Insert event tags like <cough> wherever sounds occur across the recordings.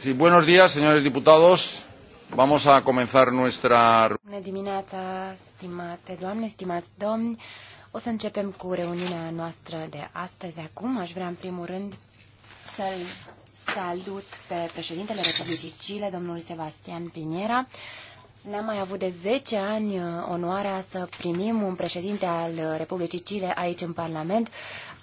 Sí, buenos días, señores diputados. Vamos a comenzar nuestra... Bună dimineața, stimate doamne, stimați domni. O să începem cu reuniunea noastră de astăzi. Acum aș vrea în primul rând să-l salut pe președintele Republicii Chile, domnul Sebastian Piniera. N-am mai avut de 10 ani uh, onoarea să primim un președinte al uh, Republicii Chile aici în Parlament.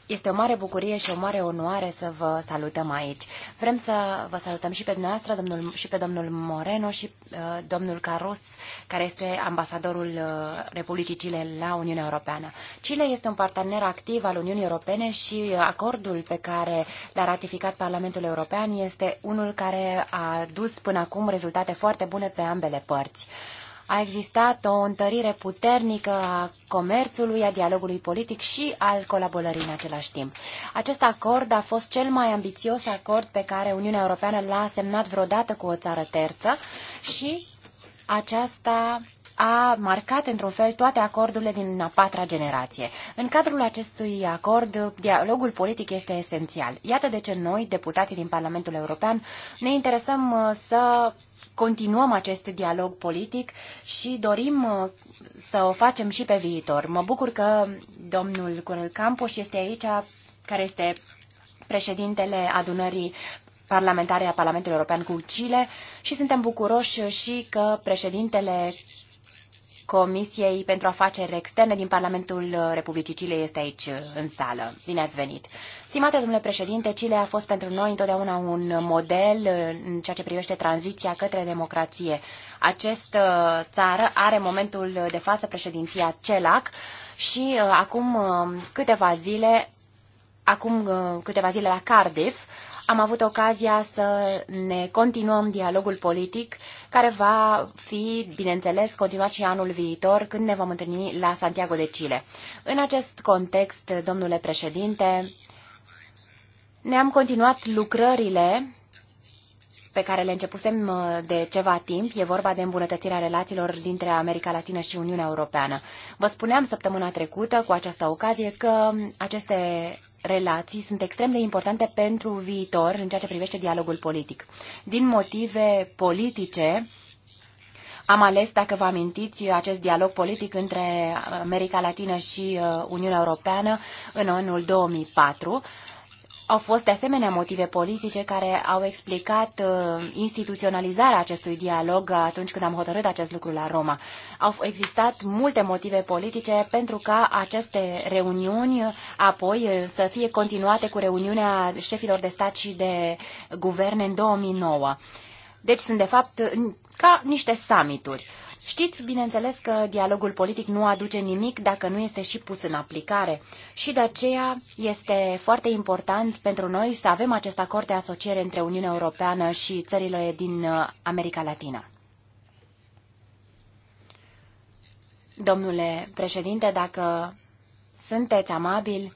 Este o mare bucurie și o mare onoare să vă salutăm aici. Vrem să vă salutăm și pe dumneavoastră, domnul, și pe domnul Moreno și uh, domnul Carus, care este ambasadorul uh, Republicii Chile la Uniunea Europeană. Chile este un partener activ al Uniunii Europene și acordul pe care l-a ratificat Parlamentul European este unul care a dus până acum rezultate foarte bune pe ambele părți. Uh, a existat o întărire puternică a comerțului, a dialogului politic și al colaborării în același timp. Acest acord a fost cel mai ambițios acord pe care Uniunea Europeană l-a semnat vreodată cu o țară terță și aceasta a marcat într-un fel toate acordurile din a patra generație. În cadrul acestui acord, dialogul politic este esențial. Iată de ce noi, deputații din Parlamentul European, ne interesăm uh, să continuăm acest dialog politic și dorim uh, să o facem și pe viitor. Mă bucur că domnul Cunel Campos este aici, care este președintele adunării parlamentare a Parlamentului European cu Chile și suntem bucuroși și că președintele Comisiei pentru Afaceri Externe din Parlamentul Republicii Chile este aici în sală. Bine ați venit! Stimate domnule președinte, Chile a fost pentru noi întotdeauna un model uh, în ceea ce privește tranziția către democrație. Această uh, țară are momentul de față președinția CELAC și uh, acum câteva zile, acum câteva zile la Cardiff, am avut ocazia să ne continuăm dialogul politic, care va fi, bineînțeles, continuat și anul viitor, când ne vom întâlni la Santiago de Chile. În acest context, domnule președinte, ne-am continuat lucrările pe care le începusem uh, de ceva timp. E vorba de îmbunătățirea relațiilor dintre America Latină și Uniunea Europeană. Vă spuneam săptămâna trecută, cu această ocazie, că aceste relații sunt extrem de importante pentru viitor în ceea ce privește dialogul politic. Din motive politice, am ales, dacă vă amintiți, acest dialog politic între America Latină și uh, Uniunea Europeană în anul 2004 au fost de asemenea motive politice care au explicat uh, instituționalizarea acestui dialog atunci când am hotărât acest lucru la Roma. Au existat multe motive politice pentru ca aceste reuniuni uh, apoi uh, să fie continuate cu reuniunea șefilor de stat și de guverne în 2009. Deci sunt de fapt ca niște summituri. Știți, bineînțeles, că dialogul politic nu aduce nimic dacă nu este și pus în aplicare și de aceea este foarte important pentru noi să avem acest acord de asociere între Uniunea Europeană și țările din uh, America Latina. Domnule președinte, dacă sunteți amabil,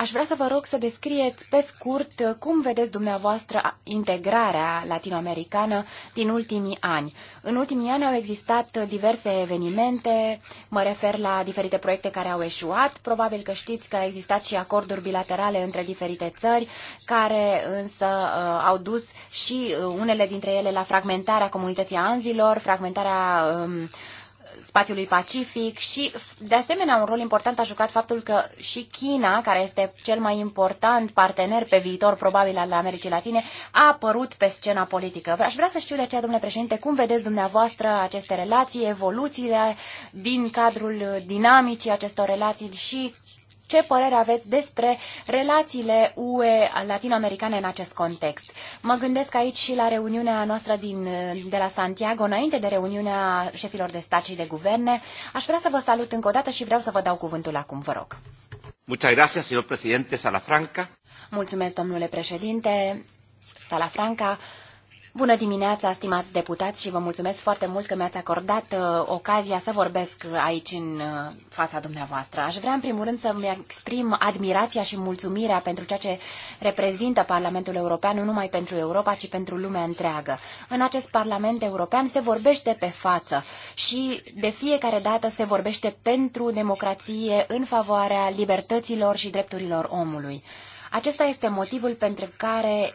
Aș vrea să vă rog să descrieți pe scurt cum vedeți dumneavoastră integrarea latinoamericană din ultimii ani. În ultimii ani au existat diverse evenimente, mă refer la diferite proiecte care au eșuat, probabil că știți că au existat și acorduri bilaterale între diferite țări, care însă uh, au dus și uh, unele dintre ele la fragmentarea comunității anzilor, fragmentarea um, spațiului Pacific și, de asemenea, un rol important a jucat faptul că și China, care este cel mai important partener pe viitor, probabil, al Americii Latine, a apărut pe scena politică. Aș vrea să știu de aceea, domnule președinte, cum vedeți dumneavoastră aceste relații, evoluțiile din cadrul dinamicii acestor relații și ce părere aveți despre relațiile UE latinoamericane în acest context. Mă gândesc aici și la reuniunea noastră din, de la Santiago, înainte de reuniunea șefilor de stat și de guverne. Aș vrea să vă salut încă o dată și vreau să vă dau cuvântul acum, vă rog. Muchas gracias, señor presidente Salafranca. Mulțumesc, domnule președinte Salafranca. Bună dimineața, stimați deputați, și vă mulțumesc foarte mult că mi-ați acordat uh, ocazia să vorbesc aici în uh, fața dumneavoastră. Aș vrea, în primul rând, să-mi exprim admirația și mulțumirea pentru ceea ce reprezintă Parlamentul European, nu numai pentru Europa, ci pentru lumea întreagă. În acest Parlament European se vorbește pe față și de fiecare dată se vorbește pentru democrație, în favoarea libertăților și drepturilor omului. Acesta este motivul pentru care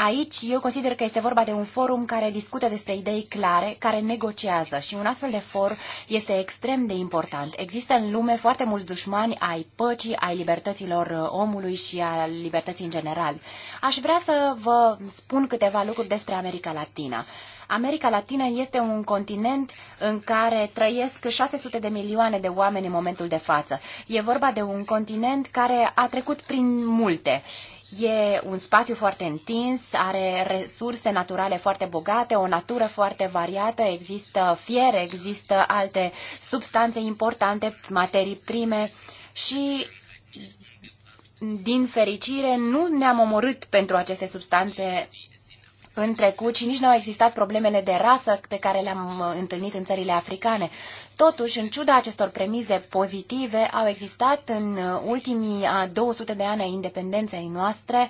Aici eu consider că este vorba de un forum care discută despre idei clare, care negociază și un astfel de for este extrem de important. Există în lume foarte mulți dușmani ai păcii, ai libertăților uh, omului și a libertății în general. Aș vrea să vă spun câteva lucruri despre America Latina. America Latină este un continent în care trăiesc 600 de milioane de oameni în momentul de față. E vorba de un continent care a trecut prin multe. E un spațiu foarte întins, are resurse naturale foarte bogate, o natură foarte variată, există fiere, există alte substanțe importante, materii prime și din fericire nu ne-am omorât pentru aceste substanțe în trecut și nici nu au existat problemele de rasă pe care le-am întâlnit în țările africane. Totuși, în ciuda acestor premize pozitive, au existat în uh, ultimii 200 uh, de ani a independenței noastre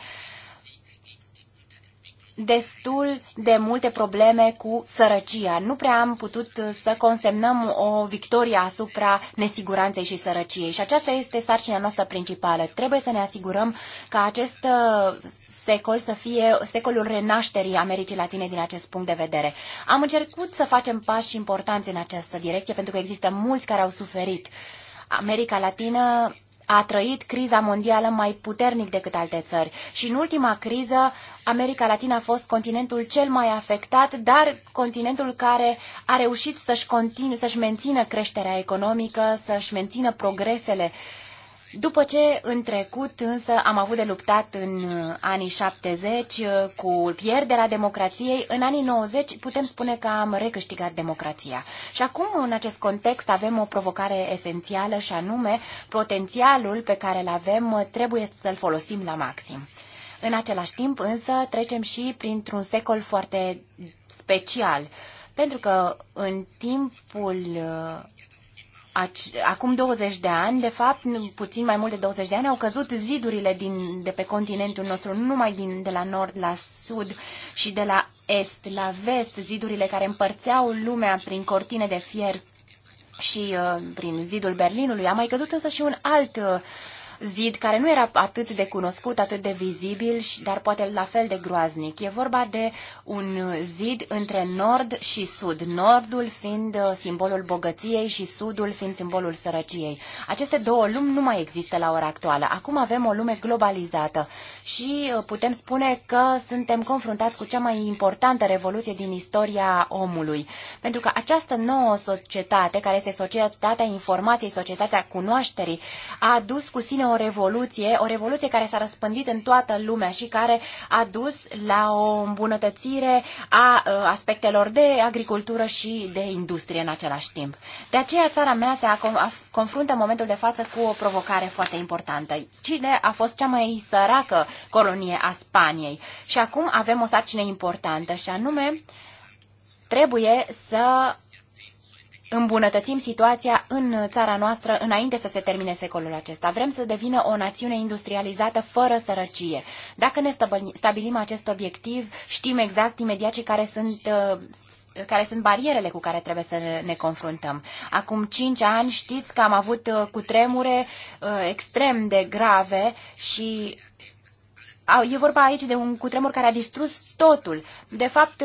destul de multe probleme cu sărăcia. Nu prea am putut uh, să consemnăm o victorie asupra nesiguranței și sărăciei și aceasta este sarcina noastră principală. Trebuie să ne asigurăm că acest secol să fie secolul renașterii Americii Latine din acest punct de vedere. Am încercat să facem pași importanți în această direcție, pentru că există mulți care au suferit. America Latină a trăit criza mondială mai puternic decât alte țări și în ultima criză America Latina a fost continentul cel mai afectat, dar continentul care a reușit să-și continue, să-și mențină creșterea economică, să-și mențină progresele uh, după ce în trecut însă am avut de luptat în uh, anii 70 uh, cu pierderea democrației, în anii 90 putem spune că am recâștigat democrația. Și acum în acest context avem o provocare esențială și anume potențialul pe care îl avem uh, trebuie să-l folosim la maxim. În același timp însă trecem și printr-un secol foarte special, pentru că în timpul acum 20 de ani, de fapt, puțin mai mult de 20 de ani, au căzut zidurile din, de pe continentul nostru, numai din, de la nord la sud și de la est la vest, zidurile care împărțeau lumea prin cortine de fier și uh, prin zidul Berlinului. A mai căzut însă și un alt uh, zid care nu era atât de cunoscut, atât de vizibil, dar poate la fel de groaznic. E vorba de un zid între nord și sud, nordul fiind uh, simbolul bogăției și sudul fiind simbolul sărăciei. Aceste două lumi nu mai există la ora actuală. Acum avem o lume globalizată și uh, putem spune că suntem confruntați cu cea mai importantă revoluție din istoria omului. Pentru că această nouă societate, care este societatea informației, societatea cunoașterii, a adus cu sine o revoluție, o revoluție care s-a răspândit în toată lumea și care a dus la o îmbunătățire a ă, aspectelor de agricultură și de industrie în același timp. De aceea țara mea se confruntă în momentul de față cu o provocare foarte importantă. Chile a fost cea mai săracă colonie a Spaniei și acum avem o sarcină importantă și anume trebuie să îmbunătățim situația în țara noastră înainte să se termine secolul acesta. Vrem să devină o națiune industrializată fără sărăcie. Dacă ne stabilim acest obiectiv, știm exact imediat și care sunt uh, care sunt barierele cu care trebuie să ne confruntăm. Acum 5 ani știți că am avut uh, cutremure uh, extrem de grave și E vorba aici de un cutremur care a distrus totul. De fapt,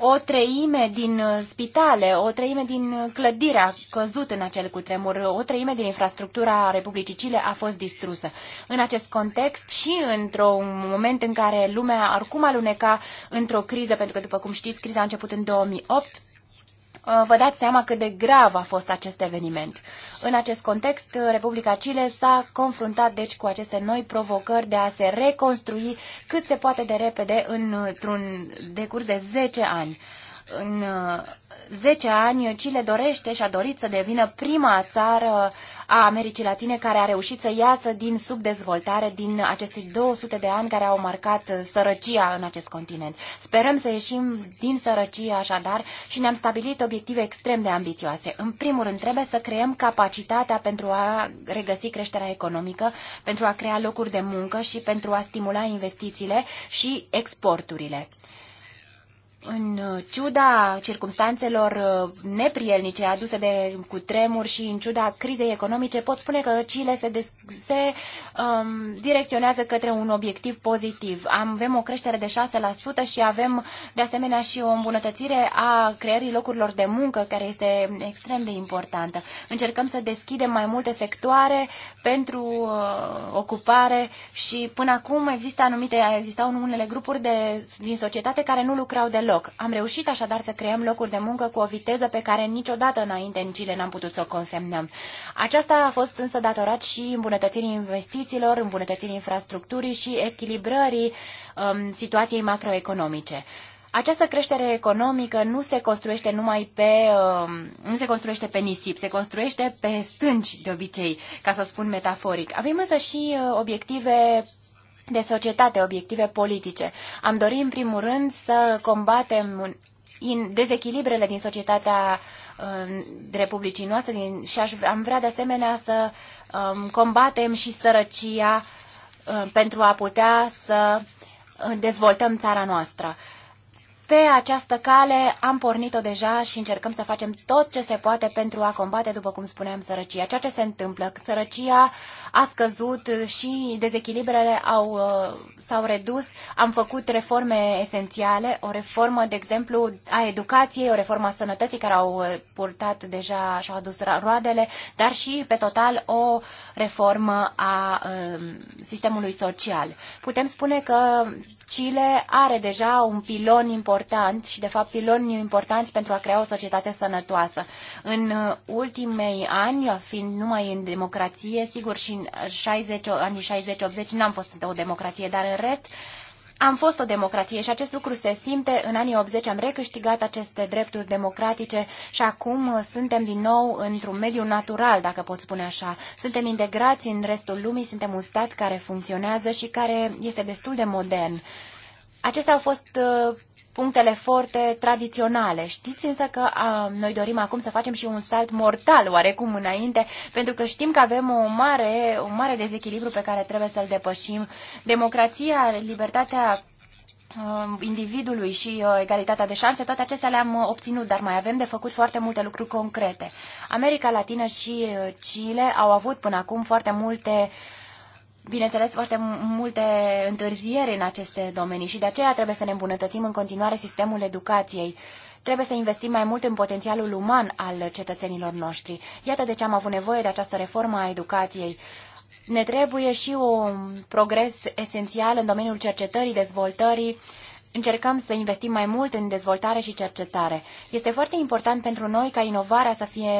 o treime din uh, spitale, o treime din uh, clădire a căzut în acel cutremur, o treime din infrastructura Republicii Chile a fost distrusă. În acest context și într-un moment în care lumea oricum aluneca într-o criză, pentru că, după cum știți, criza a început în 2008, Uh, vă dați seama cât de grav a fost acest eveniment. În acest context, uh, Republica Chile s-a confruntat deci cu aceste noi provocări de a se reconstrui cât se poate de repede într-un decurs de 10 ani în 10 uh, ani Chile dorește și a dorit să devină prima țară a Americii Latine care a reușit să iasă din subdezvoltare din aceste 200 de ani care au marcat uh, sărăcia în acest continent. Sperăm să ieșim din sărăcie așadar și ne-am stabilit obiective extrem de ambițioase. În primul rând trebuie să creăm capacitatea pentru a regăsi creșterea economică, pentru a crea locuri de muncă și pentru a stimula investițiile și exporturile în uh, ciuda circumstanțelor uh, neprielnice aduse de cutremur și în ciuda crizei economice, pot spune că Chile se, des, se um, direcționează către un obiectiv pozitiv. Am, avem o creștere de 6% și avem de asemenea și o îmbunătățire a creării locurilor de muncă, care este extrem de importantă. Încercăm să deschidem mai multe sectoare pentru uh, ocupare și până acum există anumite, existau unele grupuri de, din societate care nu lucrau deloc deloc. Am reușit așadar să creăm locuri de muncă cu o viteză pe care niciodată înainte în Chile n-am putut să o consemnăm. Aceasta a fost însă datorat și îmbunătățirii investițiilor, îmbunătățirii infrastructurii și echilibrării um, situației macroeconomice. Această creștere economică nu se construiește numai pe, um, nu se construiește pe nisip, se construiește pe stânci de obicei, ca să spun metaforic. Avem însă și uh, obiective de societate, obiective politice. Am dorit, în primul rând, să combatem dezechilibrele din societatea Republicii noastre și aș, am vrea, de asemenea, să um, combatem și sărăcia um, pentru a putea să uh, dezvoltăm țara noastră. Pe această cale am pornit-o deja și încercăm să facem tot ce se poate pentru a combate, după cum spuneam, sărăcia. Ceea ce se întâmplă, sărăcia a scăzut și dezechilibrele au, uh, s-au redus. Am făcut reforme esențiale, o reformă, de exemplu, a educației, o reformă a sănătății care au uh, purtat deja și-au adus roadele, dar și, pe total, o reformă a uh, sistemului social. Putem spune că Chile are deja un pilon important și, de fapt, piloni importanți pentru a crea o societate sănătoasă. În uh, ultimei ani, fiind numai în democrație, sigur, și în 60, anii 60-80 n-am fost o democrație, dar în rest am fost o democrație și acest lucru se simte. În anii 80 am recâștigat aceste drepturi democratice și acum uh, suntem din nou într-un mediu natural, dacă pot spune așa. Suntem integrați în restul lumii, suntem un stat care funcționează și care este destul de modern. Acestea au fost uh, punctele forte tradiționale. Știți însă că a, noi dorim acum să facem și un salt mortal oarecum înainte, pentru că știm că avem o mare, un mare dezechilibru pe care trebuie să-l depășim. Democrația, libertatea individului și egalitatea de șanse, toate acestea le-am obținut, dar mai avem de făcut foarte multe lucruri concrete. America Latină și Chile au avut până acum foarte multe uh, bineînțeles, foarte multe întârzieri în aceste domenii și de aceea trebuie să ne îmbunătățim în continuare sistemul educației. Trebuie să investim mai mult în potențialul uman al cetățenilor noștri. Iată de ce am avut nevoie de această reformă a educației. Ne trebuie și un progres esențial în domeniul cercetării, dezvoltării, uh, încercăm să investim mai mult în dezvoltare și cercetare. Este foarte important pentru noi ca inovarea să fie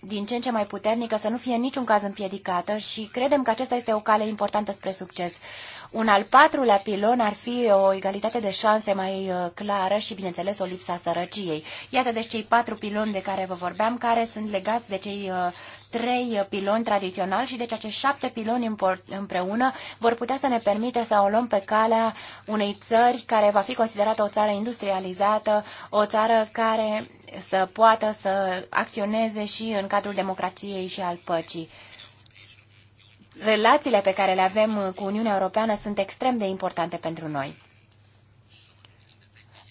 din ce în ce mai puternică, să nu fie în niciun caz împiedicată și credem că acesta este o cale importantă spre succes. Un al patrulea pilon ar fi o egalitate de șanse mai uh, clară și, bineînțeles, o lipsa sărăciei. Iată deci cei patru piloni de care vă vorbeam, care sunt legați de cei uh, trei piloni tradițional și deci acești șapte piloni împreună vor putea să ne permite să o luăm pe calea unei țări care va fi considerată o țară industrializată, o țară care să poată să acționeze și în cadrul democrației și al păcii. Relațiile pe care le avem cu Uniunea Europeană sunt extrem de importante pentru noi.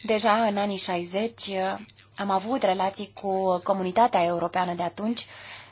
Deja în anii 60 am avut relații cu comunitatea europeană de atunci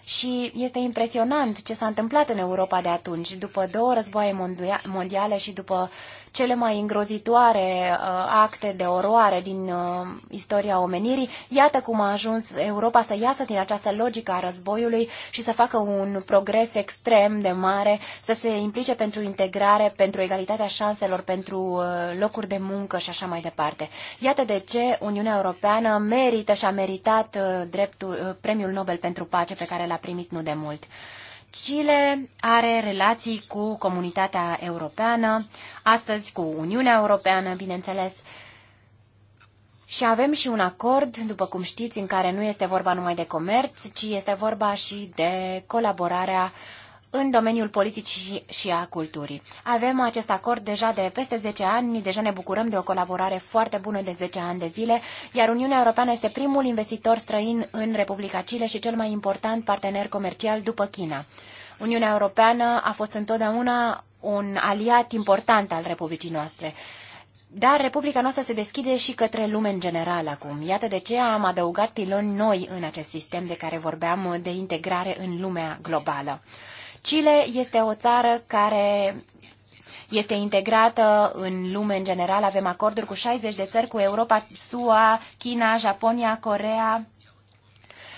și este impresionant ce s-a întâmplat în Europa de atunci, după două războaie mondiale și după cele mai îngrozitoare uh, acte de oroare din uh, istoria omenirii. Iată cum a ajuns Europa să iasă din această logică a războiului și să facă un progres extrem de mare, să se implice pentru integrare, pentru egalitatea șanselor, pentru uh, locuri de muncă și așa mai departe. Iată de ce Uniunea Europeană merită și a meritat uh, dreptul, uh, premiul Nobel pentru pace pe care l-a primit nu de mult. Uh, Chile are relații cu comunitatea europeană, astăzi cu Uniunea Europeană, bineînțeles, și avem și un acord, după cum știți, în care nu este vorba numai de comerț, ci este vorba și de colaborarea uh, în domeniul politicii și a culturii. Avem acest acord deja de peste 10 ani, deja ne bucurăm de o colaborare foarte bună de 10 ani de zile, iar Uniunea Europeană este primul investitor străin în Republica Chile și cel mai important partener comercial după China. Uniunea Europeană a fost întotdeauna un aliat important al Republicii noastre. Dar Republica noastră se deschide și către lume în general acum. Iată de ce am adăugat piloni noi în acest sistem de care vorbeam de integrare în lumea globală. Chile este o țară care este integrată în lume în general. Avem acorduri cu 60 de țări, cu Europa, SUA, China, Japonia, Corea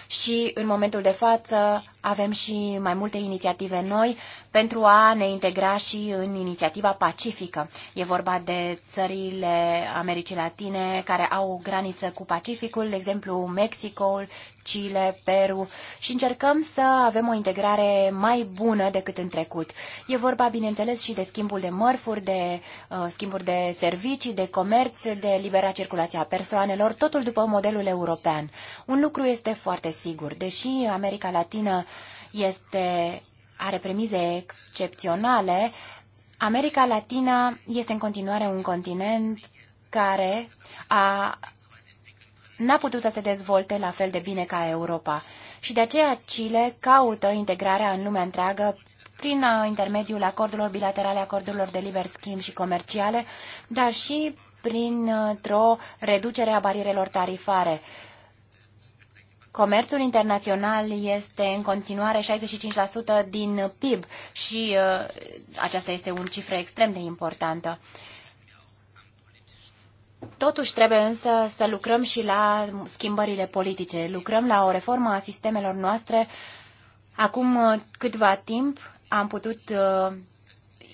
și în momentul de față avem și mai multe inițiative noi pentru a ne integra și în inițiativa pacifică. E vorba de țările Americii Latine care au graniță cu Pacificul, de exemplu Mexicul, Chile, Peru și încercăm să avem o integrare mai bună decât în trecut. E vorba, bineînțeles, și de schimbul de mărfuri, de uh, schimburi de servicii, de comerț, de libera circulație a persoanelor, totul după modelul european. Un lucru este foarte sigur. Deși America Latină este, are premize excepționale, America Latina este în continuare un continent care a, n-a putut să se dezvolte la fel de bine ca Europa. Și de aceea Chile caută integrarea în lumea întreagă prin uh, intermediul acordurilor bilaterale, acordurilor de liber schimb și comerciale, dar și printr-o reducere a barierelor tarifare. Comerțul internațional este în continuare 65% din PIB și uh, aceasta este o cifră extrem de importantă. Totuși trebuie însă să lucrăm și la schimbările politice. Lucrăm la o reformă a sistemelor noastre. Acum uh, câtva timp am putut uh,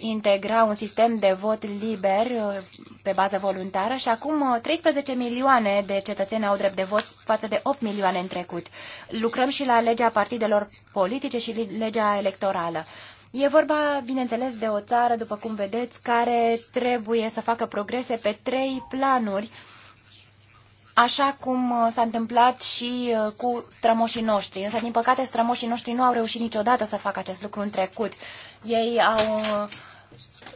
integra un sistem de vot liber uh, pe bază voluntară și acum 13 uh, milioane de cetățeni au drept de vot față de 8 milioane în trecut. Lucrăm și la legea partidelor politice și legea electorală. E vorba, bineînțeles, de o țară, după cum vedeți, care trebuie să facă progrese pe trei planuri, așa cum uh, s-a întâmplat și cu strămoșii noștri. Însă, din păcate, strămoșii noștri nu au reușit niciodată să facă acest lucru în trecut. Ei au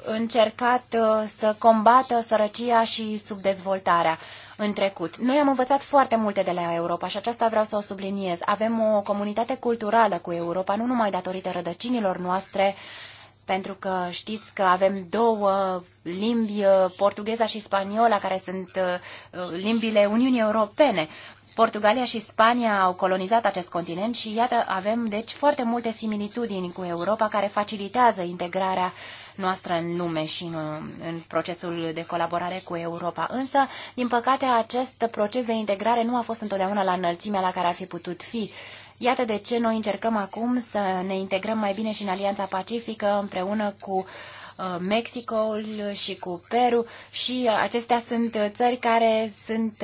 încercat uh, să combată sărăcia și subdezvoltarea în trecut. Noi am învățat foarte multe de la Europa și aceasta vreau să o subliniez. Avem o comunitate culturală cu Europa, nu numai datorită rădăcinilor noastre, pentru că știți că avem două limbi, uh, portugheza și spaniola, care sunt uh, limbile Uniunii Europene. Portugalia și Spania au colonizat acest continent și iată avem deci foarte multe similitudini cu Europa care facilitează integrarea noastră în lume și în, în procesul de colaborare cu Europa. Însă, din păcate, acest proces de integrare nu a fost întotdeauna la înălțimea la care ar fi putut fi. Iată de ce noi încercăm acum să ne integrăm mai bine și în Alianța Pacifică împreună cu Uh, Mexicoul și cu Peru și uh, acestea sunt uh, țări care sunt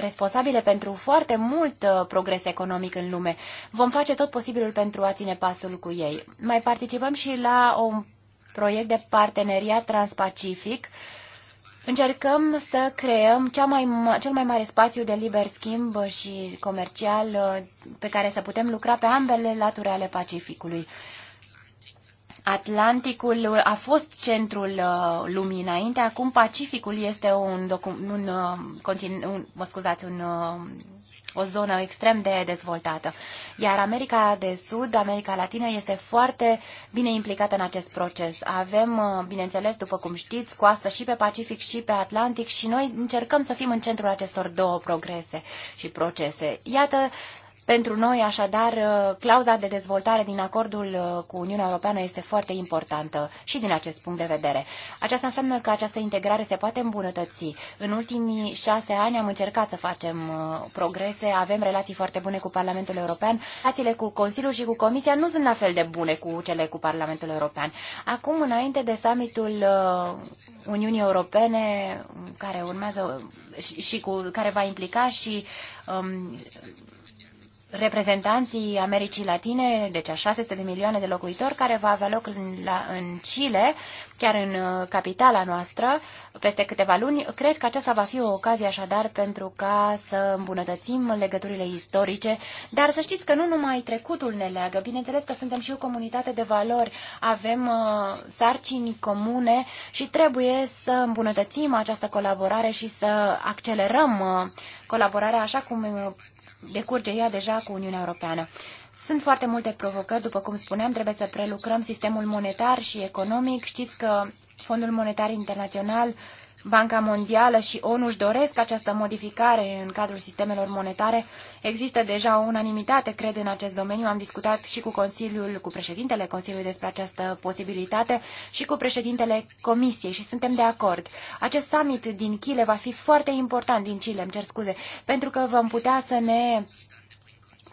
responsabile pentru foarte mult progres economic în lume. Vom face tot posibilul pentru a ține pasul cu ei. Mai participăm și la un proiect de parteneriat transpacific Încercăm să creăm cea mai, cel mai mare spațiu de liber schimb și comercial pe care să putem lucra pe ambele laturi ale Pacificului. Atlanticul a fost centrul uh, lumii înainte, acum Pacificul este un, un, uh, un, mă scuzați, un uh, o zonă extrem de dezvoltată. Iar America de Sud, America Latină, este foarte bine implicată în acest proces. Avem, bineînțeles, după cum știți, coastă și pe Pacific și pe Atlantic și noi încercăm să fim în centrul acestor două progrese și procese. Iată pentru noi, așadar, uh, clauza de dezvoltare din acordul uh, cu Uniunea Europeană este foarte importantă și din acest punct de vedere. Aceasta înseamnă că această integrare se poate îmbunătăți. În ultimii șase ani am încercat să facem uh, progrese, avem relații foarte bune cu Parlamentul European, relațiile cu Consiliul și cu Comisia nu sunt la fel de bune cu cele cu Parlamentul European. Acum, înainte de summitul Uniunii Europene, care urmează și, și cu care va implica și um, reprezentanții Americii Latine, deci a 600 de milioane de locuitori, care va avea loc în, la, în Chile, chiar în uh, capitala noastră, peste câteva luni. Cred că aceasta va fi o ocazie așadar pentru ca să îmbunătățim legăturile istorice, dar să știți că nu numai trecutul ne leagă, bineînțeles că suntem și o comunitate de valori, avem uh, sarcini comune și trebuie să îmbunătățim această colaborare și să accelerăm uh, colaborarea așa cum uh, decurge ea deja cu Uniunea Europeană. Sunt foarte multe provocări, după cum spuneam, trebuie să prelucrăm sistemul monetar și economic. Știți că Fondul Monetar Internațional uh, Banca Mondială și ONU își doresc această modificare în cadrul sistemelor monetare. Există deja o unanimitate, cred, în acest domeniu. Am discutat și cu Consiliul, cu președintele Consiliului despre această posibilitate și cu președintele Comisiei și suntem de acord. Acest summit din Chile va fi foarte important, din Chile, îmi cer scuze, pentru că vom putea să ne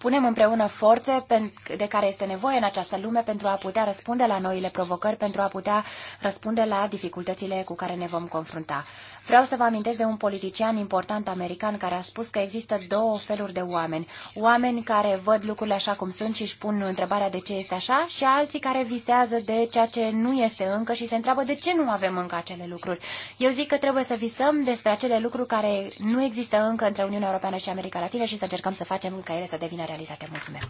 punem împreună forțe de care este nevoie în această lume pentru a putea răspunde la noile provocări, pentru a putea răspunde la dificultățile cu care ne vom confrunta. Vreau să vă amintesc de un politician important american care a spus că există două feluri de oameni. Oameni care văd lucrurile așa cum sunt și își pun întrebarea de ce este așa și alții care visează de ceea ce nu este încă și se întreabă de ce nu avem încă acele lucruri. Eu zic că trebuie să visăm despre acele lucruri care nu există încă între Uniunea Europeană și America Latină și să încercăm să facem ca ele să devină realitate. Mulțumesc!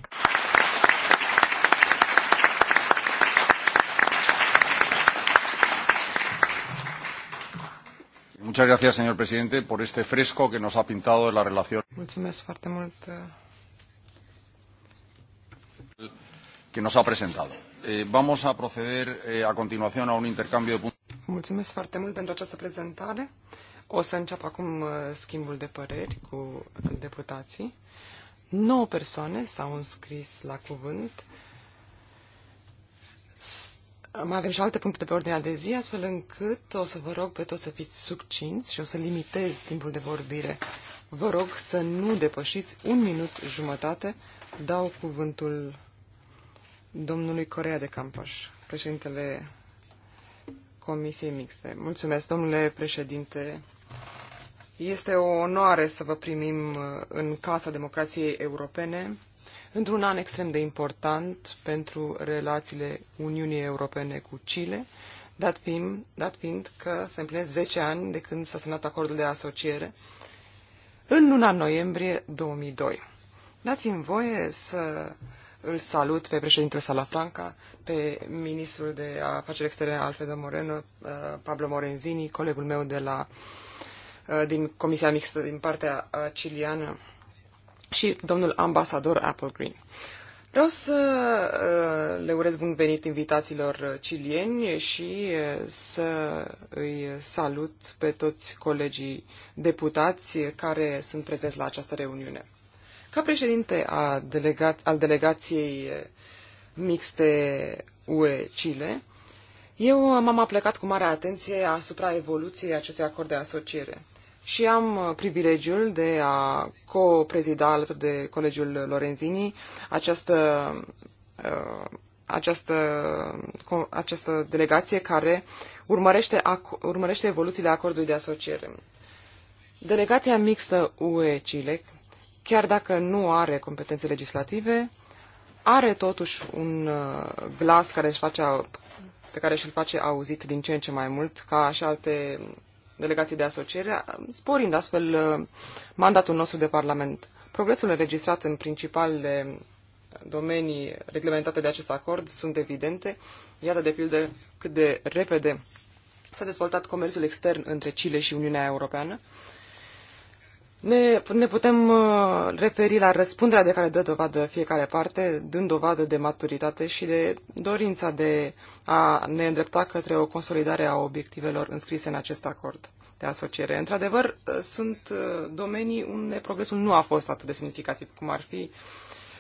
Muchas gracias, señor presidente, por este fresco que nos ha pintado de la relación. Mulțumesc foarte mult uh, que nos ha presentado. Eh, vamos a proceder eh, a continuación a un intercambio de puntos. Mulțumesc foarte mult pentru această prezentare. O să încep acum uh, schimbul de păreri cu deputații. 9 persoane s-au înscris la cuvânt. S mai avem și alte puncte pe ordinea de zi, astfel încât o să vă rog pe toți să fiți succinți și o să limitez timpul de vorbire. Vă rog să nu depășiți un minut jumătate. Dau cuvântul domnului Corea de Campaș, președintele Comisiei Mixte. Mulțumesc, domnule președinte este o onoare să vă primim uh, în Casa Democrației Europene într-un an extrem de important pentru relațiile Uniunii Europene cu Chile, dat fiind, dat fiind că se împlinesc 10 ani de când s-a semnat acordul de asociere în luna noiembrie 2002. Dați-mi voie să îl salut pe președintele Salafranca, pe ministrul de afaceri externe Alfredo Moreno, uh, Pablo Morenzini, colegul meu de la uh, Uh, din Comisia Mixtă din partea uh, ciliană și domnul ambasador Applegreen. Vreau să uh, le urez bun venit invitațiilor cilieni și să îi salut pe toți colegii deputați care sunt prezenți la această reuniune. Ca președinte a al delegației mixte UE-Chile, eu m-am aplecat cu mare atenție asupra evoluției acestui acord de asociere și am uh, privilegiul de a co-prezida alături de colegiul Lorenzini această, uh, această, această delegație care urmărește, urmărește evoluțiile acordului de asociere. Delegația mixtă UE-Chile, chiar dacă nu are competențe legislative, are totuși un uh, glas care își face, pe care și-l face auzit din ce în ce mai mult, ca și alte delegații de asociere, sporind astfel uh, mandatul nostru de Parlament. Progresul înregistrat în principalele domenii reglementate de acest acord sunt evidente. Iată, de pildă, cât de repede s-a dezvoltat comerțul extern între Chile și Uniunea Europeană, ne, ne putem uh, referi la răspunderea de care dă dovadă fiecare parte, dând dovadă de maturitate și de dorința de a ne îndrepta către o consolidare a obiectivelor înscrise în acest acord de asociere. Într-adevăr, uh, sunt uh, domenii unde progresul nu a fost atât de semnificativ cum ar fi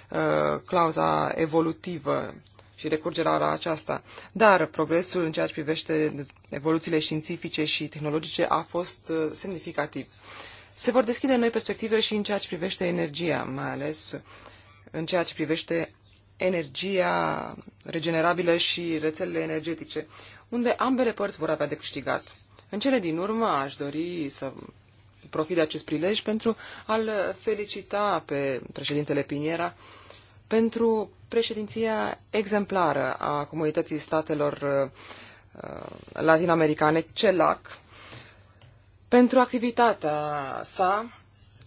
uh, clauza evolutivă și recurgerea la aceasta. Dar progresul în ceea ce privește evoluțiile științifice și tehnologice a fost semnificativ se vor deschide noi perspective și în ceea ce privește energia, mai ales în ceea ce privește energia regenerabilă și rețelele energetice, unde ambele părți vor avea de câștigat. În cele din urmă aș dori să profit de acest prilej pentru a-l felicita pe președintele Piniera pentru președinția exemplară a Comunității Statelor uh, Latinoamericane, CELAC, pentru activitatea sa,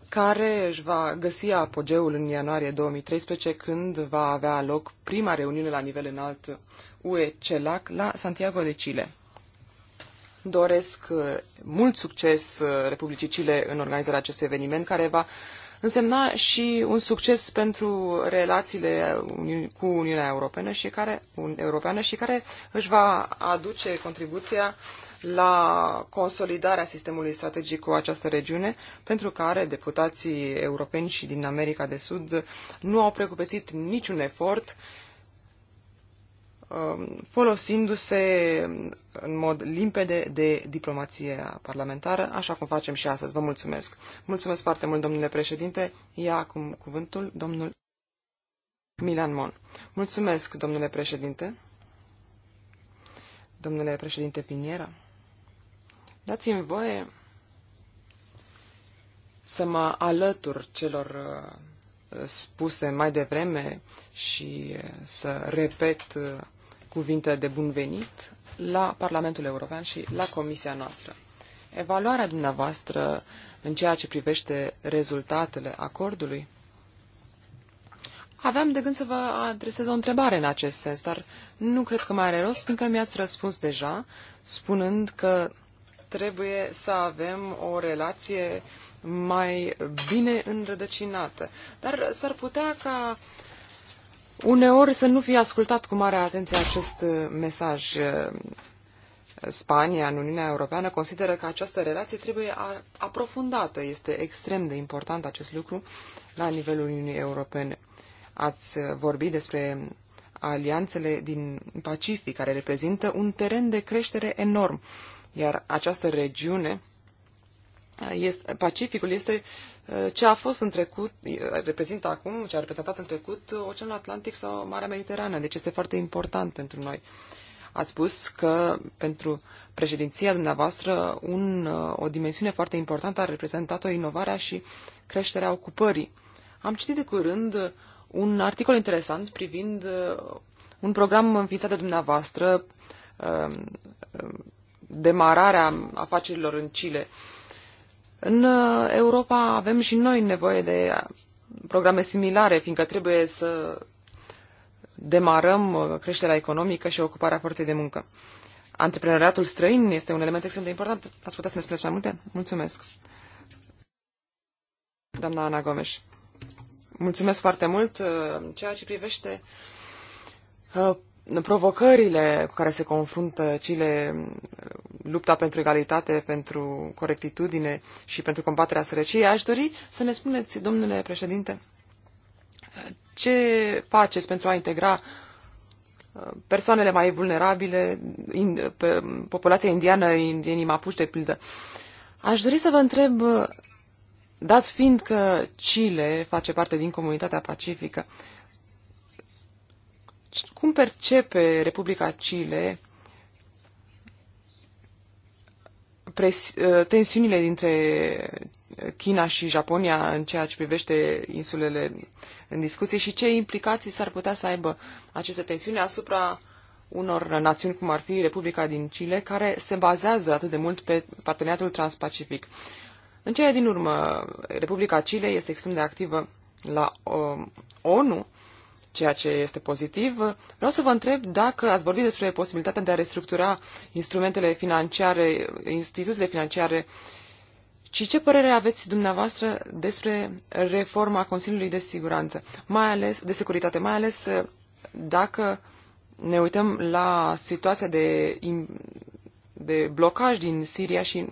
care își va găsi apogeul în ianuarie 2013, când va avea loc prima reuniune la nivel înalt UE-CELAC la Santiago de Chile. Doresc uh, mult succes uh, Republicii Chile în organizarea acestui eveniment, care va însemna și un succes pentru relațiile cu Uniunea Europeană și care, un, Europeană și care își va aduce contribuția uh, la consolidarea sistemului strategic cu această regiune, pentru care deputații europeni și din America de Sud nu au precupețit niciun efort um, folosindu-se în mod limpede de diplomație parlamentară, așa cum facem și astăzi. Vă mulțumesc. Mulțumesc foarte mult, domnule președinte. Ia acum cuvântul domnul Milan Mon. Mulțumesc, domnule președinte. Domnule președinte Piniera. Dați-mi voie să mă alătur celor uh, spuse mai devreme și uh, să repet uh, cuvinte de bun venit la Parlamentul European și la Comisia noastră. Evaluarea dumneavoastră în ceea ce privește rezultatele acordului, aveam de gând să vă adresez o întrebare în acest sens, dar nu cred că mai are rost, fiindcă mi-ați răspuns deja, spunând că trebuie să avem o relație mai bine înrădăcinată. Dar s-ar putea ca uneori să nu fie ascultat cu mare atenție acest mesaj. Spania, în Uniunea Europeană, consideră că această relație trebuie aprofundată. Este extrem de important acest lucru la nivelul Uniunii Europene. Ați vorbit despre alianțele din Pacific, care reprezintă un teren de creștere enorm. Iar această regiune, este, Pacificul, este uh, ce a fost în trecut, uh, reprezintă acum, ce a reprezentat în trecut uh, Oceanul Atlantic sau Marea Mediterană. Deci este foarte important pentru noi. Ați spus că pentru președinția dumneavoastră un, o dimensiune foarte importantă a reprezentat-o inovarea și creșterea ocupării. Am citit de curând un articol interesant privind un program înființat de dumneavoastră demararea afacerilor în Chile. În uh, Europa avem și noi nevoie de programe similare, fiindcă trebuie să demarăm uh, creșterea economică și ocuparea forței de muncă. Antreprenoriatul străin este un element extrem de important. Ați putea să ne spuneți mai multe? Mulțumesc. Doamna Ana Gomes. Mulțumesc foarte mult. Uh, ceea ce privește provocările cu care se confruntă Chile, lupta pentru egalitate, pentru corectitudine și pentru combaterea sărăciei, aș dori să ne spuneți, domnule președinte, ce faceți pentru a integra uh, persoanele mai vulnerabile, in, pe, populația indiană, indienii mapuși, de pildă. Aș dori să vă întreb, uh, dat fiind că Chile face parte din comunitatea pacifică, uh, cum percepe Republica Chile pres, uh, tensiunile dintre China și Japonia în ceea ce privește insulele în discuție și ce implicații s-ar putea să aibă aceste tensiuni asupra unor națiuni cum ar fi Republica din Chile, care se bazează atât de mult pe parteneriatul transpacific. În cele din urmă, Republica Chile este extrem de activă la um, ONU ceea ce este pozitiv. Vreau să vă întreb dacă ați vorbit despre posibilitatea de a restructura instrumentele financiare, instituțiile financiare și ce părere aveți dumneavoastră despre reforma Consiliului de Siguranță, mai ales de securitate, mai ales uh, dacă ne uităm la situația de, de blocaj din Siria și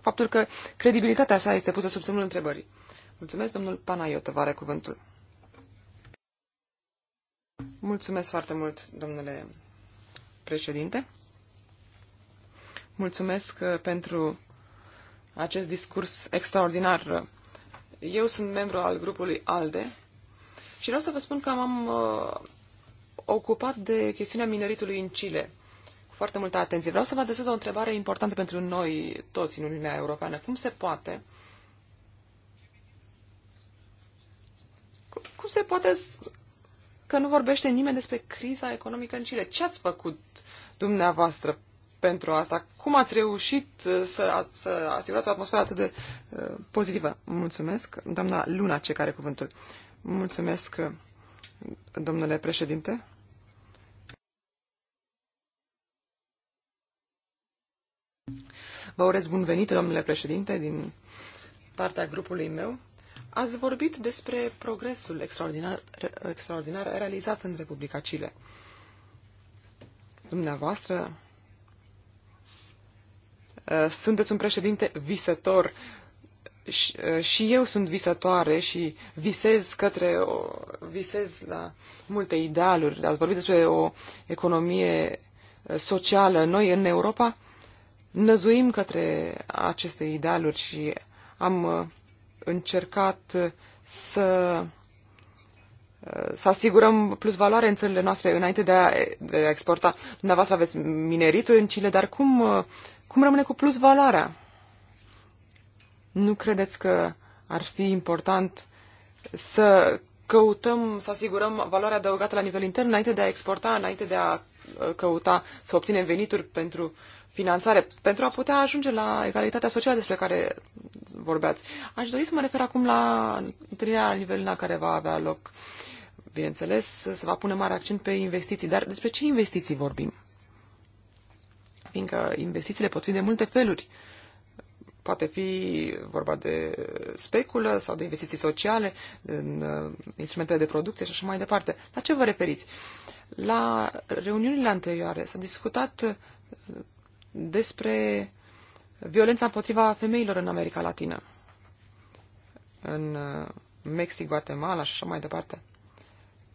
faptul că credibilitatea sa este pusă sub semnul întrebării. Mulțumesc, domnul vă are cuvântul. Mulțumesc foarte mult, domnule președinte. Mulțumesc uh, pentru acest discurs extraordinar. Eu sunt membru al grupului ALDE și vreau să vă spun că m-am uh, ocupat de chestiunea mineritului în Chile cu foarte multă atenție. Vreau să vă adresez o întrebare importantă pentru noi toți în Uniunea Europeană. Cum se poate cum se poate că nu vorbește nimeni despre criza economică în Chile. Ce ați făcut dumneavoastră pentru asta? Cum ați reușit uh, să, să asigurați o atmosferă atât de uh, pozitivă? Mulțumesc. Doamna Luna, ce care cuvântul. Mulțumesc, uh, domnule președinte. Vă urez bun venit, domnule președinte, din partea grupului meu. Ați vorbit despre progresul extraordinar, extraordinar realizat în Republica Chile. Dumneavoastră uh, sunteți un președinte visător și, uh, și eu sunt visătoare și visez către o, visez la multe idealuri. Ați vorbit despre o economie uh, socială. Noi în Europa năzuim către aceste idealuri și am încercat uh, să uh, să asigurăm plus valoare în țările noastre înainte de a, de a exporta. Dumneavoastră aveți mineritul în Chile, dar cum, uh, cum rămâne cu plus valoarea? Nu credeți că ar fi important să căutăm, să asigurăm valoarea adăugată la nivel intern înainte de a exporta, înainte de a căuta să obținem venituri pentru finanțare pentru a putea ajunge la egalitatea socială despre care vorbeați. Aș dori să mă refer acum la întâlnirea la nivel la care va avea loc. Bineînțeles, se va pune mare accent pe investiții, dar despre ce investiții vorbim? Fiindcă investițiile pot fi de multe feluri. Poate fi vorba de speculă sau de investiții sociale, în uh, instrumentele de producție și așa mai departe. La ce vă referiți? La reuniunile anterioare s-a discutat uh, despre violența împotriva femeilor în America Latină, în uh, Mexic, Guatemala și așa mai departe.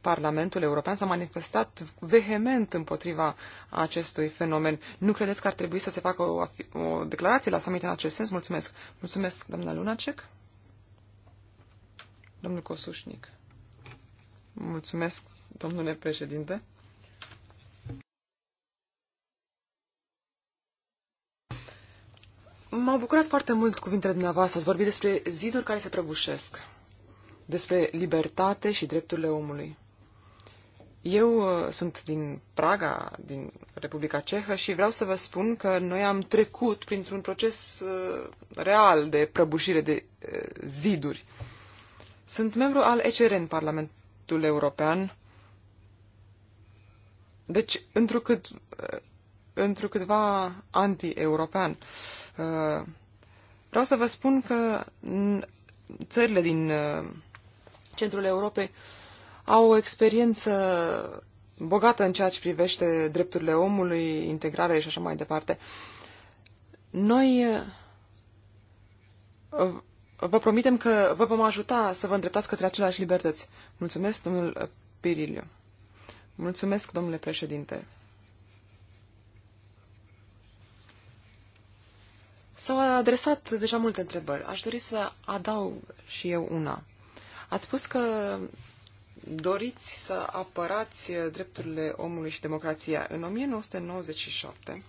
Parlamentul European s-a manifestat vehement împotriva acestui fenomen. Nu credeți că ar trebui să se facă o, o declarație la summit în acest sens? Mulțumesc. Mulțumesc, doamna Lunacek. Domnul Cosușnic. Mulțumesc, domnule președinte. M-au bucurat foarte mult cuvintele dumneavoastră. Ați vorbit despre ziduri care se prăbușesc, despre libertate și drepturile omului. Eu uh, sunt din Praga, din Republica Cehă și vreau să vă spun că noi am trecut printr-un proces uh, real de prăbușire de uh, ziduri. Sunt membru al ECR în Parlamentul European. Deci, întrucât pentru câtva anti-european. Uh, vreau să vă spun că țările din uh, centrul Europei au o experiență bogată în ceea ce privește drepturile omului, integrare și așa mai departe. Noi uh, vă promitem că vă vom ajuta să vă îndreptați către aceleași libertăți. Mulțumesc, domnul Pirilio. Mulțumesc, domnule președinte. S-au adresat deja multe întrebări. Aș dori să adaug și eu una. Ați spus că doriți să apărați drepturile omului și democrația. În 1997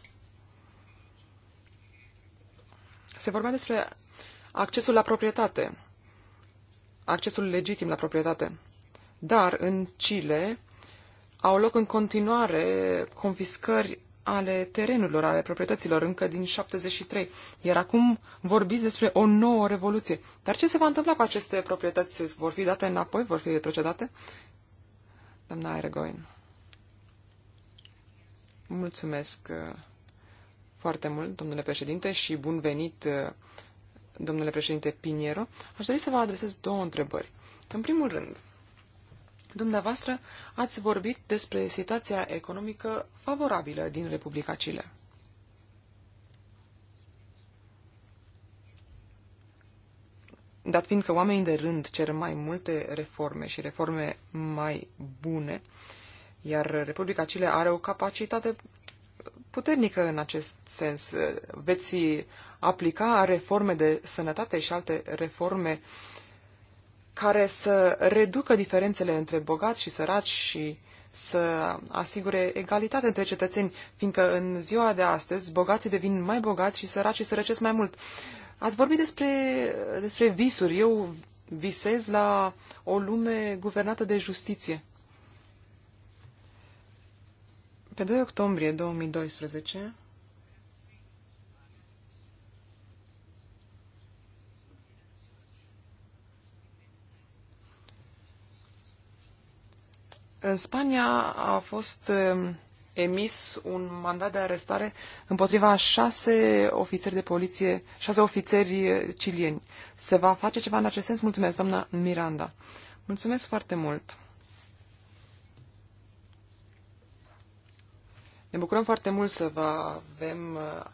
se vorbea despre accesul la proprietate, accesul legitim la proprietate. Dar în Chile au loc în continuare confiscări ale terenurilor, ale proprietăților încă din 73. Iar acum vorbiți despre o nouă revoluție. Dar ce se va întâmpla cu aceste proprietăți? Vor fi date înapoi? Vor fi retrocedate? Doamna Aeregoin. Mulțumesc uh, foarte mult, domnule președinte, și bun venit, uh, domnule președinte Piniero. Aș dori să vă adresez două întrebări. În primul rând, Dumneavoastră ați vorbit despre situația economică favorabilă din Republica Chile. Dat că oamenii de rând cer mai multe reforme și reforme mai bune, iar Republica Chile are o capacitate puternică în acest sens. Veți aplica reforme de sănătate și alte reforme uh, care să reducă diferențele între bogați și săraci și să asigure egalitate între cetățeni, fiindcă în ziua de astăzi bogații devin mai bogați și săracii sărăcesc mai mult. Ați vorbit despre, despre visuri. Eu visez la o lume guvernată de justiție. Pe 2 octombrie 2012, În Spania a fost um, emis un mandat de arestare împotriva șase ofițeri de poliție, șase ofițeri uh, cilieni. Se va face ceva în acest sens? Mulțumesc, doamna Miranda. Mulțumesc foarte mult. Ne bucurăm foarte mult să vă avem uh,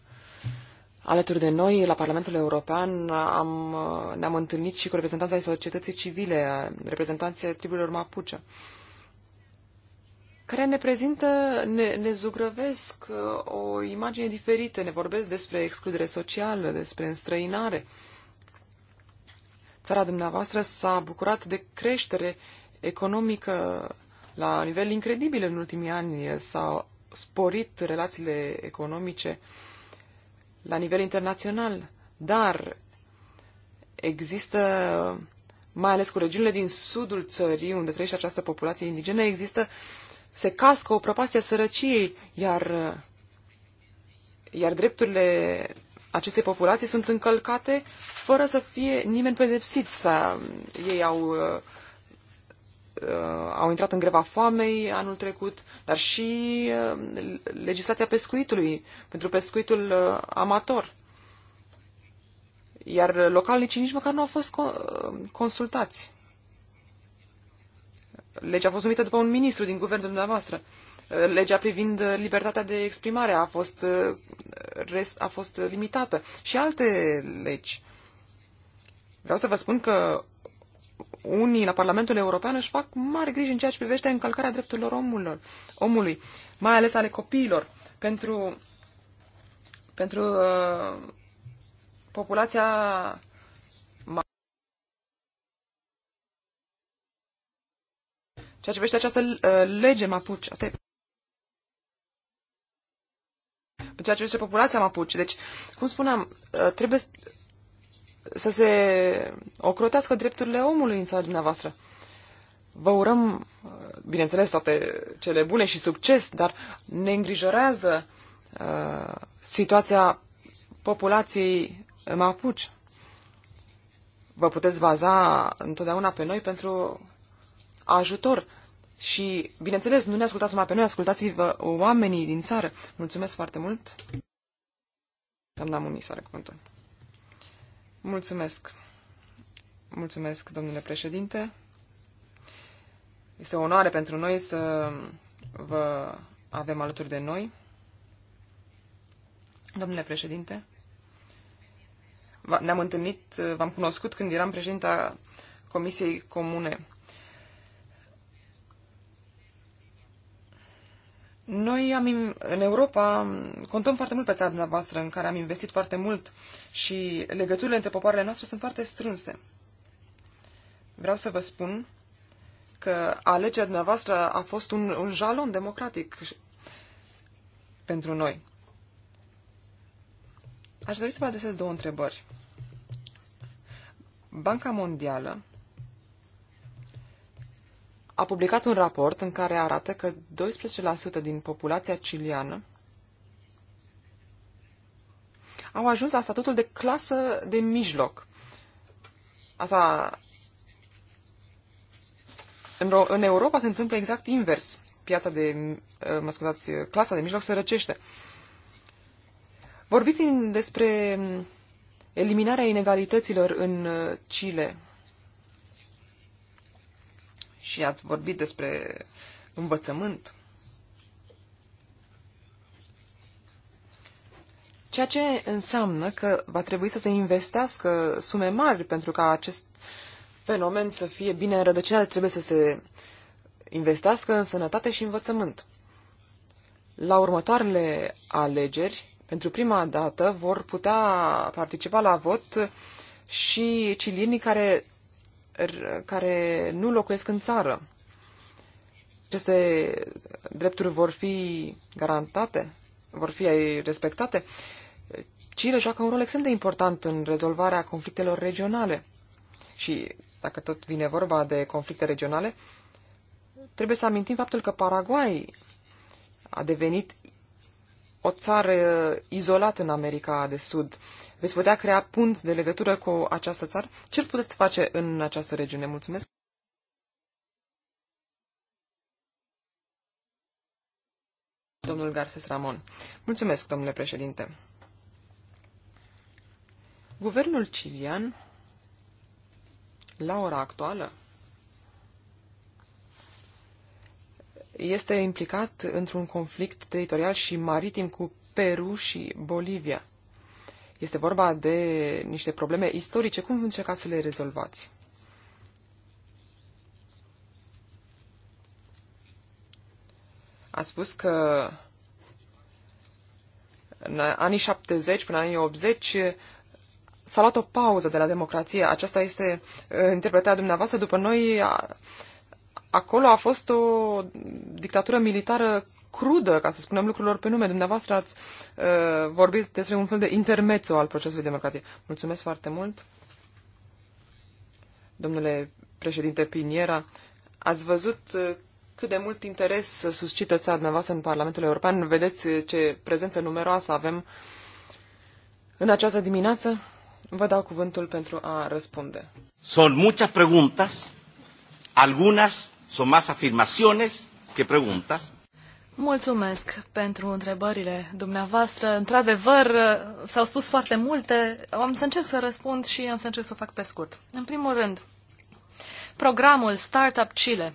alături de noi la Parlamentul European. Am, uh, ne-am întâlnit și cu reprezentanții societății civile, reprezentanții triburilor Mapuche care ne prezintă, ne, ne zugrăvesc uh, o imagine diferită, ne vorbesc despre excludere socială, despre înstrăinare. Țara dumneavoastră s-a bucurat de creștere economică la nivel incredibil în ultimii ani, s-au sporit relațiile economice la nivel internațional, dar există, mai ales cu regiunile din sudul țării, unde trăiește această populație indigenă, există uh, se cască o a sărăciei, iar, iar drepturile acestei populații sunt încălcate fără să fie nimeni pedepsit. să ei au, uh, uh, au intrat în greva foamei anul trecut, dar și uh, legislația pescuitului, pentru pescuitul uh, amator. Iar localnicii nici măcar nu au fost uh, consultați legea a fost numită după un ministru din guvernul dumneavoastră. Uh, legea privind uh, libertatea de exprimare a fost, uh, a fost limitată și alte legi. Vreau să vă spun că unii la Parlamentul European își fac mari griji în ceea ce privește încălcarea drepturilor omului, omului mai ales ale copiilor, pentru, pentru uh, populația ceea ce privește această uh, lege Mapuche. Asta e Pe ceea ce privește populația Mapuche. Deci, cum spuneam, uh, trebuie să se ocrotească drepturile omului în țara dumneavoastră. Vă urăm, uh, bineînțeles, toate cele bune și succes, dar ne îngrijorează uh, situația populației Mapuche. Vă puteți baza întotdeauna pe noi pentru ajutor. Și, bineînțeles, nu ne ascultați numai pe noi, ascultați-vă oamenii din țară. Mulțumesc foarte mult. Doamna Munis are cuvântul. Mulțumesc. Mulțumesc, domnule președinte. Este o onoare pentru noi să vă avem alături de noi. Domnule președinte, ne-am întâlnit, v-am cunoscut când eram președinta Comisiei Comune Noi am, în Europa contăm foarte mult pe țara dumneavoastră în care am investit foarte mult și legăturile între popoarele noastre sunt foarte strânse. Vreau să vă spun că alegerea dumneavoastră a fost un, un jalon democratic pentru noi. Aș dori să vă adresez două întrebări. Banca Mondială a publicat un raport în care arată că 12% din populația ciliană au ajuns la statutul de clasă de mijloc. Asta în, în Europa se întâmplă exact invers. Piața de, ă, mă scuzați, clasa de mijloc se răcește. Vorbiți despre eliminarea inegalităților în ă, Chile și ați vorbit despre învățământ. Ceea ce înseamnă că va trebui să se investească sume mari pentru ca acest fenomen să fie bine înrădăcinat, trebuie să se investească în sănătate și învățământ. La următoarele alegeri, pentru prima dată, vor putea participa la vot și cilinii care care nu locuiesc în țară. Aceste drepturi vor fi garantate, vor fi respectate. Chile joacă un rol extrem de important în rezolvarea conflictelor regionale. Și dacă tot vine vorba de conflicte regionale, trebuie să amintim faptul că Paraguay a devenit o țară uh, izolată în America de Sud, veți putea crea punți de legătură cu această țară? Ce puteți face în această regiune? Mulțumesc! Domnul Garces Ramon. Mulțumesc, domnule președinte. Guvernul cilian, la ora actuală, este implicat într-un conflict teritorial și maritim cu Peru și Bolivia. Este vorba de niște probleme istorice. Cum încercați să le rezolvați? Ați spus că în anii 70 până anii 80 s-a luat o pauză de la democrație. Aceasta este uh, interpretarea dumneavoastră. După noi acolo a fost o dictatură militară crudă, ca să spunem lucrurilor pe nume. Dumneavoastră ați uh, vorbit despre un fel de intermețo al procesului democratic. Mulțumesc foarte mult, domnule președinte Piniera. Ați văzut uh, cât de mult interes suscită țara dumneavoastră în Parlamentul European. Vedeți uh, ce prezență numeroasă avem în această dimineață. Vă dau cuvântul pentru a răspunde. Sunt multe preguntas, algunas sunt más afirmaciones que preguntas. Mulțumesc pentru întrebările dumneavoastră. Într-adevăr, s-au spus foarte multe. Am să încerc să răspund și am să încerc să o fac pe scurt. În primul rând, programul Startup Chile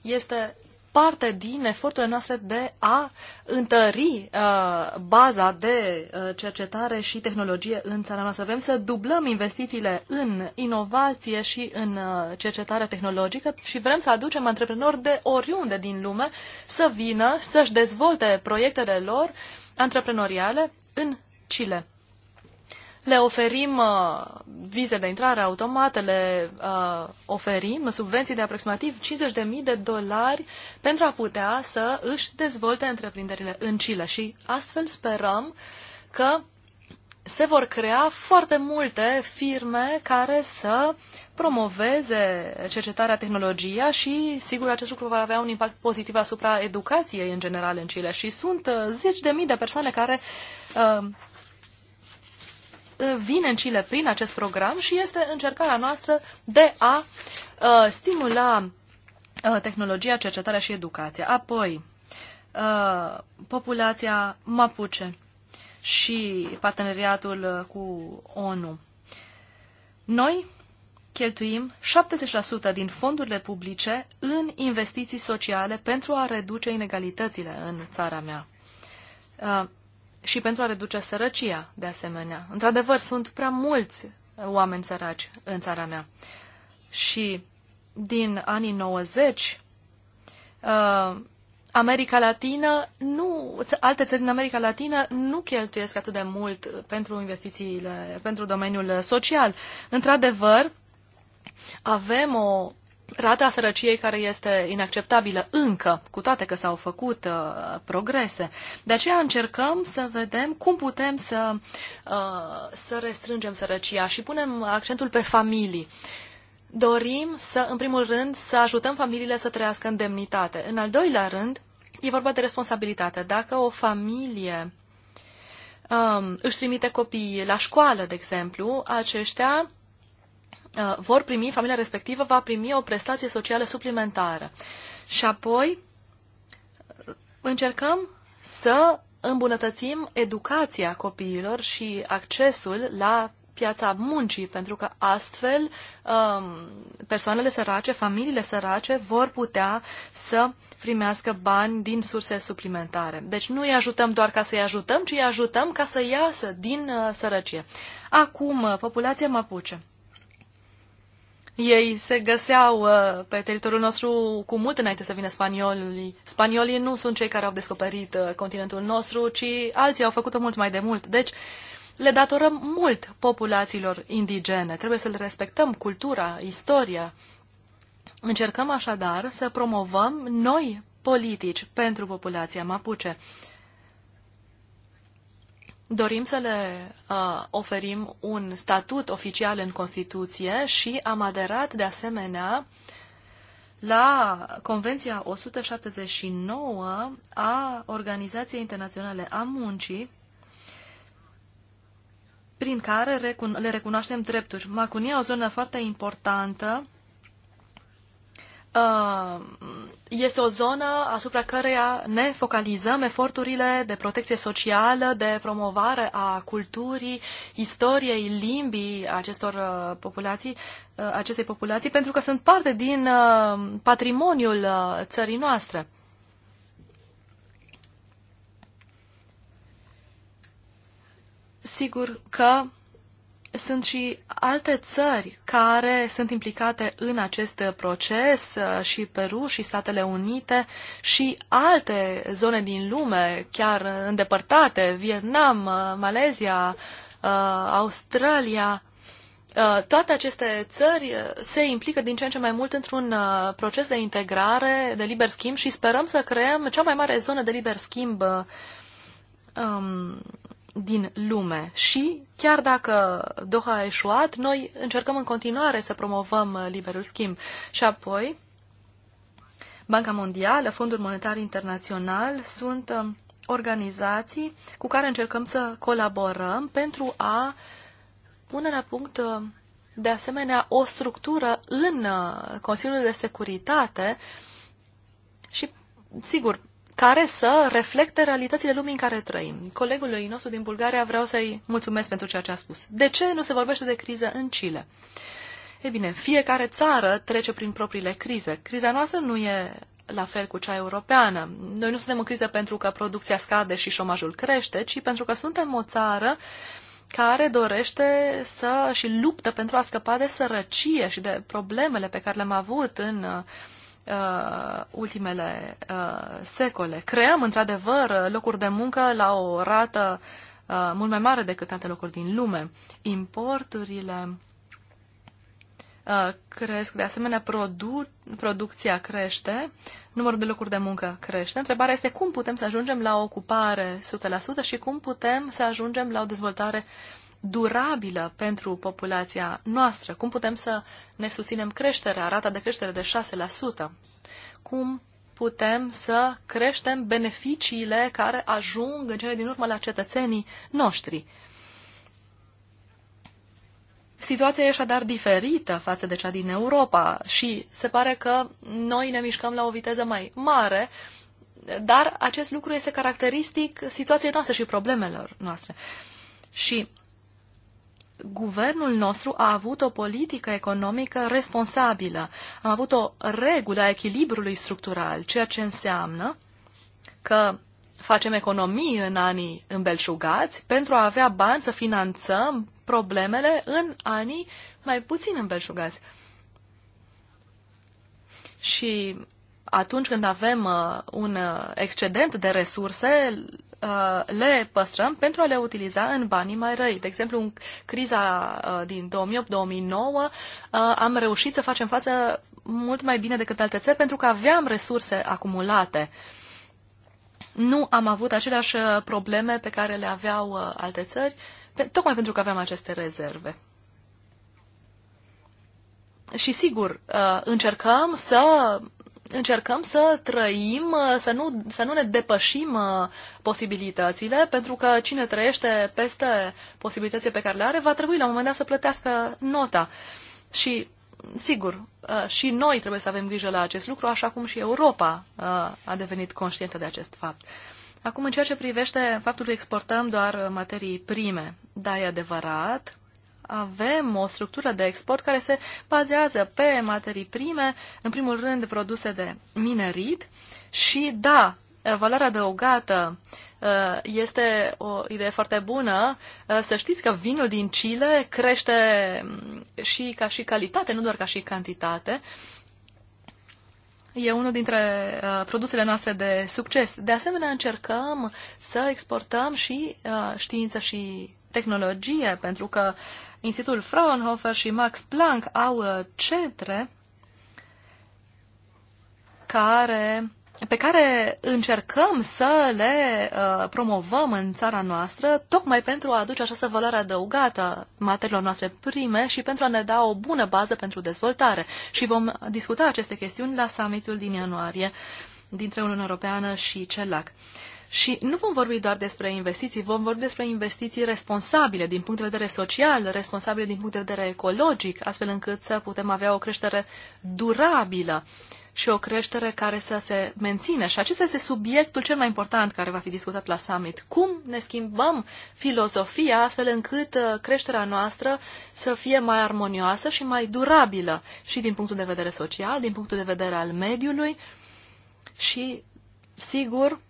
este parte din eforturile noastre de a întări uh, baza de uh, cercetare și tehnologie în țara noastră. Vrem să dublăm investițiile în inovație și în uh, cercetare tehnologică și vrem să aducem antreprenori de oriunde din lume să vină să-și dezvolte proiectele lor antreprenoriale în Chile le oferim uh, vize de intrare automate, le uh, oferim subvenții de aproximativ 50.000 de dolari pentru a putea să își dezvolte întreprinderile în Chile și astfel sperăm că se vor crea foarte multe firme care să promoveze cercetarea, tehnologia și, sigur, acest lucru va avea un impact pozitiv asupra educației în general în Chile. Și sunt uh, zeci de mii de persoane care uh, Uh, vine în Chile prin acest program și este încercarea noastră de a uh, stimula uh, tehnologia, cercetarea și educația. Apoi, uh, populația mapuche și parteneriatul uh, cu ONU. Noi cheltuim 70% din fondurile publice în investiții sociale pentru a reduce inegalitățile în țara mea. Uh, și pentru a reduce sărăcia, de asemenea. Într-adevăr, sunt prea mulți oameni săraci în țara mea. Și din anii 90, uh, America Latină nu, alte țări din America Latină nu cheltuiesc atât de mult pentru investițiile, pentru domeniul social. Într-adevăr, avem o rata sărăciei care este inacceptabilă încă, cu toate că s-au făcut uh, progrese. De aceea încercăm să vedem cum putem să, uh, să restrângem sărăcia și punem accentul pe familii. Dorim să, în primul rând, să ajutăm familiile să trăiască în demnitate. În al doilea rând, e vorba de responsabilitate. Dacă o familie um, își trimite copiii la școală, de exemplu, aceștia Uh, vor primi, familia respectivă va primi o prestație socială suplimentară. Și apoi uh, încercăm să îmbunătățim educația copiilor și accesul la piața muncii, pentru că astfel um, persoanele sărace, familiile sărace vor putea să primească bani din surse suplimentare. Deci nu îi ajutăm doar ca să-i ajutăm, ci îi ajutăm ca să iasă din uh, sărăcie. Acum, populația mapuche. Ei se găseau uh, pe teritoriul nostru cu mult înainte să vină spaniolii. Spaniolii nu sunt cei care au descoperit uh, continentul nostru, ci alții au făcut-o mult mai de mult. Deci, le datorăm mult populațiilor indigene. Trebuie să le respectăm cultura, istoria. Încercăm așadar să promovăm noi politici pentru populația mapuche dorim să le uh, oferim un statut oficial în Constituție și am aderat de asemenea la Convenția 179 a Organizației Internaționale a Muncii, prin care le recunoaștem drepturi. Macunia o zonă foarte importantă Uh, este o zonă asupra căreia ne focalizăm eforturile de protecție socială, de promovare a culturii, istoriei, limbii acestor uh, populații, uh, acestei populații, pentru că sunt parte din patrimoniul țării noastre. Sigur că sunt și alte țări care sunt implicate în acest proces, uh, și Peru, și Statele Unite, și alte zone din lume, chiar îndepărtate, Vietnam, uh, Malezia, uh, Australia. Toate aceste țări se implică din ce în ce mai mult într-un proces de integrare, de liber schimb și sperăm să creăm cea mai mare zonă de liber schimb um, din lume și chiar dacă Doha a eșuat, noi încercăm în continuare să promovăm uh, liberul schimb. Și apoi, Banca Mondială, Fondul Monetar Internațional sunt uh, organizații cu care încercăm să colaborăm pentru a pune la punct uh, de asemenea o structură în Consiliul de Securitate și, sigur, care să reflecte realitățile lumii în care trăim. Colegului nostru din Bulgaria vreau să-i mulțumesc pentru ceea ce a spus. De ce nu se vorbește de criză în Chile? Ei bine, fiecare țară trece prin propriile crize. Criza noastră nu e la fel cu cea europeană. Noi nu suntem în criză pentru că producția scade și șomajul crește, ci pentru că suntem o țară care dorește să și luptă pentru a scăpa de sărăcie și de problemele pe care le-am avut în uh, uh, ultimele uh, secole. Creăm, într-adevăr, locuri de muncă la o rată uh, mult mai mare decât alte locuri din lume. Importurile uh, cresc, de asemenea, produ- producția crește, numărul de locuri de muncă crește. Întrebarea este cum putem să ajungem la o ocupare 100% și cum putem să ajungem la o dezvoltare uh, durabilă pentru populația noastră? Cum putem să ne susținem creșterea, rata de creștere de 6%? Cum putem să creștem beneficiile care ajung în cele din urmă la cetățenii noștri? Situația e așadar diferită față de cea din Europa și se pare că noi ne mișcăm la o viteză mai mare, dar acest lucru este caracteristic situației noastre și problemelor noastre. Și guvernul nostru a avut o politică economică responsabilă. Am avut o regulă a echilibrului structural, ceea ce înseamnă că facem economii în anii îmbelșugați pentru a avea bani să finanțăm problemele în anii mai puțin îmbelșugați. Și atunci când avem uh, un uh, excedent de resurse, Uh, le păstrăm pentru a le utiliza în banii mai răi. De exemplu, în criza uh, din 2008-2009 uh, am reușit să facem față mult mai bine decât alte țări pentru că aveam resurse acumulate. Nu am avut aceleași probleme pe care le aveau alte țări, tocmai pentru că aveam aceste rezerve. Și sigur, încercăm să încercăm să trăim, să nu, să nu ne depășim uh, posibilitățile, pentru că cine trăiește peste posibilitățile pe care le are, va trebui la un moment dat să plătească nota. Și, sigur, uh, și noi trebuie să avem grijă la acest lucru, așa cum și Europa uh, a devenit conștientă de acest fapt. Acum, în ceea ce privește faptul că exportăm doar materii prime, da, e adevărat, avem o structură de export care se bazează pe materii prime, în primul rând produse de minerit și, da, valoarea adăugată uh, este o idee foarte bună. Uh, să știți că vinul din Chile crește mm, și ca și calitate, nu doar ca și cantitate. E unul dintre uh, produsele noastre de succes. De asemenea, încercăm să exportăm și uh, știință și tehnologie, pentru că Institutul Fraunhofer și Max Planck au uh, centre care, pe care încercăm să le uh, promovăm în țara noastră, tocmai pentru a aduce această valoare adăugată materiilor noastre prime și pentru a ne da o bună bază pentru dezvoltare. Și vom discuta aceste chestiuni la summitul din ianuarie. Uh, dintre Uniunea Europeană și CELAC. Și nu vom vorbi doar despre investiții, vom vorbi despre investiții responsabile din punct de vedere social, responsabile din punct de vedere ecologic, astfel încât să putem avea o creștere durabilă și o creștere care să se mențină. Și acesta este subiectul cel mai important care va fi discutat la summit. Cum ne schimbăm filozofia astfel încât uh, creșterea noastră să fie mai armonioasă și mai durabilă și din punctul de vedere social, din punctul de vedere al mediului, și, sigur,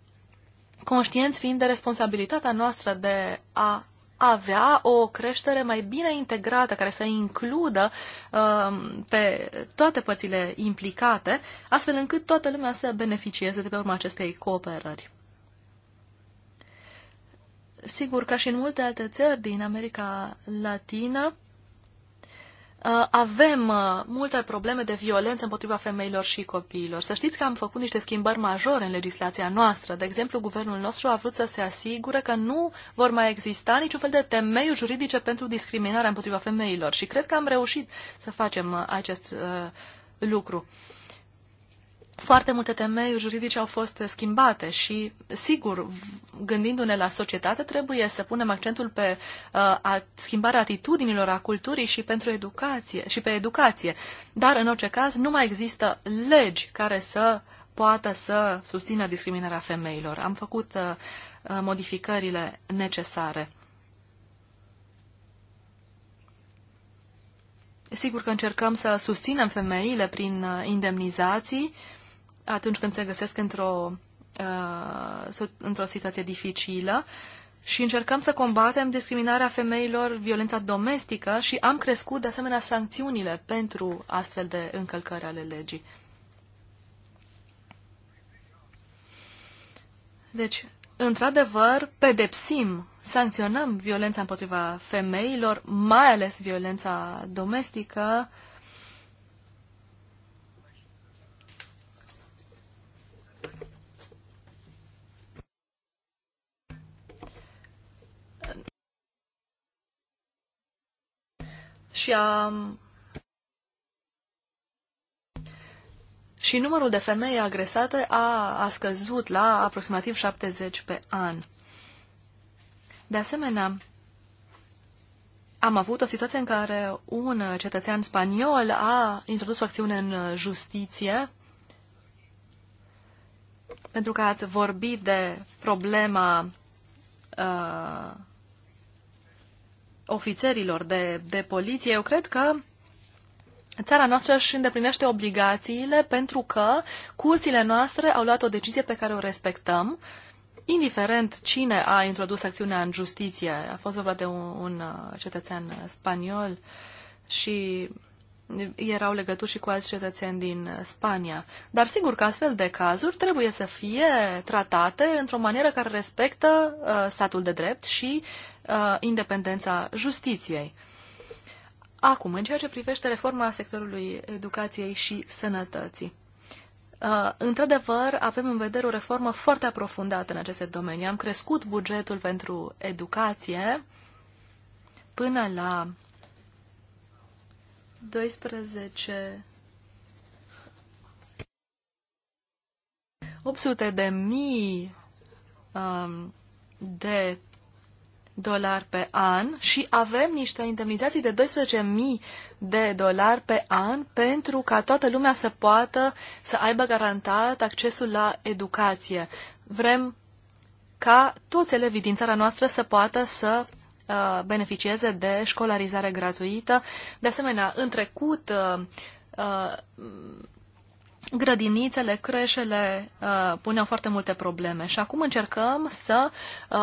conștienți fiind de responsabilitatea noastră de a avea o creștere mai bine integrată, care să includă uh, pe toate părțile implicate, astfel încât toată lumea să beneficieze de pe urma acestei cooperări. Sigur, ca și în multe alte țări din America Latină, Uh, avem uh, multe probleme de violență împotriva femeilor și copiilor. Să știți că am făcut niște schimbări majore în legislația noastră. De exemplu, guvernul nostru a vrut să se asigure că nu vor mai exista niciun fel de temeiuri juridice pentru discriminarea împotriva femeilor și cred că am reușit să facem uh, acest uh, lucru foarte multe temeiuri juridice au fost schimbate și, sigur, gândindu-ne la societate, trebuie să punem accentul pe uh, a, schimbarea atitudinilor, a culturii și, pentru educație, și pe educație. Dar, în orice caz, nu mai există legi care să poată să susțină discriminarea femeilor. Am făcut uh, uh modificările necesare. Sigur că încercăm să susținem femeile prin uh, indemnizații, uh, atunci când se găsesc într-o, uh, într-o situație dificilă și încercăm să combatem discriminarea femeilor, violența domestică și am crescut de asemenea sancțiunile pentru astfel de încălcări ale legii. Deci, într-adevăr, pedepsim, sancționăm violența împotriva femeilor, mai ales violența domestică, uh, și a și numărul de femei agresate a, a scăzut la aproximativ 70 pe an. De asemenea, am avut o situație în care un cetățean spaniol a introdus o acțiune în justiție pentru că ați vorbit de problema uh, ofițerilor de, de poliție, eu cred că țara noastră își îndeplinește obligațiile pentru că curțile noastre au luat o decizie pe care o respectăm, indiferent cine a introdus acțiunea în justiție. A fost vorba de un, un uh, cetățean spaniol și erau legături și cu alți cetățeni din Spania. Dar sigur că astfel de cazuri trebuie să fie tratate într-o manieră care respectă uh, statul de drept și uh, independența justiției. Acum, în ceea ce privește reforma sectorului educației și sănătății. Uh, într-adevăr, avem în vedere o reformă foarte aprofundată în aceste domenii. Am crescut bugetul pentru educație până la 12 800 de mii um, de dolari pe an și avem niște indemnizații de 12.000 de dolari pe an pentru ca toată lumea să poată să aibă garantat accesul la educație. Vrem ca toți elevii din țara noastră să poată să uh, beneficieze de școlarizare gratuită. De asemenea, în trecut, uh, uh, grădinițele, creșele uh, puneau foarte multe probleme și acum încercăm să uh,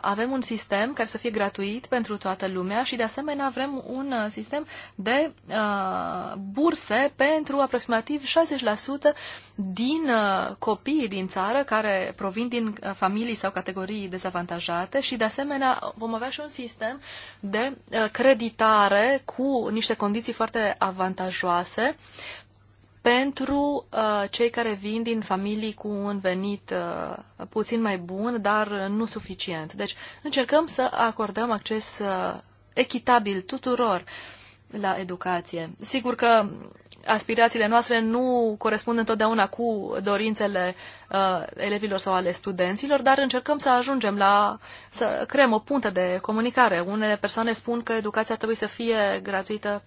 avem un sistem care să fie gratuit pentru toată lumea și de asemenea vrem un uh, sistem de uh, burse pentru aproximativ 60% din uh, copiii din țară care provin din uh, familii sau categorii dezavantajate și de asemenea vom avea și un sistem de uh, creditare cu niște condiții foarte avantajoase pentru uh, cei care vin din familii cu un venit uh, puțin mai bun, dar nu suficient. Deci încercăm să acordăm acces uh, echitabil tuturor la educație. Sigur că aspirațiile noastre nu corespund întotdeauna cu dorințele uh, elevilor sau ale studenților, dar încercăm să ajungem la, să creăm o punte de comunicare. Unele persoane spun că educația trebuie să fie gratuită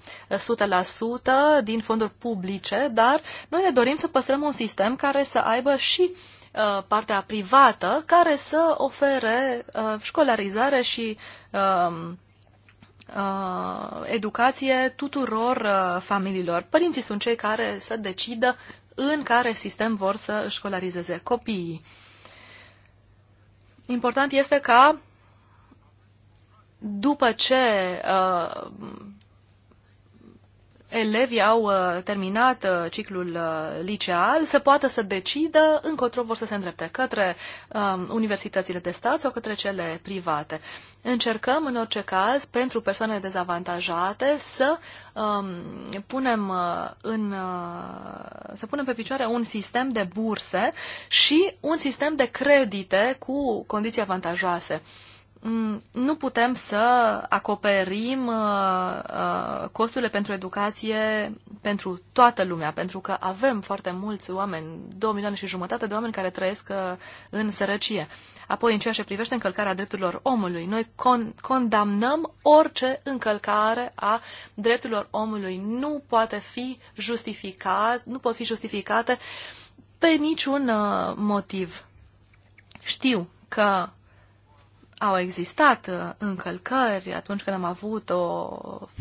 uh, 100% din fonduri publice, dar noi ne dorim să păstrăm un sistem care să aibă și uh, partea privată care să ofere uh, școlarizare și uh, uh, educație tuturor uh, familiilor. Părinții sunt cei care să decidă în care sistem vor să școlarizeze copiii. Important este ca după ce uh, elevii au uh, terminat uh, ciclul uh, liceal să poată să decidă încotro vor să se îndrepte către um, universitățile de stat sau către cele private. Încercăm, în orice caz, pentru persoanele dezavantajate să um, punem în, să punem pe picioare un sistem de burse și un sistem de credite cu condiții avantajoase. Uh, Mm, nu putem să acoperim uh, uh, costurile pentru educație pentru toată lumea, pentru că avem foarte mulți oameni, 2 milioane și jumătate de oameni care trăiesc uh, în sărăcie. Apoi, în ceea ce privește încălcarea drepturilor omului, noi con- condamnăm orice încălcare a drepturilor omului. Nu poate fi justificat, nu pot fi justificate pe niciun motiv. Știu că au existat uh, încălcări atunci când am avut o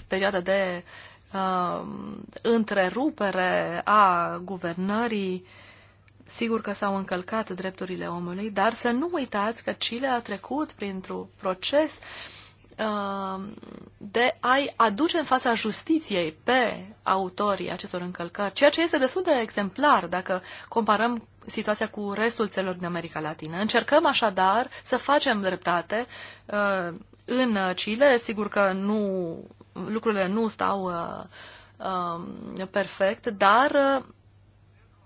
perioadă de uh, întrerupere a guvernării. Sigur că s-au încălcat drepturile omului, dar să nu uitați că Chile a trecut printr-un proces uh, de a-i aduce în fața justiției pe autorii acestor încălcări, ceea ce este destul de exemplar dacă comparăm situația cu restul țărilor din America Latină. Încercăm așadar să facem dreptate uh, în Chile. Sigur că nu, lucrurile nu stau uh, um, perfect, dar uh,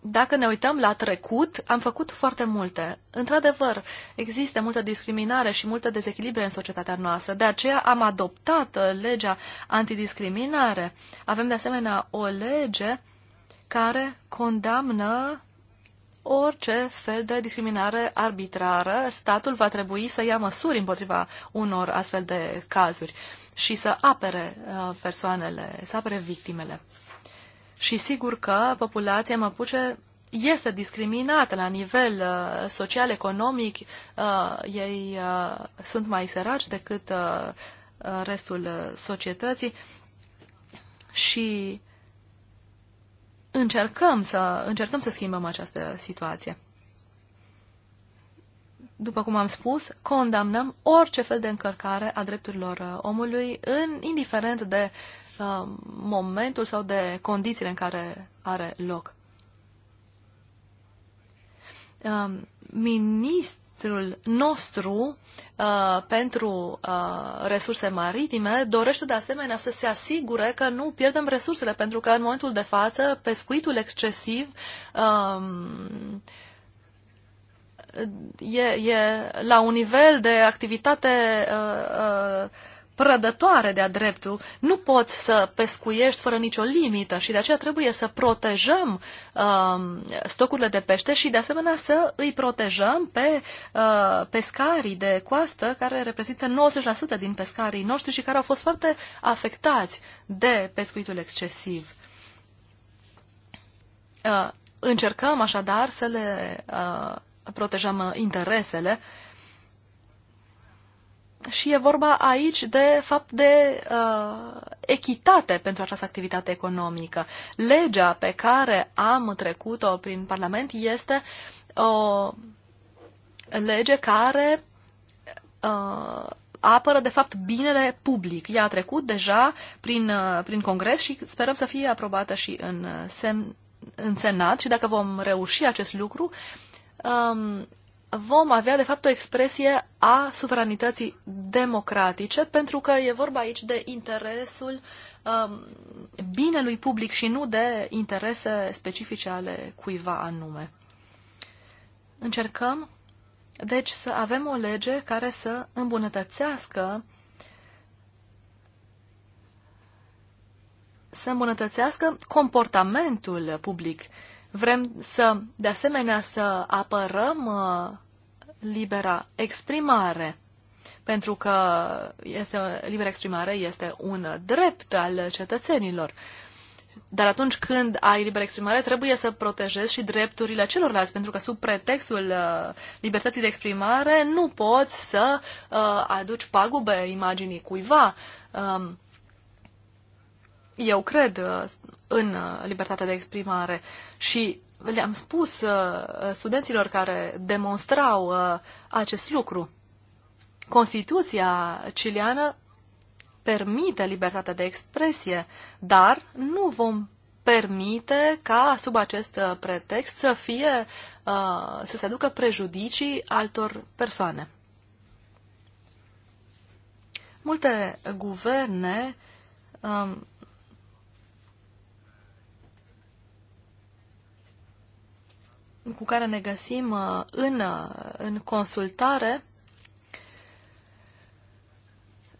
dacă ne uităm la trecut, am făcut foarte multe. Într-adevăr, există multă discriminare și multă dezechilibre în societatea noastră. De aceea am adoptat legea antidiscriminare. Avem de asemenea o lege care condamnă orice fel de discriminare arbitrară, statul va trebui să ia măsuri împotriva unor astfel de cazuri și să apere uh, persoanele, să apere victimele. Și sigur că populația mapuche este discriminată la nivel uh, social, economic, uh, ei uh, sunt mai săraci decât uh, restul uh, societății și încercăm să, încercăm să schimbăm această situație. După cum am spus, condamnăm orice fel de încărcare a drepturilor uh, omului, în, indiferent de uh, momentul sau de condițiile în care are loc. Uh, minist, ministrul nostru uh, pentru uh, resurse maritime dorește de asemenea să se asigure că nu pierdem resursele, pentru că în momentul de față pescuitul excesiv um, e, e la un nivel de activitate uh, uh, prădătoare de-a dreptul. Nu poți să pescuiești fără nicio limită și de aceea trebuie să protejăm uh, stocurile de pește și de asemenea să îi protejăm pe uh, pescarii de coastă care reprezintă 90% din pescarii noștri și care au fost foarte afectați de pescuitul excesiv. Uh, încercăm așadar să le uh, protejăm interesele uh, și e vorba aici de fapt de uh, echitate pentru această activitate economică. Legea pe care am trecut-o prin Parlament este o lege care uh, apără, de fapt, binele public. Ea a trecut deja prin, uh, prin Congres și sperăm să fie aprobată și în, uh, sem- în Senat și dacă vom reuși acest lucru, um, vom avea, de fapt, o expresie a suveranității democratice, pentru că e vorba aici de interesul um, binelui public și nu de interese specifice ale cuiva anume. Încercăm, deci, să avem o lege care să îmbunătățească să îmbunătățească comportamentul public uh, Vrem să, de asemenea, să apărăm uh, libera exprimare, pentru că este, libera exprimare este un drept al cetățenilor. Dar atunci când ai liberă exprimare, trebuie să protejezi și drepturile celorlalți, pentru că sub pretextul uh, libertății de exprimare nu poți să uh, aduci pagube imaginii cuiva. Um, eu cred uh, în uh, libertatea de exprimare și le-am spus uh, studenților care demonstrau uh, acest lucru. Constituția ciliană permite libertatea de expresie, dar nu vom permite ca sub acest uh, pretext să fie uh, să se aducă prejudicii altor persoane. Multe guverne um, cu care ne găsim uh, în, uh, în consultare,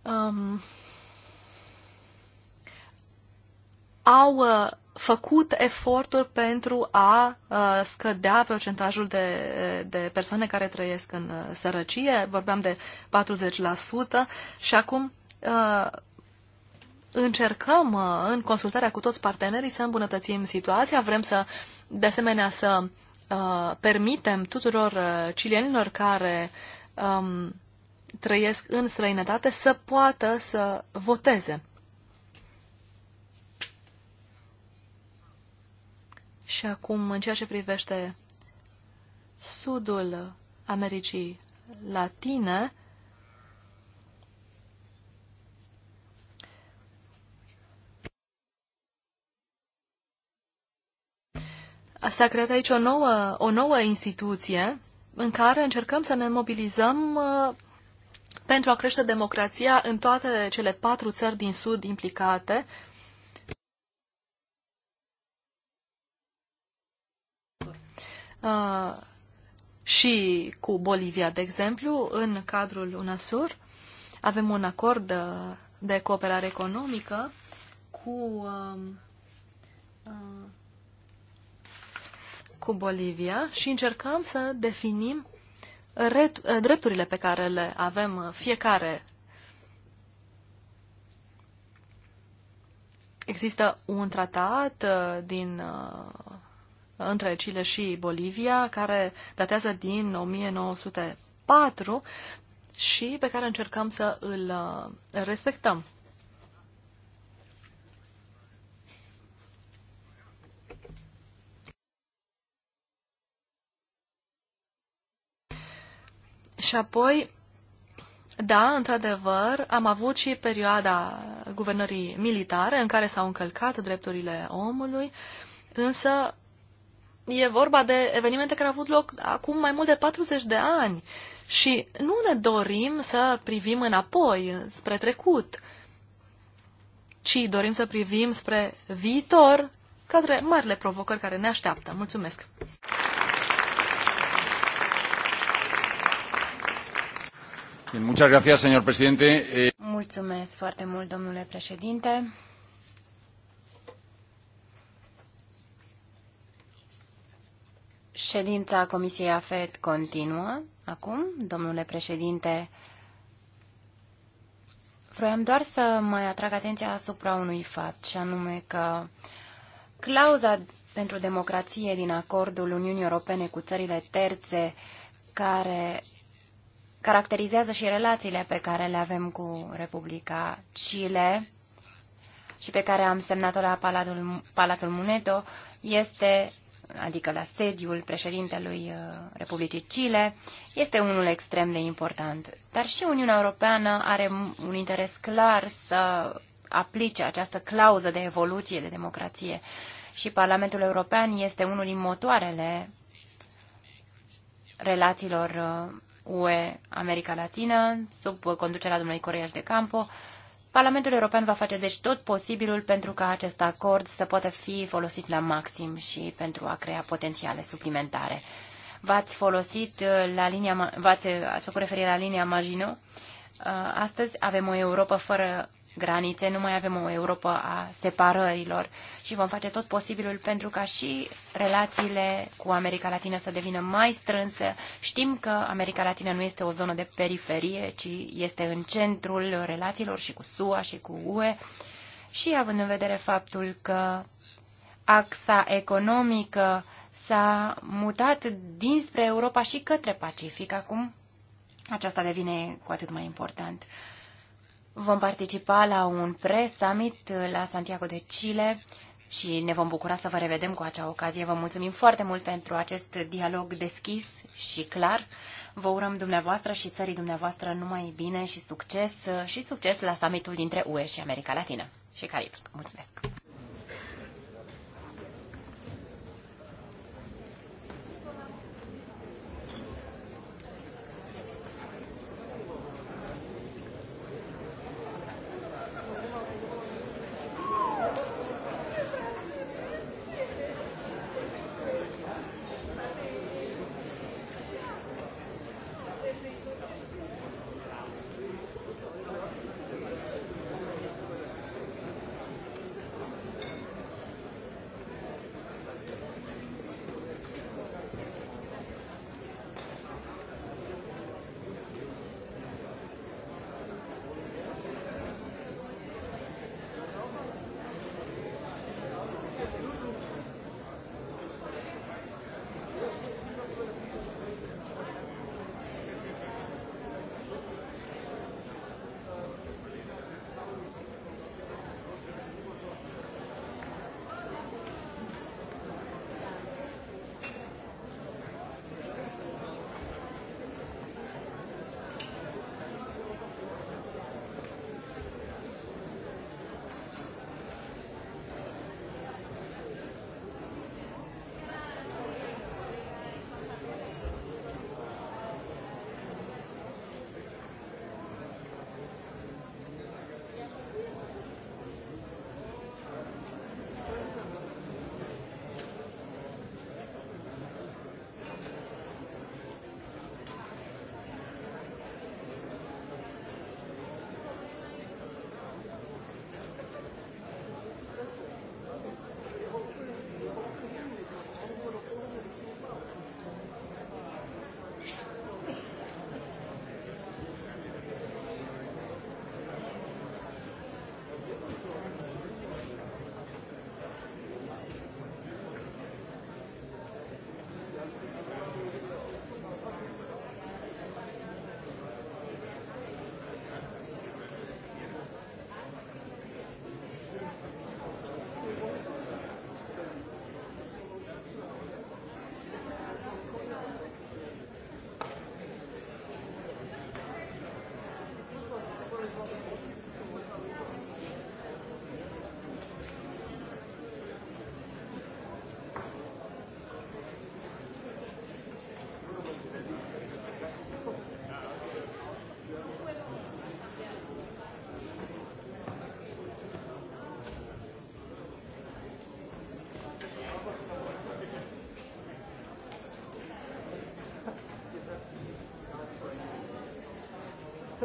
um, au uh, făcut eforturi pentru a scădea procentajul de, de persoane care trăiesc în sărăcie, vorbeam de 40% și acum încercăm în consultarea cu toți partenerii să îmbunătățim situația, vrem să de asemenea să Uh, permitem tuturor uh, cilienilor care um, trăiesc în străinătate să poată să voteze. Și acum, în ceea ce privește sudul Americii Latine, S-a creat aici o nouă, o nouă instituție în care încercăm să ne mobilizăm uh, pentru a crește democrația în toate cele patru țări din Sud implicate. Uh, și cu Bolivia, de exemplu, în cadrul UNASUR avem un acord de, uh, de cooperare economică cu uh, uh, cu Bolivia și încercam să definim drepturile pe care le avem fiecare. Există un tratat uh, din, uh, între Chile și Bolivia care datează din 1904 și pe care încercăm să îl uh, respectăm. Și apoi, da, într-adevăr, am avut și perioada guvernării militare în care s-au încălcat drepturile omului, însă e vorba de evenimente care au avut loc acum mai mult de 40 de ani și nu ne dorim să privim înapoi, spre trecut, ci dorim să privim spre viitor, către marile provocări care ne așteaptă. Mulțumesc! Muchas gracias, señor presidente. Eh, Mulțumesc foarte mult, domnule președinte. Ședința Comisiei AFET continuă acum, domnule președinte. Vroiam doar să mai atrag atenția asupra unui fapt, și anume că clauza pentru democrație din acordul Uniunii Europene cu țările terțe care caracterizează și relațiile pe care le avem cu Republica Chile și pe care am semnat-o la Palatul, Palatul Muneto, este, adică la sediul președintelui uh, Republicii Chile, este unul extrem de important. Dar și Uniunea Europeană are un interes clar să aplice această clauză de evoluție de democrație și Parlamentul European este unul din motoarele relațiilor uh, UE America Latină, sub conducerea domnului Coreiaș de Campo. Parlamentul European va face deci tot posibilul pentru ca acest acord să poată fi folosit la maxim și pentru a crea potențiale suplimentare. V-ați folosit uh, la linia, v-ați ați făcut referire la linia Maginot. Uh, astăzi avem o Europa fără granițe, nu mai avem o Europa a separărilor și vom face tot posibilul pentru ca și relațiile cu America Latină să devină mai strânse. Știm că America Latină nu este o zonă de periferie, ci este în centrul relațiilor și cu SUA și cu UE și având în vedere faptul că axa economică s-a mutat dinspre Europa și către Pacific acum, aceasta devine cu atât mai important. Vom participa la un pre-summit uh, la Santiago de Chile și ne vom bucura să vă revedem cu acea ocazie. Vă mulțumim foarte mult pentru acest dialog deschis și clar. Vă urăm dumneavoastră și țării dumneavoastră numai bine și succes uh, și succes la summitul dintre UE și America Latină și Caribic. Mulțumesc!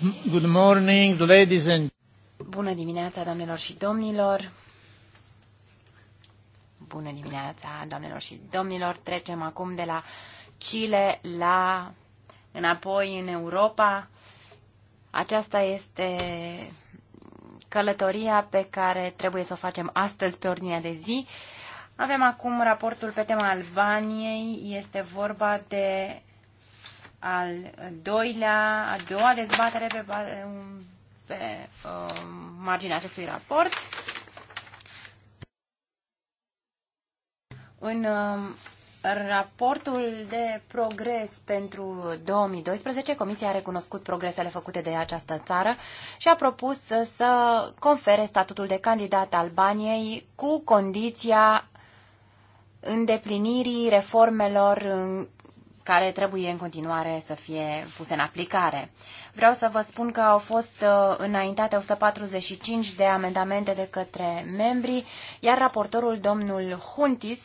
Good morning, ladies and... Bună dimineața, doamnelor și domnilor! Bună dimineața, doamnelor și domnilor! Trecem acum de la Chile la înapoi în Europa. Aceasta este călătoria pe care trebuie să o facem astăzi pe ordinea de zi. Avem acum raportul pe tema Albaniei. Este vorba de al doilea, a doua dezbatere pe, pe uh, marginea acestui raport. În uh, raportul de progres pentru 2012, Comisia a recunoscut progresele făcute de această țară și a propus să, să confere statutul de candidat Albaniei cu condiția îndeplinirii reformelor în care trebuie în continuare să fie puse în aplicare. Vreau să vă spun că au fost uh, înaintate 145 de amendamente de către membri, iar raportorul domnul Huntis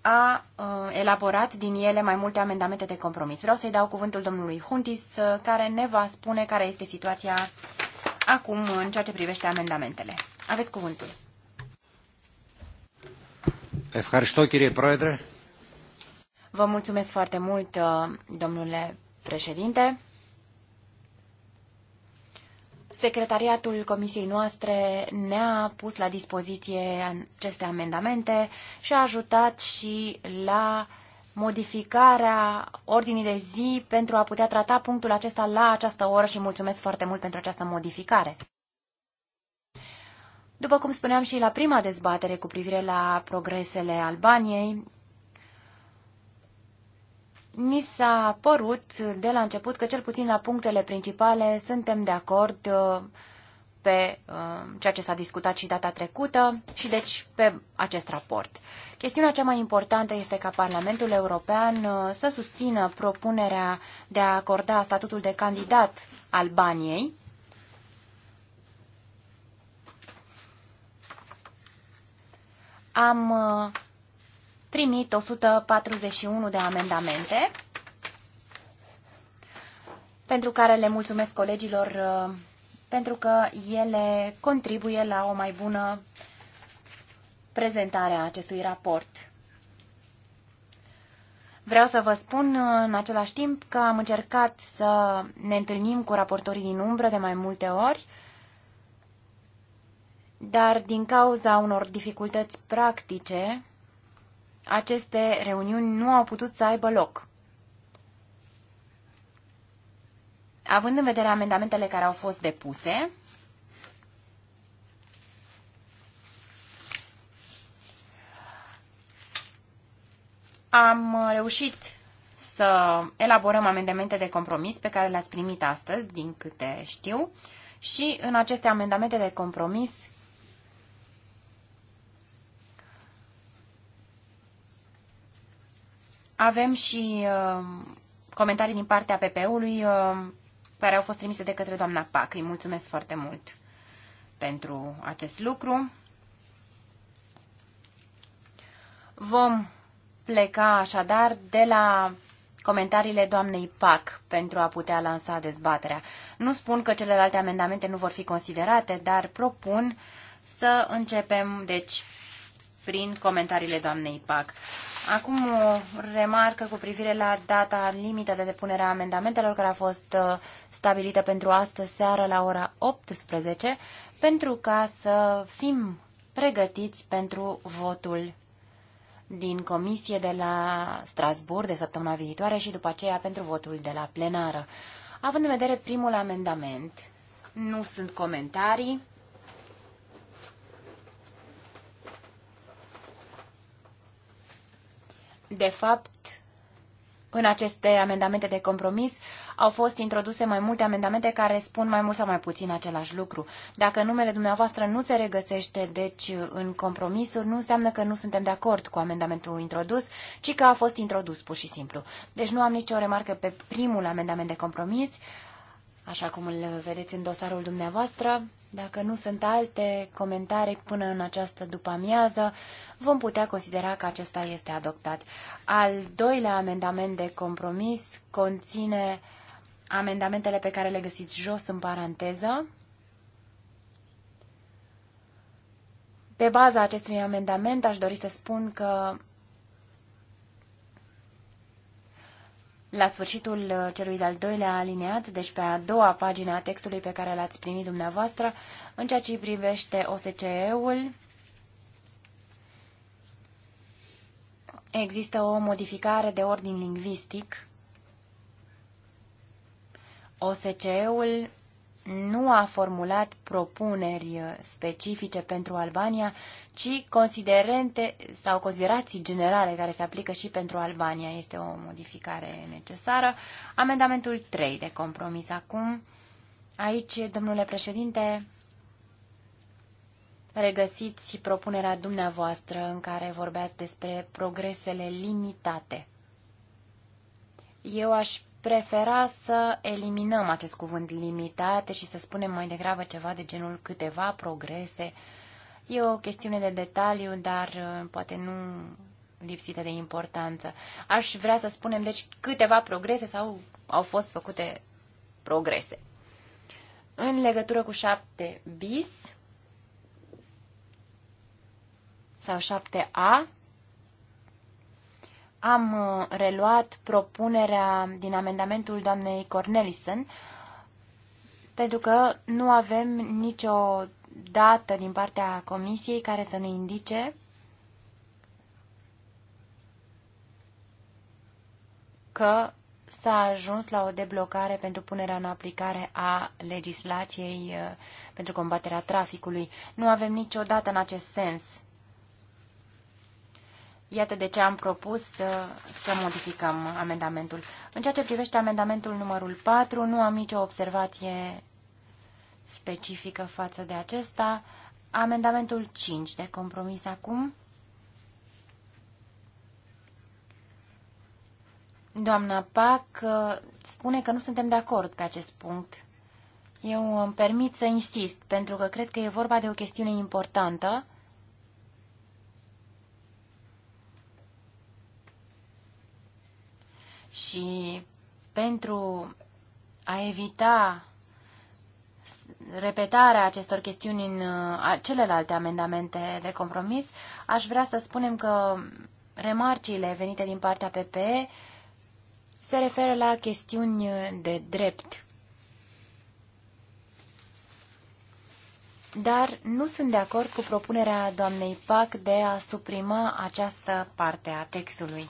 a uh, elaborat din ele mai multe amendamente de compromis. Vreau să-i dau cuvântul domnului Huntis, uh, care ne va spune care este situația acum în ceea ce privește amendamentele. Aveți cuvântul. Ευχαριστώ κύριε Πρόεδρε. Vă mulțumesc foarte mult, uh, domnule președinte. Secretariatul comisiei noastre ne-a pus la dispoziție aceste amendamente și a ajutat și la modificarea ordinii de zi pentru a putea trata punctul acesta la această oră și mulțumesc foarte mult pentru această modificare. După cum spuneam și la prima dezbatere cu privire la progresele Albaniei, mi s-a părut de la început că cel puțin la punctele principale suntem de acord uh, pe uh, ceea ce s-a discutat și data trecută și deci pe acest raport. Chestiunea cea mai importantă este ca Parlamentul European uh, să susțină propunerea de a acorda statutul de candidat Albaniei am primit 141 de amendamente, pentru care le mulțumesc colegilor uh, pentru că ele contribuie la o mai bună prezentare a acestui raport. Vreau să vă spun uh, în același timp că am încercat să ne întâlnim cu raportorii din umbră de mai multe ori, dar din cauza unor dificultăți practice aceste reuniuni nu au putut să aibă loc. Având în vedere amendamentele care au fost depuse, am reușit să elaborăm amendamente de compromis pe care le-ați primit astăzi, din câte știu, și în aceste amendamente de compromis Avem și uh, comentarii din partea PP-ului uh, care au fost trimise de către doamna Pac. Îi mulțumesc foarte mult pentru acest lucru. Vom pleca așadar de la comentariile doamnei PAC pentru a putea lansa dezbaterea. Nu spun că celelalte amendamente nu vor fi considerate, dar propun să începem, deci, prin comentariile doamnei PAC. Acum o remarcă cu privire la data limită de depunere a amendamentelor care a fost uh, stabilită pentru astăzi seară la ora 18 pentru ca să fim pregătiți pentru votul din comisie de la Strasbourg de săptămâna viitoare și după aceea pentru votul de la plenară. Având în vedere primul amendament, nu sunt comentarii, de fapt, în aceste amendamente de compromis au fost introduse mai multe amendamente care spun mai mult sau mai puțin același lucru. Dacă numele dumneavoastră nu se regăsește, deci, în compromisuri, nu înseamnă că nu suntem de acord cu amendamentul introdus, ci că a fost introdus pur și simplu. Deci nu am nicio remarcă pe primul amendament de compromis așa cum îl vedeți în dosarul dumneavoastră. Dacă nu sunt alte comentarii până în această după-amiază, vom putea considera că acesta este adoptat. Al doilea amendament de compromis conține amendamentele pe care le găsiți jos în paranteză. Pe baza acestui amendament aș dori să spun că la sfârșitul uh, celui de-al doilea alineat, deci pe a doua pagină a textului pe care l-ați primit dumneavoastră, în ceea ce privește OSCE-ul, există o modificare de ordin lingvistic. OSCE-ul nu a formulat propuneri uh, specifice pentru Albania, ci considerente sau considerații generale care se aplică și pentru Albania. Este o modificare necesară. Amendamentul 3 de compromis acum. Aici, domnule președinte, regăsiți propunerea dumneavoastră în care vorbeați despre progresele limitate. Eu aș prefera să eliminăm acest cuvânt limitate și să spunem mai degrabă ceva de genul câteva progrese. E o chestiune de detaliu, dar uh, poate nu lipsită de importanță. Aș vrea să spunem, deci, câteva progrese sau au fost făcute progrese. În legătură cu 7 bis sau 7A, am uh, reluat propunerea din amendamentul doamnei Cornelison, pentru că nu avem nicio dată din partea Comisiei care să ne indice că s-a ajuns la o deblocare pentru punerea în aplicare a legislației uh, pentru combaterea traficului. Nu avem niciodată în acest sens Iată de ce am propus să, uh, să modificăm amendamentul. În ceea ce privește amendamentul numărul 4, nu am nicio observație specifică față de acesta. Amendamentul 5 de compromis acum. Doamna Pac uh, spune că nu suntem de acord pe acest punct. Eu îmi permit să insist, pentru că cred că e vorba de o chestiune importantă și pentru a evita repetarea acestor chestiuni în uh, celelalte amendamente de compromis, aș vrea să spunem că remarciile venite din partea PPE se referă la chestiuni de drept. Dar nu sunt de acord cu propunerea doamnei PAC de a suprima această parte a textului.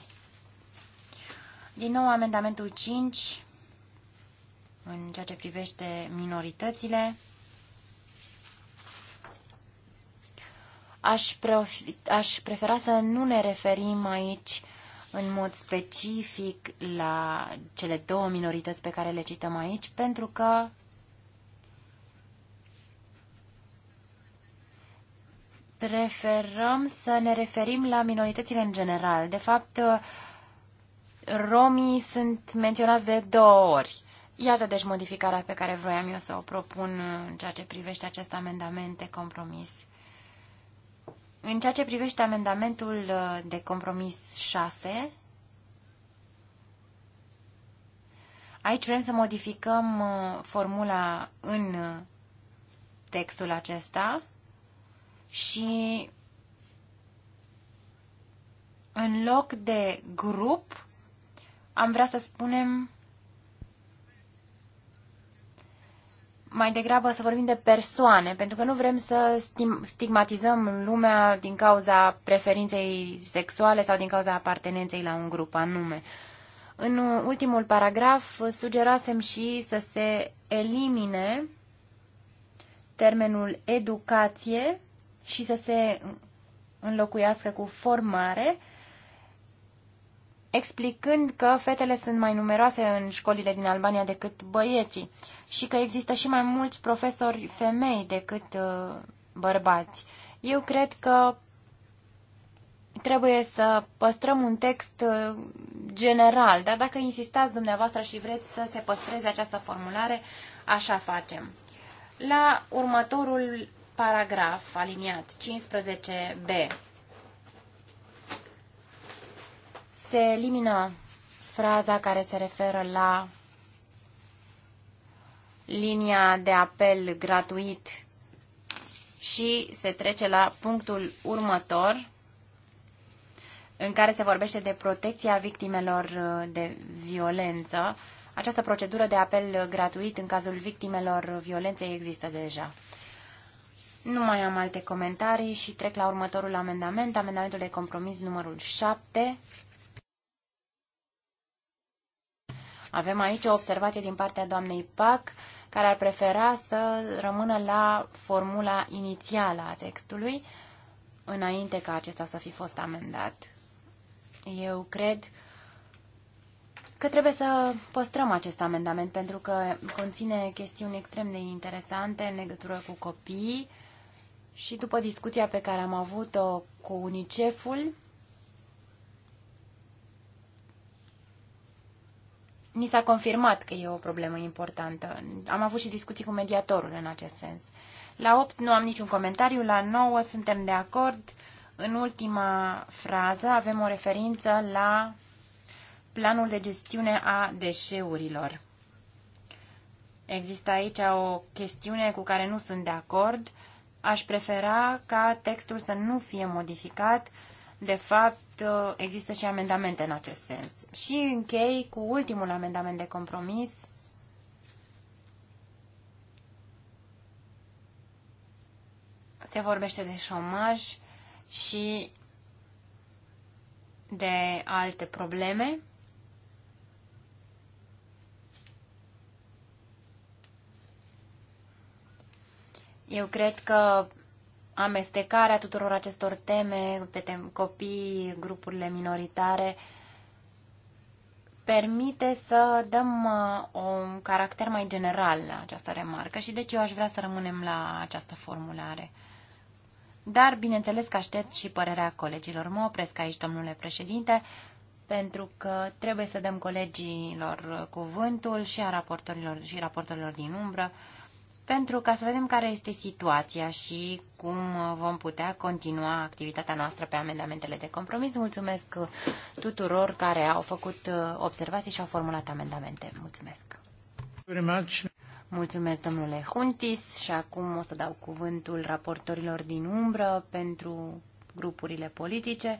Din nou, amendamentul 5, în ceea ce privește minoritățile, aș, aș prefera să nu ne referim aici în mod specific la cele două minorități pe care le cităm aici, pentru că preferăm să ne referim la minoritățile în general. De fapt, Romii sunt menționați de două ori. Iată deci modificarea pe care vroiam eu să o propun în ceea ce privește acest amendament de compromis. În ceea ce privește amendamentul uh, de compromis 6, aici vrem să modificăm uh, formula în uh, textul acesta și în loc de grup, am vrea să spunem mai degrabă să vorbim de persoane, pentru că nu vrem să stigmatizăm lumea din cauza preferinței sexuale sau din cauza apartenenței la un grup anume. În ultimul paragraf sugerasem și să se elimine termenul educație și să se înlocuiască cu formare, explicând că fetele sunt mai numeroase în școlile din Albania decât băieții și că există și mai mulți profesori femei decât uh, bărbați. Eu cred că trebuie să păstrăm un text uh, general, dar dacă insistați dumneavoastră și vreți să se păstreze această formulare, așa facem. La următorul paragraf, aliniat 15b, Se elimină fraza care se referă la linia de apel gratuit și se trece la punctul următor în care se vorbește de protecția victimelor uh, de violență. Această procedură de apel gratuit în cazul victimelor violenței există deja. Nu mai am alte comentarii și trec la următorul amendament, amendamentul de compromis numărul 7. Avem aici o observație din partea doamnei PAC, care ar prefera să rămână la formula inițială a textului, înainte ca acesta să fi fost amendat. Eu cred că trebuie să păstrăm acest amendament pentru că conține chestiuni extrem de interesante în legătură cu copiii și după discuția pe care am avut-o cu UNICEF-ul, ni s-a confirmat că e o problemă importantă. Am avut și discuții cu mediatorul în acest sens. La 8 nu am niciun comentariu, la 9 suntem de acord. În ultima frază avem o referință la planul de gestiune a deșeurilor. Există aici o chestiune cu care nu sunt de acord. Aș prefera ca textul să nu fie modificat. De fapt, există și amendamente în acest sens. Și închei cu ultimul amendament de compromis. Se vorbește de șomaj și de alte probleme. Eu cred că amestecarea tuturor acestor teme, pe tem- copii, grupurile minoritare, permite să dăm uh, un caracter mai general la această remarcă și deci eu aș vrea să rămânem la această formulare. Dar, bineînțeles că aștept și părerea colegilor. Mă opresc aici, domnule președinte, pentru că trebuie să dăm colegilor cuvântul și a raportorilor și raportorilor din umbră pentru ca să vedem care este situația și cum vom putea continua activitatea noastră pe amendamentele de compromis. Mulțumesc tuturor care au făcut uh, observații și au formulat amendamente. Mulțumesc! Mulțumesc, domnule Huntis, și acum o să dau cuvântul raportorilor din umbră pentru grupurile politice.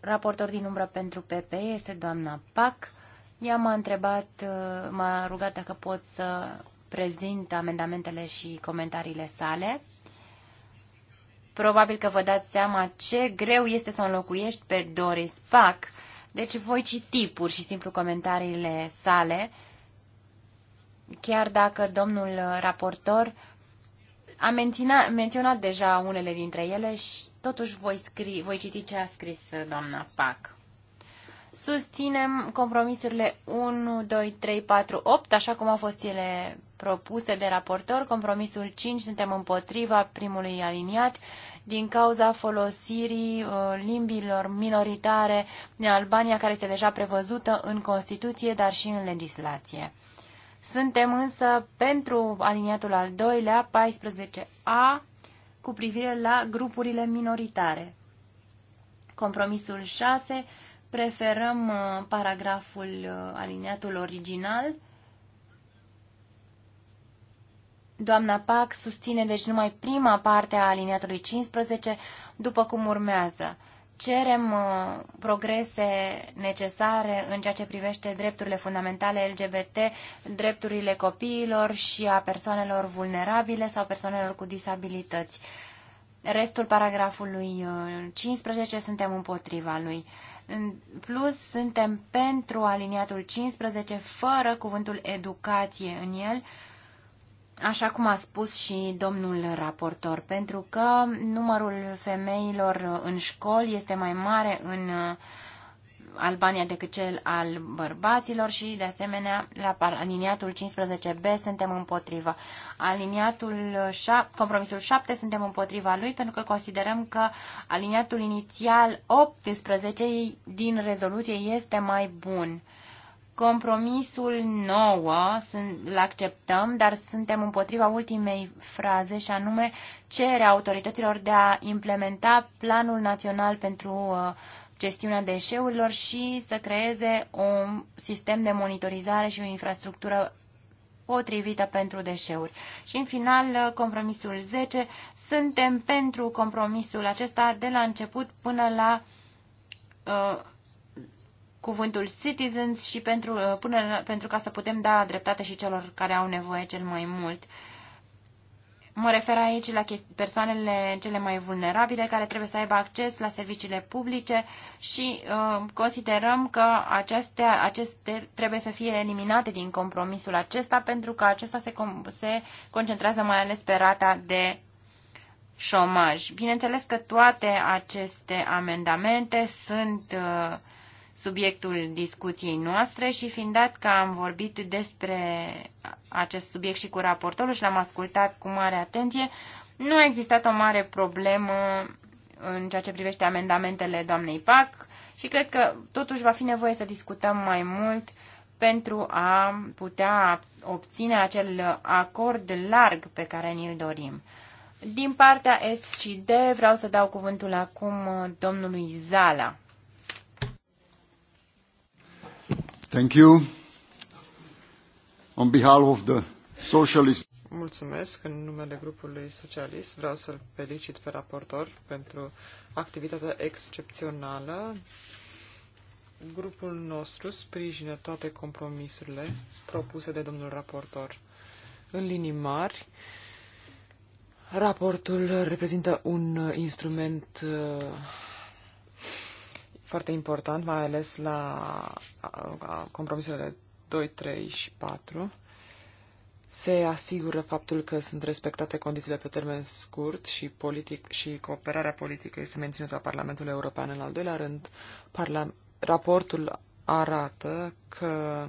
Raportor din umbră pentru PP este doamna Pac. Ea m-a întrebat, uh, m-a rugat dacă pot să prezint amendamentele și comentariile sale. Probabil că vă dați seama ce greu este să înlocuiești pe Doris Pac, deci voi citi pur și simplu comentariile sale, chiar dacă domnul raportor a menționat, menționat deja unele dintre ele și totuși voi, scri, voi citi ce a scris doamna Pac. Susținem compromisurile 1, 2, 3, 4, 8, așa cum au fost ele propuse de raportor. Compromisul 5 suntem împotriva primului aliniat din cauza folosirii uh, limbilor minoritare din Albania, care este deja prevăzută în Constituție, dar și în legislație. Suntem însă pentru aliniatul al doilea, 14a, cu privire la grupurile minoritare. Compromisul 6, preferăm uh, paragraful uh, aliniatul original Doamna Pac susține deci numai prima parte a aliniatului 15, după cum urmează. Cerem uh, progrese necesare în ceea ce privește drepturile fundamentale LGBT, drepturile copiilor și a persoanelor vulnerabile sau persoanelor cu disabilități. Restul paragrafului 15 uh, suntem împotriva lui. În plus, suntem pentru aliniatul 15 fără cuvântul educație în el, așa cum a spus și domnul raportor, pentru că numărul femeilor în școli este mai mare în uh, Albania decât cel al bărbaților și, de asemenea, la aliniatul 15B suntem împotriva. Aliniatul 7, compromisul 7 suntem împotriva lui pentru că considerăm că aliniatul inițial 18 din rezoluție este mai bun Compromisul nouă, îl acceptăm, dar suntem împotriva ultimei fraze și anume cere autorităților de a implementa planul național pentru uh, gestiunea deșeurilor și să creeze un sistem de monitorizare și o infrastructură potrivită pentru deșeuri. Și în final, uh, compromisul 10, suntem pentru compromisul acesta de la început până la uh, cuvântul citizens și pentru, uh, până, pentru ca să putem da dreptate și celor care au nevoie cel mai mult. Mă refer aici la persoanele cele mai vulnerabile care trebuie să aibă acces la serviciile publice și uh, considerăm că acestea, aceste trebuie să fie eliminate din compromisul acesta pentru că acesta se, se concentrează mai ales pe rata de șomaj. Bineînțeles că toate aceste amendamente sunt uh, subiectul discuției noastre și fiind dat că am vorbit despre acest subiect și cu raportorul și l-am ascultat cu mare atenție, nu a existat o mare problemă în ceea ce privește amendamentele doamnei PAC și cred că totuși va fi nevoie să discutăm mai mult pentru a putea obține acel acord larg pe care ni-l dorim. Din partea S și D vreau să dau cuvântul acum domnului Zala. Thank you. On behalf of the Socialist... Mulțumesc în numele grupului socialist. Vreau să-l felicit pe raportor pentru activitatea excepțională. Grupul nostru sprijină toate compromisurile propuse de domnul raportor. În linii mari, raportul reprezintă un instrument uh, foarte important, mai ales la compromisurile 2, 3 și 4. Se asigură faptul că sunt respectate condițiile pe termen scurt și, politic, și cooperarea politică este menținută a Parlamentului European. În al doilea rând, parla, raportul arată că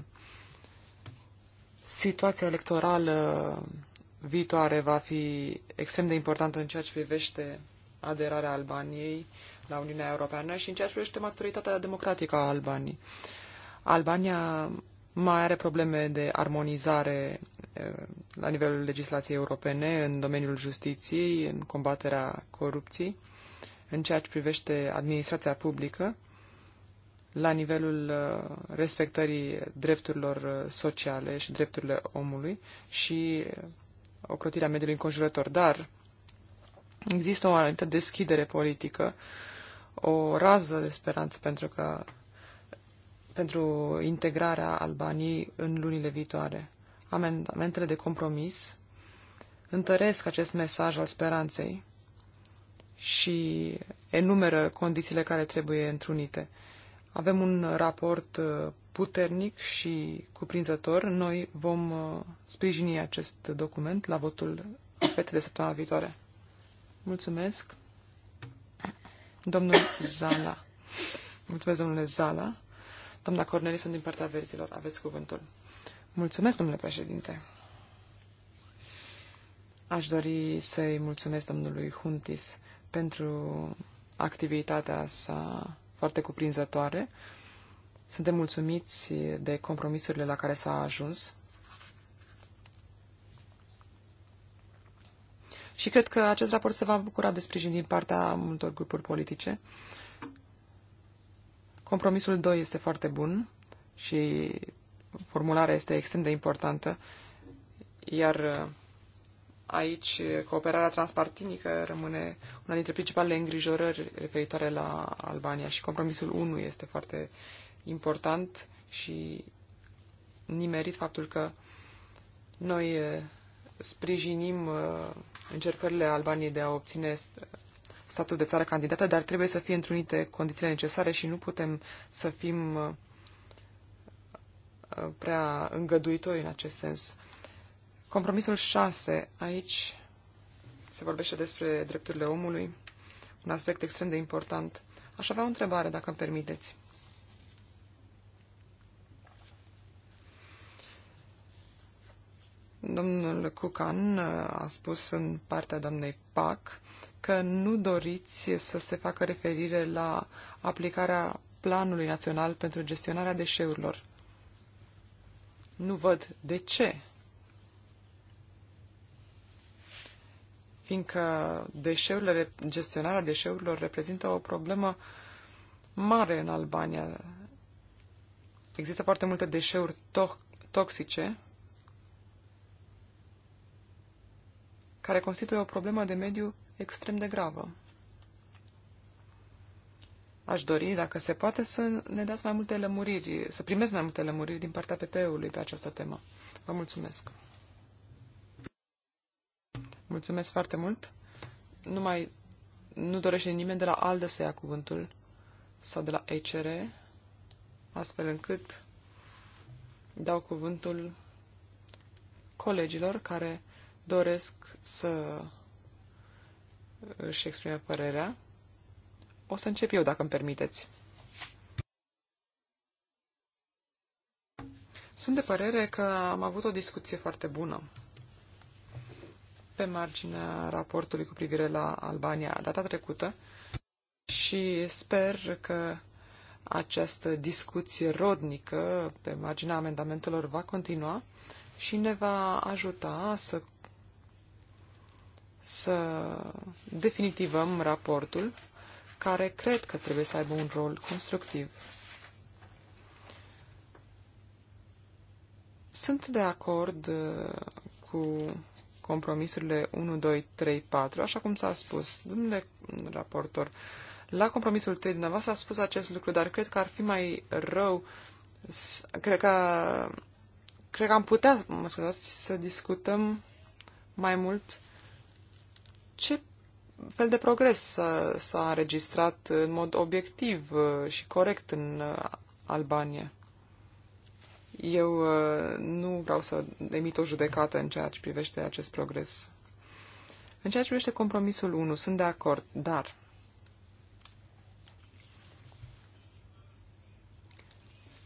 situația electorală viitoare va fi extrem de importantă în ceea ce privește aderarea Albaniei uh, la Uniunea Europeană și în ceea ce privește maturitatea democratică a Albaniei. Albania mai are probleme de armonizare la nivelul legislației europene în domeniul justiției, în combaterea corupției, în ceea ce privește administrația publică, la nivelul respectării drepturilor sociale și drepturile omului și ocrotirea mediului înconjurător. Dar există o anumită deschidere politică o rază de speranță pentru că pentru integrarea Albaniei în lunile viitoare. Amendamentele de compromis întăresc acest mesaj al speranței și enumeră condițiile care trebuie întrunite. Avem un raport uh, puternic și cuprinzător. Noi vom uh, sprijini acest document la votul fete de săptămâna viitoare. Mulțumesc! Domnul Zala. Mulțumesc, domnule Zala. Doamna Cornelison din partea verzilor, aveți cuvântul. Mulțumesc, domnule președinte. Aș dori să-i mulțumesc domnului Huntis pentru activitatea sa foarte cuprinzătoare. Suntem mulțumiți de compromisurile la care s-a ajuns Și cred că acest raport se va bucura de sprijin din partea multor grupuri politice. Compromisul 2 este foarte bun și formularea este extrem de importantă, iar uh, aici cooperarea transpartinică rămâne una dintre principalele îngrijorări referitoare la Albania și compromisul 1 este foarte important și nimerit faptul că noi uh, sprijinim uh, încercările Albaniei de a obține statul de țară candidată, dar trebuie să fie întrunite condițiile necesare și nu putem să fim uh, prea îngăduitori în acest sens. Compromisul 6, aici se vorbește despre drepturile omului, un aspect extrem de important. Aș avea o întrebare, dacă îmi permiteți. Domnul Cucan uh, a spus în partea doamnei PAC că nu doriți să se facă referire la aplicarea Planului Național pentru gestionarea deșeurilor. Nu văd de ce. Fiindcă deșeurile, gestionarea deșeurilor reprezintă o problemă mare în Albania. Există foarte multe deșeuri to- toxice care constituie o problemă de mediu extrem de gravă. Aș dori, dacă se poate, să ne dați mai multe lămuriri, să primesc mai multe lămuriri din partea PP-ului pe această temă. Vă mulțumesc. Mulțumesc foarte mult. Nu mai nu dorește nimeni de la ALDE să ia cuvântul sau de la ECR, astfel încât dau cuvântul colegilor care doresc să își exprime părerea. O să încep eu, dacă îmi permiteți. Sunt de părere că am avut o discuție foarte bună pe marginea raportului cu privire la Albania data trecută și sper că această discuție rodnică pe marginea amendamentelor va continua și ne va ajuta să să definitivăm raportul, care cred că trebuie să aibă un rol constructiv. Sunt de acord uh, cu compromisurile 1, 2, 3, 4, așa cum s-a spus. Domnule raportor, la compromisul 3 dumneavoastră a spus acest lucru, dar cred că ar fi mai rău, cred că, cred că am putea, mă scuzați, să discutăm mai mult uh, ce fel de progres s-a înregistrat în mod obiectiv uh, și corect în uh, Albania. Eu uh, nu vreau să emit o judecată în ceea ce privește acest progres. În ceea ce privește compromisul 1, sunt de acord, dar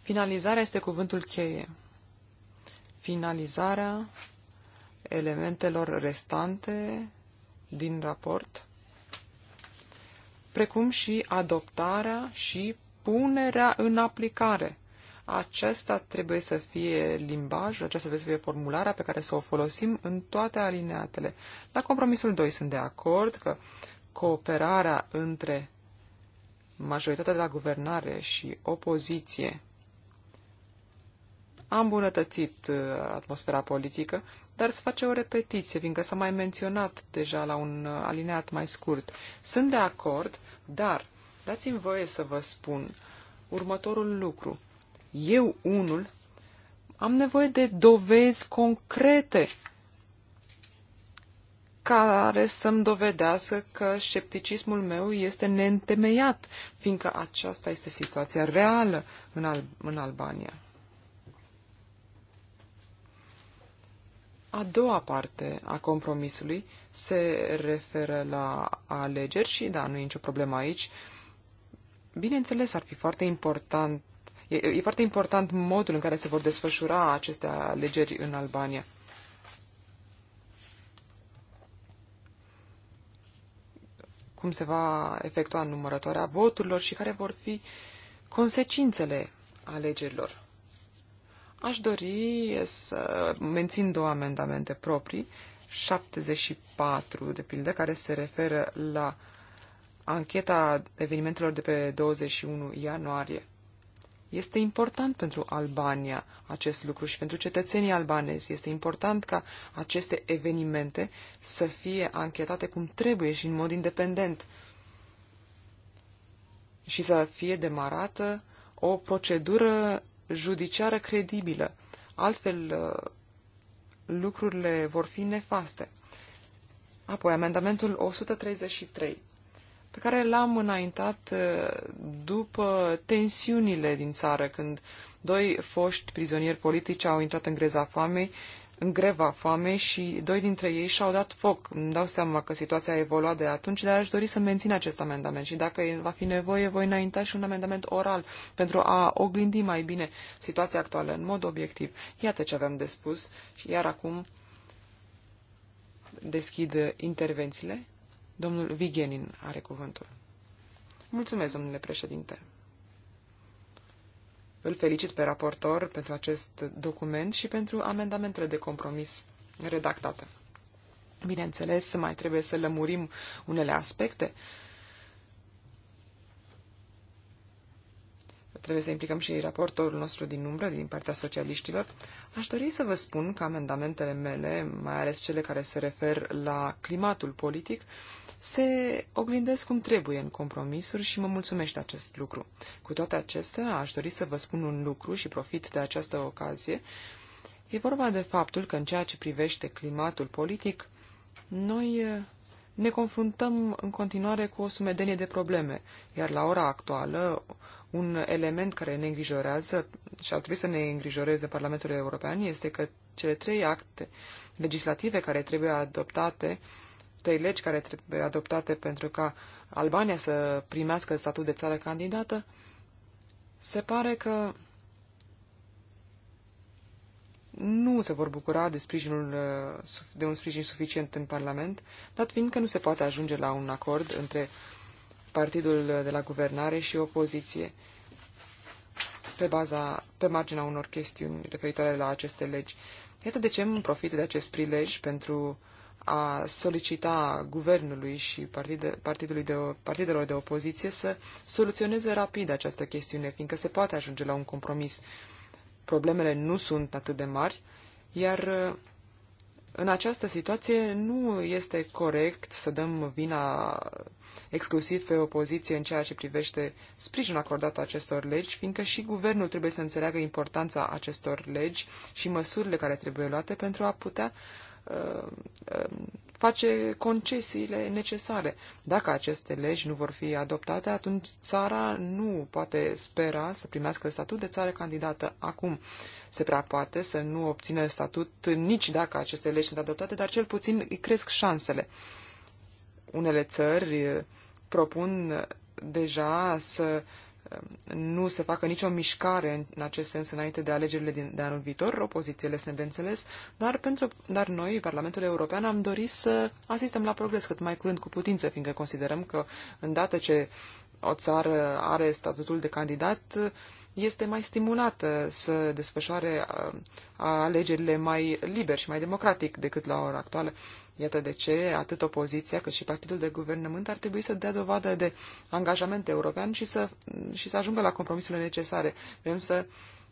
finalizarea este cuvântul cheie. Finalizarea elementelor restante din raport, precum și adoptarea și punerea în aplicare. Acesta trebuie să fie limbajul, aceasta trebuie să fie formularea pe care să o folosim în toate alineatele. La compromisul 2 sunt de acord că cooperarea între majoritatea de la guvernare și opoziție a îmbunătățit uh, atmosfera politică, dar se face o repetiție, fiindcă s-a mai menționat deja la un uh, alineat mai scurt. Sunt de acord, dar dați-mi voie să vă spun următorul lucru. Eu, unul, am nevoie de dovezi concrete care să-mi dovedească că scepticismul meu este neîntemeiat, fiindcă aceasta este situația reală în, Al- în Albania. A doua parte a compromisului se referă la alegeri și, da, nu e nicio problemă aici. Bineînțeles, ar fi foarte important, e, e foarte important modul în care se vor desfășura aceste alegeri în Albania. Cum se va efectua numărătoarea voturilor și care vor fi consecințele alegerilor. Aș dori să mențin două amendamente proprii, 74, de pildă, care se referă la ancheta evenimentelor de pe 21 ianuarie. Este important pentru Albania acest lucru și pentru cetățenii albanezi. Este important ca aceste evenimente să fie anchetate cum trebuie și în mod independent și să fie demarată o procedură judiciară credibilă. Altfel, uh, lucrurile vor fi nefaste. Apoi, amendamentul 133, pe care l-am înaintat uh, după tensiunile din țară, când doi foști prizonieri politici au intrat în greza foamei în greva foamei și doi dintre ei și-au dat foc. Îmi dau seama că situația a evoluat de atunci, dar aș dori să mențin acest amendament și dacă va fi nevoie, voi înainta și un amendament oral pentru a oglindi mai bine situația actuală în mod obiectiv. Iată ce avem de spus și iar acum deschid intervențiile. Domnul Vigenin are cuvântul. Mulțumesc, domnule președinte. Îl felicit pe raportor pentru acest document și pentru amendamentele de compromis redactate. Bineînțeles, mai trebuie să lămurim unele aspecte. Trebuie să implicăm și raportorul nostru din umbră, din partea socialiștilor. Aș dori să vă spun că amendamentele mele, mai ales cele care se refer la climatul politic, se oglindesc cum trebuie în compromisuri și mă mulțumește acest lucru. Cu toate acestea, aș dori să vă spun un lucru și profit de această ocazie. E vorba de faptul că în ceea ce privește climatul politic, noi eh, ne confruntăm în continuare cu o sumedenie de probleme, iar la ora actuală un element care ne îngrijorează și ar trebui să ne îngrijoreze Parlamentul European este că cele trei acte legislative care trebuie adoptate uh, trei legi care trebuie adoptate pentru ca Albania să primească statut de țară candidată, se pare că nu se vor bucura de, sprijinul, uh, de un sprijin suficient în Parlament, dat fiind că nu se poate ajunge la un acord între partidul de la guvernare și opoziție pe, baza, pe marginea unor chestiuni referitoare la aceste legi. Iată de ce îmi profit de acest prilej pentru uh, a solicita guvernului și partide, partidului de, partidelor de opoziție să soluționeze rapid această chestiune, fiindcă se poate ajunge la un compromis. Problemele nu sunt atât de mari, iar în această situație nu este corect să dăm vina exclusiv pe opoziție în ceea ce privește sprijinul acordat acestor legi, fiindcă și guvernul trebuie să înțeleagă importanța acestor legi și măsurile care trebuie luate pentru a putea Uh, um, face concesiile necesare. Dacă aceste legi nu vor fi adoptate, atunci țara nu poate spera să primească statut de țară candidată acum. Se prea poate să nu obțină statut nici dacă aceste legi sunt adoptate, dar cel puțin îi cresc șansele. Unele țări propun deja să uh, nu se facă nicio mișcare în acest sens înainte de alegerile din, de anul viitor, opozițiile sunt de înțeles, dar, pentru, dar noi, Parlamentul European, am dorit să asistăm la progres cât mai curând cu putință, fiindcă considerăm că, îndată ce o țară are statutul de candidat, este mai stimulată să desfășoare uh, alegerile mai liber și mai democratic decât la ora actuală. Iată de ce atât opoziția cât și partidul de guvernământ ar trebui să dea dovadă de angajament european și să, și să ajungă la compromisurile necesare. Vrem să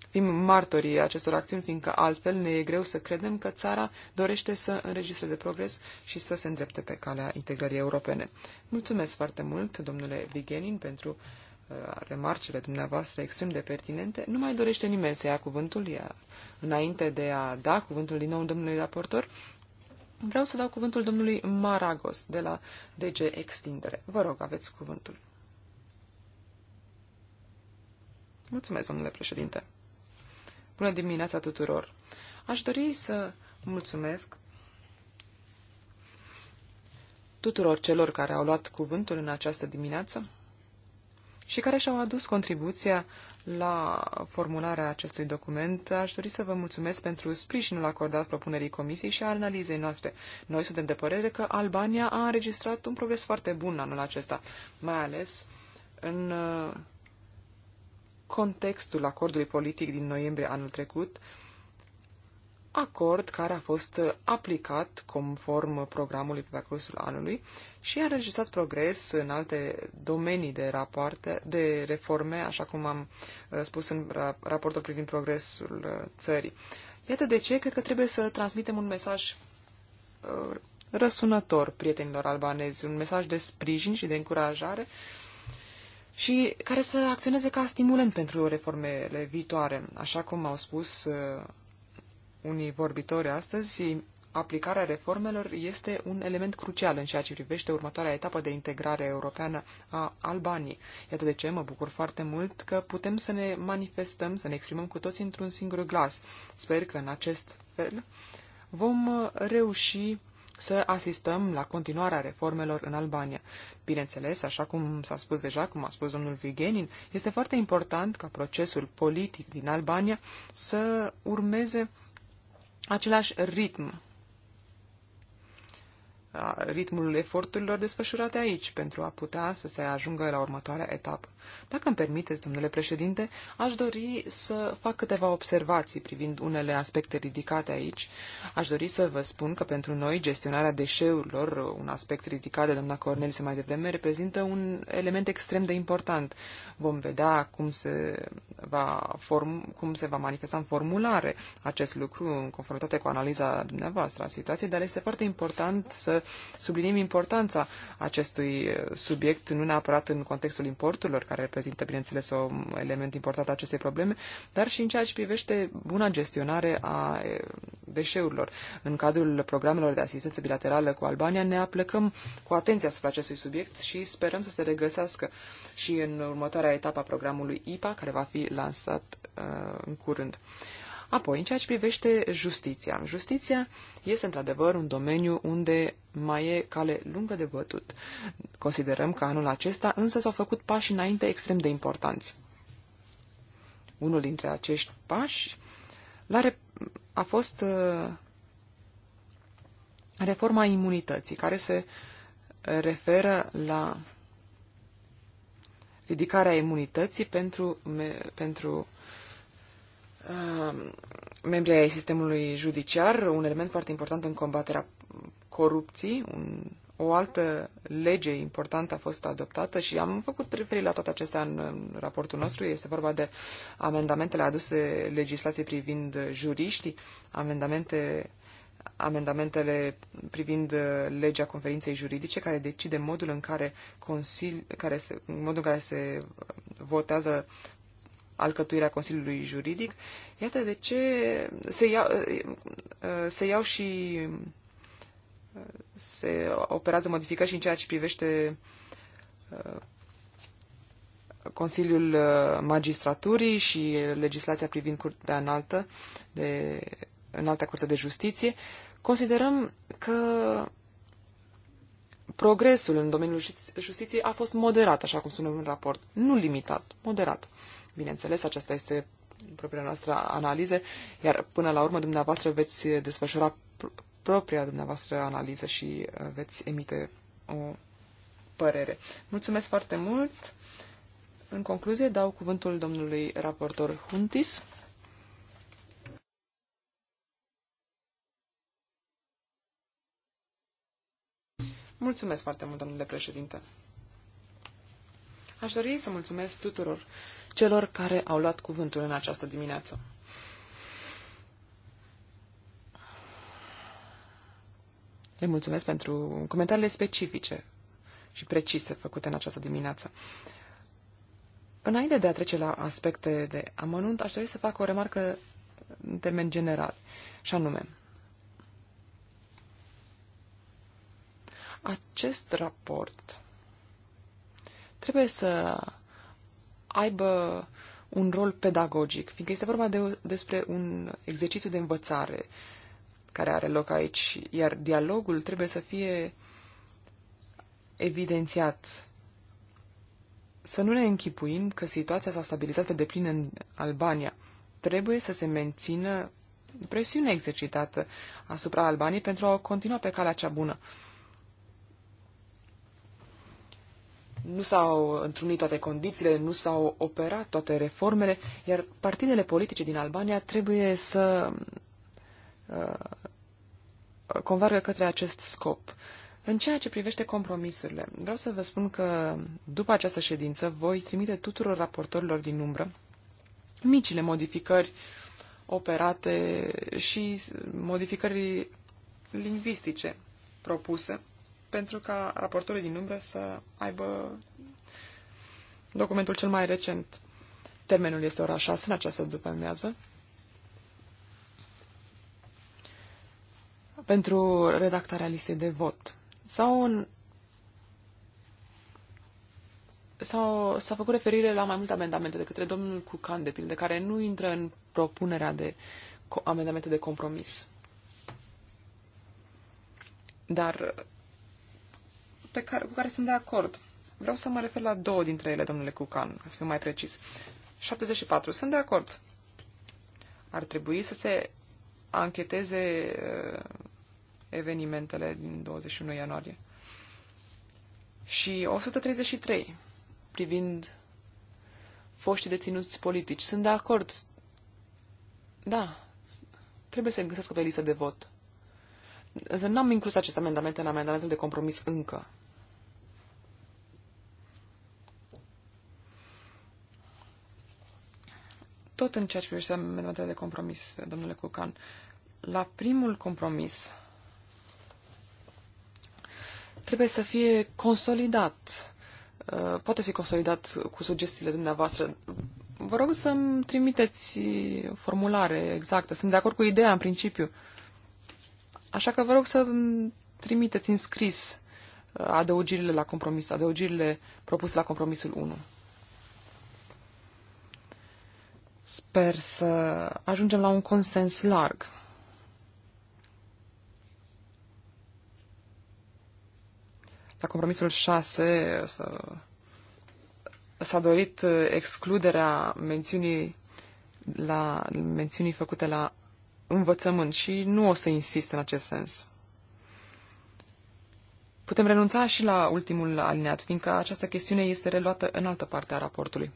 fim martorii acestor acțiuni, fiindcă altfel ne e greu să credem că țara dorește să înregistreze progres și să se îndrepte pe calea integrării europene. Mulțumesc foarte mult, domnule Vigenin, pentru uh, Uh, remarcile dumneavoastră extrem de pertinente. Nu mai dorește nimeni să ia cuvântul. ea. Înainte de a da cuvântul din nou domnului raportor, vreau să dau cuvântul domnului Maragos de la DG Extindere. Vă rog, aveți cuvântul. Mulțumesc, domnule președinte. Bună dimineața tuturor. Aș dori să mulțumesc tuturor celor care au luat cuvântul în această dimineață și care și-au adus contribuția la formularea acestui document, aș dori să vă mulțumesc pentru sprijinul acordat propunerii Comisiei și a analizei noastre. Noi suntem de părere că Albania a înregistrat un progres foarte bun anul acesta, mai ales în uh, contextul acordului politic din noiembrie anul trecut, uh, acord care a fost aplicat conform programului pe parcursul anului și a înregistrat progres în alte domenii de rapoarte, de reforme, așa cum am uh, spus în raportul privind progresul uh, țării. Iată de ce cred că trebuie să transmitem un mesaj uh, răsunător prietenilor albanezi, un mesaj de sprijin și de încurajare și care să acționeze ca stimulent pentru reformele viitoare, așa cum au spus unii vorbitori astăzi, aplicarea reformelor este un element crucial în ceea ce privește următoarea etapă de integrare europeană a Albaniei. Iată de ce mă bucur foarte mult că putem să ne manifestăm, să ne exprimăm cu toți într-un singur glas. Sper că în acest fel vom uh, reuși să asistăm la continuarea reformelor în Albania. Bineînțeles, așa cum s-a spus deja, cum a spus domnul Vigenin, este foarte important ca procesul politic din Albania să urmeze același ritm ritmul eforturilor desfășurate aici pentru a putea să se ajungă la următoarea etapă. Dacă îmi permiteți, domnule președinte, aș dori să fac câteva observații privind unele aspecte ridicate aici. Aș dori să vă spun că pentru noi gestionarea deșeurilor, un aspect ridicat de doamna Cornel se mai devreme, reprezintă un element extrem de important. Vom vedea cum se va, form, cum se va manifesta în formulare acest lucru în conformitate cu analiza dumneavoastră a situației, dar este foarte important să subliniem importanța acestui subiect, nu neapărat în contextul importurilor, care reprezintă, bineînțeles, un element important al acestei probleme, dar și în ceea ce privește buna gestionare a deșeurilor. În cadrul programelor de asistență bilaterală cu Albania ne aplăcăm cu atenție asupra acestui subiect și sperăm să se regăsească și în următoarea etapă a programului IPA, care va fi lansat uh, în curând. Apoi, în ceea ce privește justiția. Justiția este într-adevăr un domeniu unde mai e cale lungă de bătut. Considerăm că anul acesta însă s-au făcut pași înainte extrem de importanți. Unul dintre acești pași a fost uh, reforma imunității, care se referă la ridicarea imunității pentru, pentru Um, membri ai sistemului judiciar, un element foarte important în combaterea corupției, un, o altă lege importantă a fost adoptată și am făcut referire la toate acestea în, în raportul nostru. Este vorba de amendamentele aduse legislației privind juriștii, amendamente, amendamentele privind legea conferinței juridice care decide modul în care, consil, care se, modul în care se votează alcătuirea Consiliului Juridic. Iată de ce se iau, ă, ă, se iau și ă, se operează modificări și în ceea ce privește Consiliul Magistraturii și legislația privind Curtea Înaltă de alta Curte de Justiție. Considerăm că progresul în domeniul justiției a fost moderat, așa cum spunem în raport. Nu limitat, moderat. Bineînțeles, aceasta este propria noastră analiză, iar până la urmă dumneavoastră veți desfășura propria dumneavoastră analiză și uh, veți emite o părere. Mulțumesc foarte mult! În concluzie, dau cuvântul domnului raportor Huntis. Mulțumesc foarte mult, domnule președinte. Aș dori să mulțumesc tuturor celor care au luat cuvântul în această dimineață. Le mulțumesc pentru comentariile specifice și precise făcute în această dimineață. Înainte de a trece la aspecte de amănunt, aș dori să fac o remarcă în termen general, și anume, acest raport trebuie să aibă un rol pedagogic, fiindcă este vorba de, despre un exercițiu de învățare care are loc aici, iar dialogul trebuie să fie evidențiat. Să nu ne închipuim că situația s-a stabilizat pe deplin în Albania. Trebuie să se mențină presiunea exercitată asupra Albaniei pentru a continua pe calea cea bună. nu s-au întrunit toate condițiile, nu s-au operat toate reformele, iar partidele politice din Albania trebuie să uh, convargă către acest scop. În ceea ce privește compromisurile, vreau să vă spun că după această ședință voi trimite tuturor raportorilor din umbră micile modificări operate și modificări lingvistice propuse pentru ca raportorii din umbră să aibă documentul cel mai recent. Termenul este ora 6 în această după-amiază. Pentru redactarea listei de vot. Sau un s s-a făcut referire la mai multe amendamente de către domnul Cucan, de pildă, care nu intră în propunerea de amendamente de compromis. Dar pe care, cu care sunt de acord. Vreau să mă refer la două dintre ele, domnule Cucan, ca să fiu mai precis. 74. Sunt de acord. Ar trebui să se ancheteze uh, evenimentele din 21 ianuarie. Și 133, privind foștii deținuți politici. Sunt de acord. Da, trebuie să găsesc pe listă de vot. Însă n-am inclus acest amendament în amendamentul de compromis încă. Tot în ceea ce privește amendamentele de compromis, domnule Cucan, la primul compromis trebuie să fie consolidat. Uh, poate fi consolidat cu sugestiile dumneavoastră. Vă rog să-mi trimiteți formulare exactă. Sunt de acord cu ideea în principiu. Așa că vă rog să trimiteți în scris uh, adăugirile la compromis, adăugirile propuse la compromisul 1. Sper să ajungem la un consens larg. La compromisul 6 s-a dorit uh, excluderea mențiunii, la, mențiunii făcute la învățământ și nu o să insist în acest sens. Putem renunța și la ultimul alineat, fiindcă această chestiune este reluată în altă parte a raportului.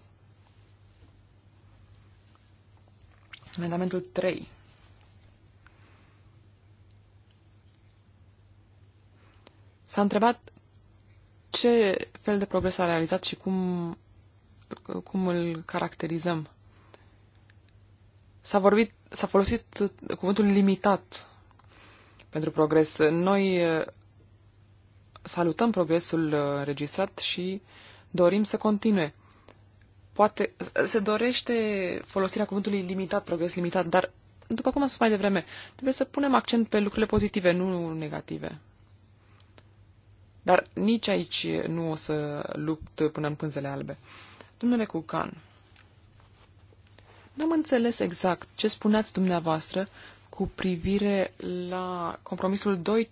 Amendamentul 3. S-a întrebat ce fel de progres a realizat și cum, cum îl caracterizăm. S-a vorbit, s-a folosit cuvântul limitat pentru progres. Noi eh, salutăm progresul eh, înregistrat și dorim să continue poate, se dorește folosirea cuvântului limitat, progres limitat, dar, după cum am spus mai devreme, trebuie să punem accent pe lucrurile pozitive, nu negative. Dar nici aici nu o să lupt până în pânzele albe. Domnule Cucan, n-am înțeles exact ce spuneați dumneavoastră cu privire la compromisul 2.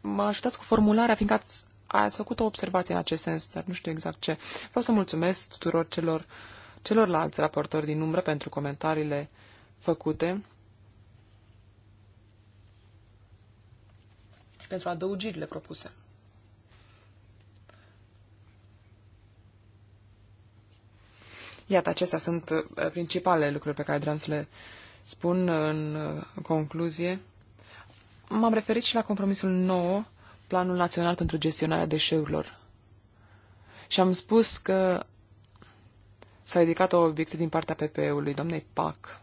Mă ajutați cu formularea, fiindcă ați ați făcut o observație în acest sens, dar nu știu exact ce. Vreau să mulțumesc tuturor celor, celorlalți raportori din umbră pentru comentariile făcute și pentru adăugirile propuse. Iată, acestea sunt uh, principalele lucruri pe care vreau să le spun în uh, concluzie. M-am referit și la compromisul 9 Planul Național pentru Gestionarea Deșeurilor. Și am spus că s-a ridicat o obiecte din partea PPE-ului, doamnei PAC.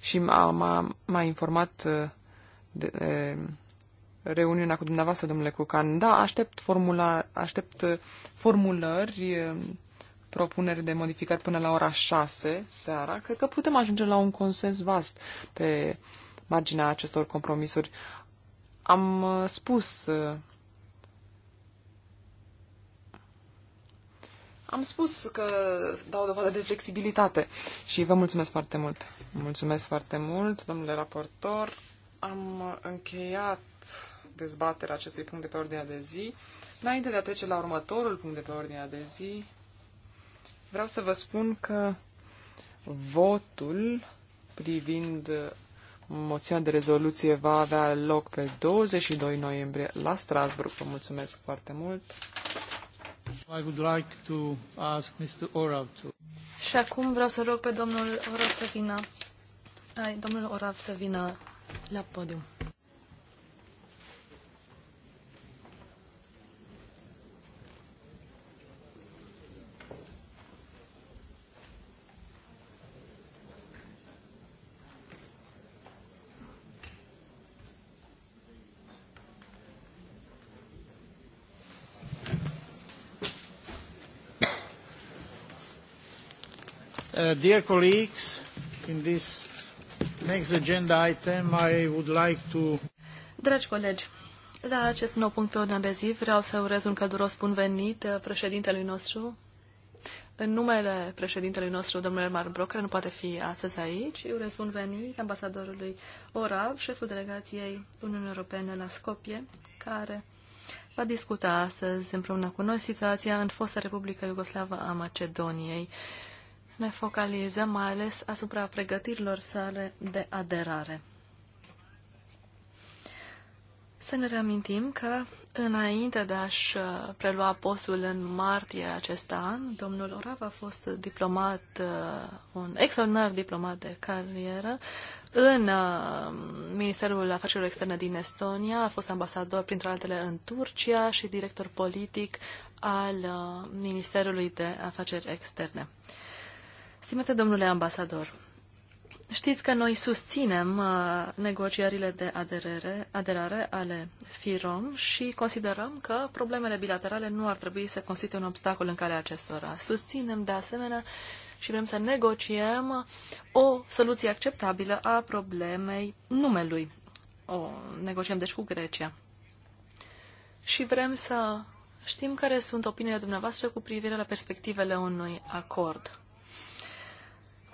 Și m-a, informat uh, de, de reuniunea cu dumneavoastră, domnule Cucan. Da, aștept, formula, aștept uh, formulări uh, propuneri de modificări până la ora 6 seara, cred că putem ajunge la un consens vast pe marginea acestor compromisuri. Am uh, spus uh, am spus că dau dovadă de flexibilitate și vă mulțumesc foarte mult. Mulțumesc foarte mult, domnule raportor. Am încheiat dezbaterea acestui punct de pe ordinea de zi. Înainte de a trece la următorul punct de pe ordinea de zi, Vreau să vă spun că votul privind moțiunea de rezoluție va avea loc pe 22 noiembrie la Strasburg. Vă mulțumesc foarte mult. I would like to ask Mr. Orav to... Și acum vreau să rog pe domnul Orav să vină, ai, domnul Orav să vină la podium. Uh, dear colleagues, in this next agenda item, I would like to... Dragi colegi, la acest nou punct pe ordine de zi vreau să urez un călduros bun venit uh, președintelui nostru. În numele președintelui nostru, domnul Elmar Broc, care nu poate fi astăzi aici, urez bun venit ambasadorului Orav, șeful delegației Uniunii Europene la Scopie, care va discuta astăzi împreună cu noi situația în fosta Republică Iugoslavă a Macedoniei. Uh, ne focalizăm mai ales asupra pregătirilor sale de aderare. Să ne reamintim că înainte de a-și uh, prelua postul în martie acest an, domnul Orav a fost diplomat, uh, un extraordinar diplomat de carieră în uh, Ministerul Afacerilor Externe din Estonia, a fost ambasador, printre altele, în Turcia și director politic al Ministerului de Afaceri Externe. Stimate domnule ambasador, știți că noi susținem uh, negocierile de aderere, aderare ale FIROM și considerăm că problemele bilaterale nu ar trebui să constituie un obstacol în calea acestora. Susținem de asemenea și vrem să negociem o soluție acceptabilă a problemei numelui. O negociem deci cu Grecia. Și vrem să știm care sunt opiniile dumneavoastră cu privire la perspectivele unui acord.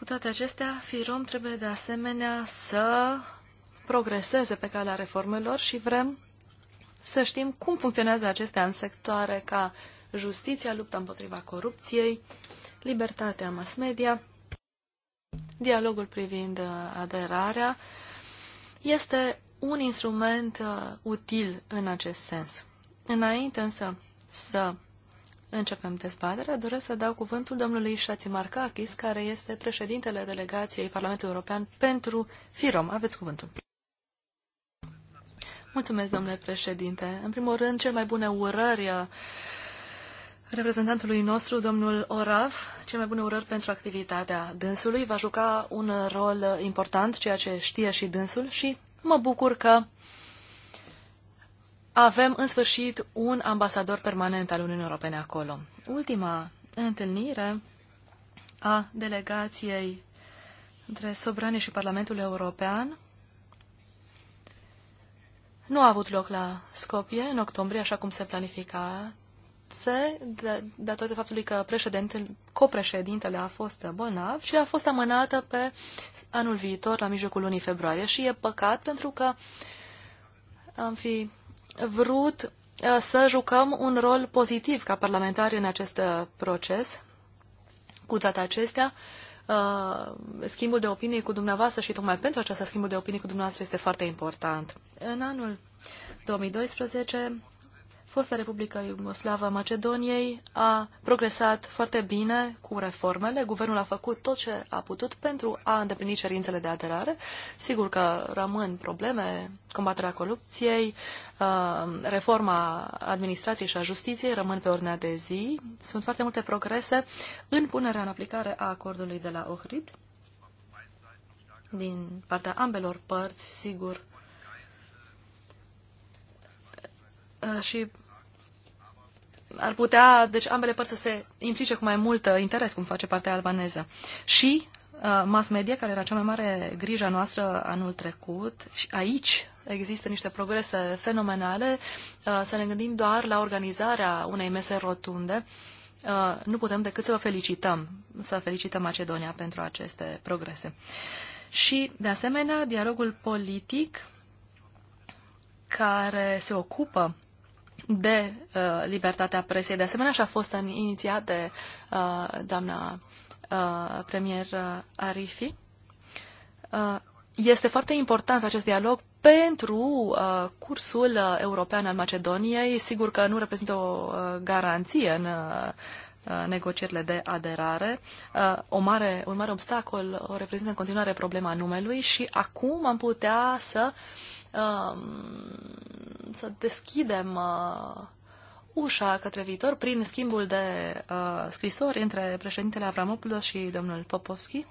Cu toate acestea, FIROM trebuie de asemenea să progreseze pe calea reformelor și vrem să știm cum funcționează acestea în sectoare ca justiția, lupta împotriva corupției, libertatea mass media, dialogul privind uh, aderarea, este un instrument uh, util în acest sens. Înainte însă să începem dezbaterea, doresc să dau cuvântul domnului Marcachis, care este președintele delegației Parlamentului European pentru FIROM. Aveți cuvântul. Mulțumesc, domnule președinte. În primul rând, cel mai bune urări uh, reprezentantului nostru, domnul Orav. cel mai bune urări pentru activitatea dânsului. Va juca un rol important, ceea ce știe și dânsul și mă bucur că uh, avem în sfârșit un ambasador permanent al Uniunii Europene acolo. Ultima întâlnire a delegației între Sobrani și Parlamentul European nu a avut loc la Scopie în octombrie, așa cum se planifica, de, datorită faptului că președintele, copreședintele a fost bolnav și a fost amânată pe anul viitor, la mijlocul lunii februarie. Și e păcat pentru că am fi vrut uh, să jucăm un rol pozitiv ca parlamentari în acest uh, proces. Cu toate acestea, uh, schimbul de opinie cu dumneavoastră și tocmai pentru această schimbul de opinie cu dumneavoastră este foarte important. În anul 2012 fosta Republică Iugoslavă a Macedoniei a progresat foarte bine cu reformele. Guvernul a făcut tot ce a putut pentru a îndeplini cerințele de aderare. Sigur că rămân probleme, combaterea corupției, uh, reforma administrației și a justiției rămân pe ordinea de zi. Sunt foarte multe progrese în punerea în aplicare a acordului de la Ohrid. Din partea ambelor părți, sigur, uh, și ar putea, deci ambele părți să se implice cu mai mult interes, cum face partea albaneză. Și uh, mass media, care era cea mai mare grija noastră anul trecut, și aici există niște progrese fenomenale, uh, să ne gândim doar la organizarea unei mese rotunde, uh, nu putem decât să vă felicităm, să felicităm Macedonia pentru aceste progrese. Și, de asemenea, dialogul politic care se ocupă de uh, libertatea presei. De asemenea, și-a fost inițiat de uh, doamna uh, premier uh, Arifi. Uh, este foarte important acest dialog pentru uh, cursul uh, european al Macedoniei. Sigur că nu reprezintă o uh, garanție în uh, uh negocierile de aderare. Uh, o mare, un mare obstacol o reprezintă în continuare problema numelui și acum am putea să uh, Um, să deschidem uh, ușa către viitor prin schimbul de uh, scrisori între președintele Avramopoulos și domnul Popovski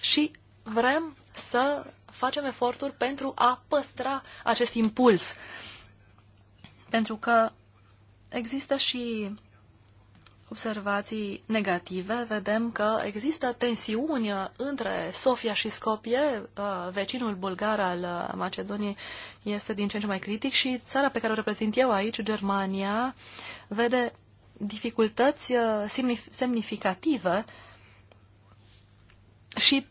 și vrem să facem eforturi pentru a păstra acest impuls. Pentru că există și observații negative, vedem că există tensiuni între Sofia și Scopie. Uh, vecinul bulgar al uh, Macedoniei este din ce în ce mai critic și țara pe care o reprezint eu aici, Germania, vede dificultăți uh, semnificative și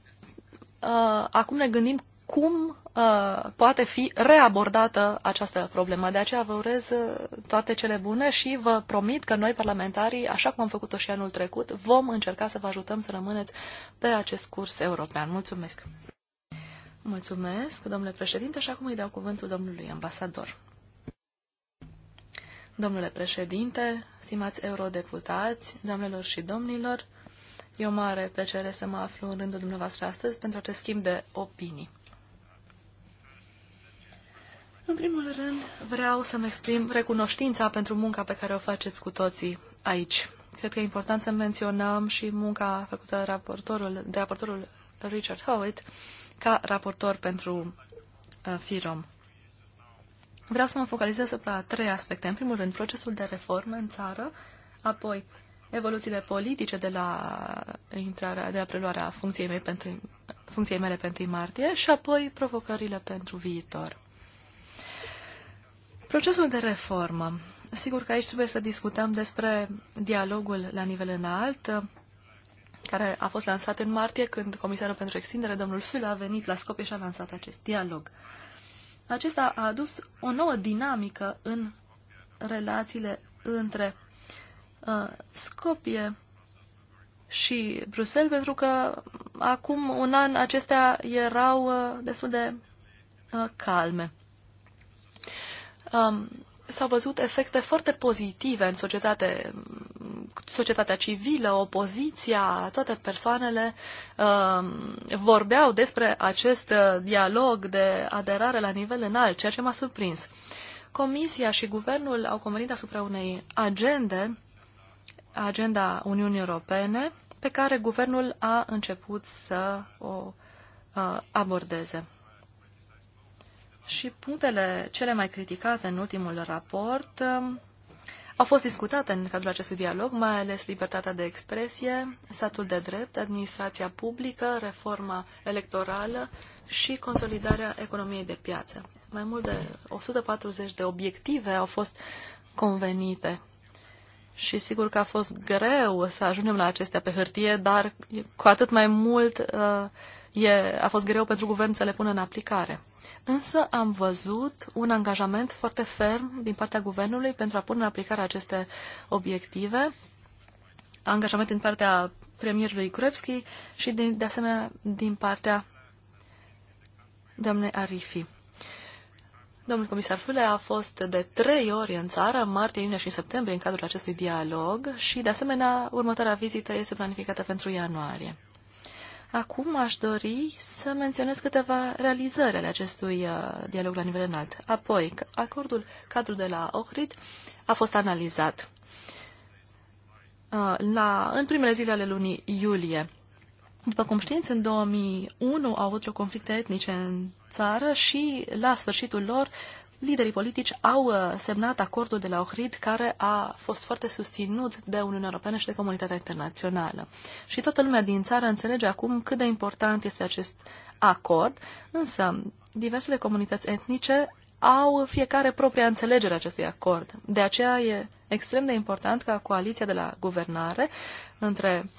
uh, acum ne gândim cum Uh, poate fi reabordată această problemă. De aceea vă urez uh, toate cele bune și vă promit că noi, parlamentarii, așa cum am făcut-o și anul trecut, vom încerca să vă ajutăm să rămâneți pe acest curs european. Mulțumesc! Mulțumesc, domnule președinte, și acum îi dau cuvântul domnului ambasador. Domnule președinte, stimați eurodeputați, doamnelor și domnilor, e o mare plăcere să mă aflu în rândul dumneavoastră astăzi pentru acest schimb de opinii. În primul rând, vreau să-mi exprim recunoștința pentru munca pe care o faceți cu toții aici. Cred că e important să menționăm și munca făcută raportorul, de raportorul Richard Howitt ca raportor pentru uh, FIROM. Vreau să mă focalizez asupra trei aspecte. În primul rând, procesul de reforme în țară, apoi evoluțiile politice de la uh, intrarea, de la preluarea funcției, mei pentru, funcției mele pentru martie și apoi provocările pentru viitor. Procesul de reformă. Sigur că aici trebuie să discutăm despre dialogul la nivel înalt, care a fost lansat în martie, când Comisarul pentru Extindere, domnul Fül, a venit la Scopie și a lansat acest dialog. Acesta a adus o nouă dinamică în relațiile între uh, Scopie și Bruxelles, pentru că acum un an acestea erau uh, destul de uh, calme um, s-au văzut efecte foarte pozitive în societate, societatea civilă, opoziția, toate persoanele um, vorbeau despre acest uh, dialog de aderare la nivel înalt, ceea ce m-a surprins. Comisia și guvernul au convenit asupra unei agende, agenda Uniunii Europene, pe care guvernul a început să o uh, abordeze și punctele cele mai criticate în ultimul raport um, au fost discutate în cadrul acestui dialog, mai ales libertatea de expresie, statul de drept, administrația publică, reforma electorală și consolidarea economiei de piață. Mai mult de 140 de obiective au fost convenite și sigur că a fost greu să ajungem la acestea pe hârtie, dar cu atât mai mult uh, e, a fost greu pentru guvern să le pună în aplicare însă am văzut un angajament foarte ferm din partea guvernului pentru a pune în aplicare aceste obiective, angajament din partea premierului Kurevski și, de, de asemenea, din partea doamnei Arifi. Domnul comisar Fule a fost de trei ori în țară, martie, iunie și septembrie, în cadrul acestui dialog și, de asemenea, următoarea vizită este planificată pentru ianuarie. Acum aș dori să menționez câteva realizări ale acestui uh, dialog la nivel înalt. Apoi, acordul cadru de la Ohrid a fost analizat uh, la, în primele zile ale lunii iulie. După cum știți, în 2001 au avut loc conflicte etnice în țară și la sfârșitul lor liderii politici au uh, semnat acordul de la Ohrid, care a fost foarte susținut de Uniunea Europeană și de comunitatea internațională. Și toată lumea din țară înțelege acum cât de important este acest acord, însă diversele comunități etnice au fiecare propria înțelegere acestui acord. De aceea e extrem de important ca coaliția de la guvernare între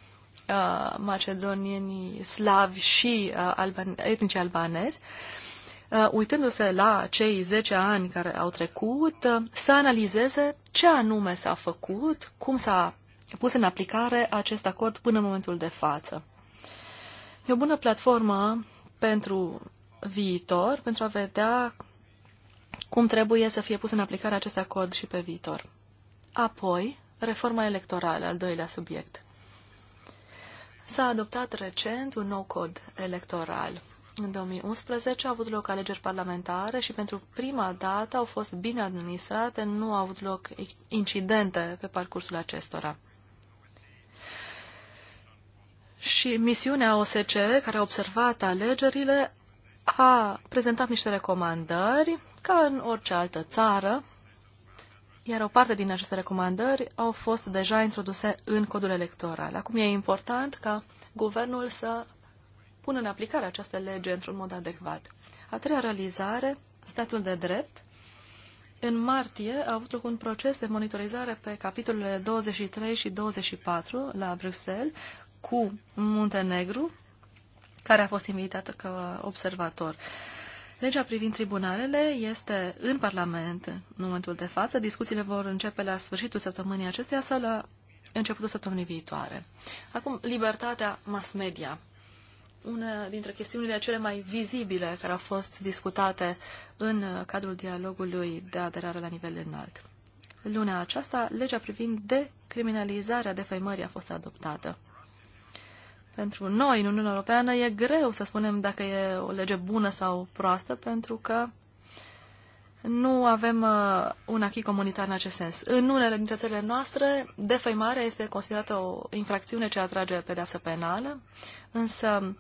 uh, macedonienii slavi și uh, albani, etnici albanezi uh, Uh, uitându-se la cei 10 ani care au trecut, uh, să analizeze ce anume s-a făcut, cum s-a pus în aplicare acest acord până în momentul de față. E o bună platformă pentru viitor, pentru a vedea cum trebuie să fie pus în aplicare acest acord și pe viitor. Apoi, reforma electorală, al doilea subiect. S-a adoptat recent un nou cod electoral. În 2011 au avut loc alegeri parlamentare și pentru prima dată au fost bine administrate, nu au avut loc incidente pe parcursul acestora. Și misiunea OSCE, care a observat alegerile, a prezentat niște recomandări, ca în orice altă țară, iar o parte din aceste recomandări au fost deja introduse în codul electoral. Acum e important ca guvernul să pun în aplicare această lege într-un mod adecvat. A treia realizare, statul de drept. În martie a avut loc un proces de monitorizare pe capitolele 23 și 24 la Bruxelles cu Muntenegru, care a fost invitată ca observator. Legea privind tribunalele este în Parlament în momentul de față. Discuțiile vor începe la sfârșitul săptămânii acesteia sau la începutul săptămânii viitoare. Acum, libertatea mass media una dintre chestiunile cele mai vizibile care au fost discutate în uh, cadrul dialogului de aderare la nivel înalt. Luna aceasta, legea privind decriminalizarea defăimării a fost adoptată. Pentru noi, în Uniunea Europeană, e greu să spunem dacă e o lege bună sau proastă, pentru că nu avem uh, un achii comunitar în acest sens. În unele dintre țările noastre, defăimarea este considerată o infracțiune ce atrage pedeapsă penală, însă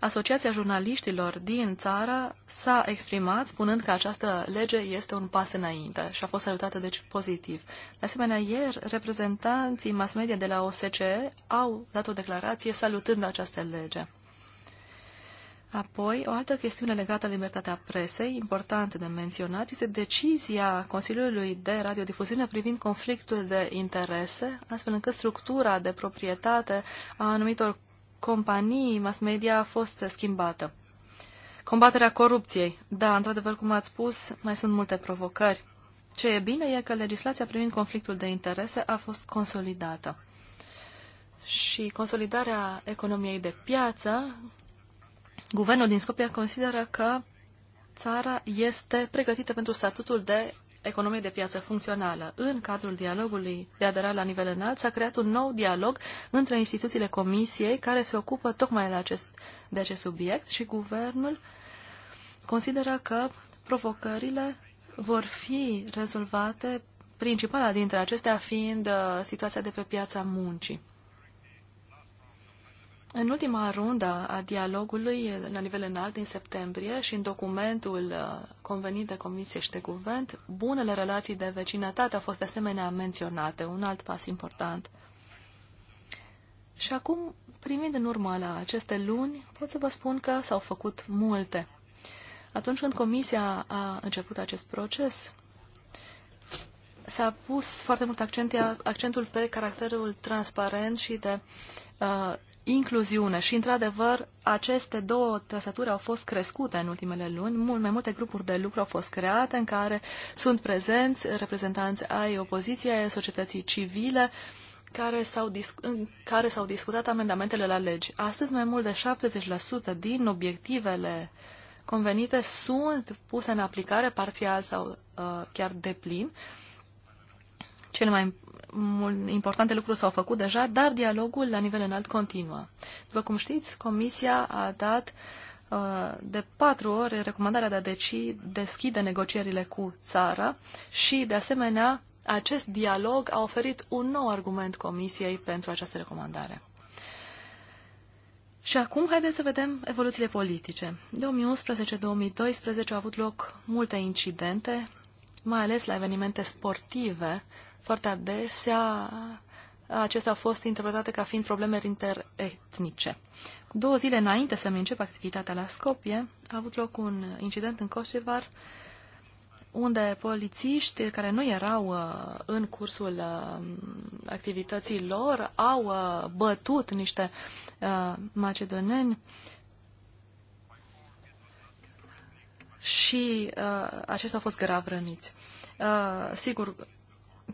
Asociația jurnaliștilor din țară s-a exprimat spunând că această lege este un pas înainte și a fost salutată deci pozitiv. De asemenea, ieri, reprezentanții mass media de la OSCE au dat o declarație salutând această lege. Apoi, o altă chestiune legată de libertatea presei, importantă de menționat, este decizia Consiliului de Radiodifuziune privind conflictul de interese, astfel încât structura de proprietate a anumitor companii, mass media a fost schimbată. Combaterea corupției. Da, într-adevăr, cum ați spus, mai sunt multe provocări. Ce e bine e că legislația privind conflictul de interese a fost consolidată. Și consolidarea economiei de piață, guvernul din Scopia consideră că țara este pregătită pentru statutul de economie de piață funcțională. În cadrul dialogului de aderare la nivel înalt s-a creat un nou dialog între instituțiile comisiei care se ocupă tocmai de acest, de acest subiect și guvernul consideră că provocările vor fi rezolvate, principala dintre acestea fiind uh, situația de pe piața muncii. În ultima rundă a dialogului la nivel înalt din septembrie și în documentul uh, convenit de Comisie și de Guvern, bunele relații de vecinătate au fost de asemenea menționate, un alt pas important. Și acum, primind în urmă la aceste luni, pot să vă spun că s-au făcut multe. Atunci când Comisia a început acest proces, s-a pus foarte mult accentul pe caracterul transparent și de uh, incluziune și, într-adevăr, aceste două trăsături au fost crescute în ultimele luni. Mult mai multe grupuri de lucru au fost create în care sunt prezenți reprezentanți ai opoziției, ai societății civile, care s-au, discu- în care s-au discutat amendamentele la legi. Astăzi, mai mult de 70% din obiectivele convenite sunt puse în aplicare parțial sau uh, chiar deplin. Cele mai importante lucruri s-au făcut deja, dar dialogul la nivel înalt continuă. După cum știți, Comisia a dat uh, de patru ori recomandarea de a deci deschide negocierile cu țara și, de asemenea, acest dialog a oferit un nou argument Comisiei pentru această recomandare. Și acum haideți să vedem evoluțiile politice. 2011-2012 au avut loc multe incidente, mai ales la evenimente sportive foarte adesea acestea au fost interpretate ca fiind probleme interetnice. Două zile înainte să-mi încep activitatea la Scopie, a avut loc un incident în Kosovar, unde polițiști care nu erau uh, în cursul uh, activității lor au uh, bătut niște macedoneni și aceștia au fost grav răniți. Sigur,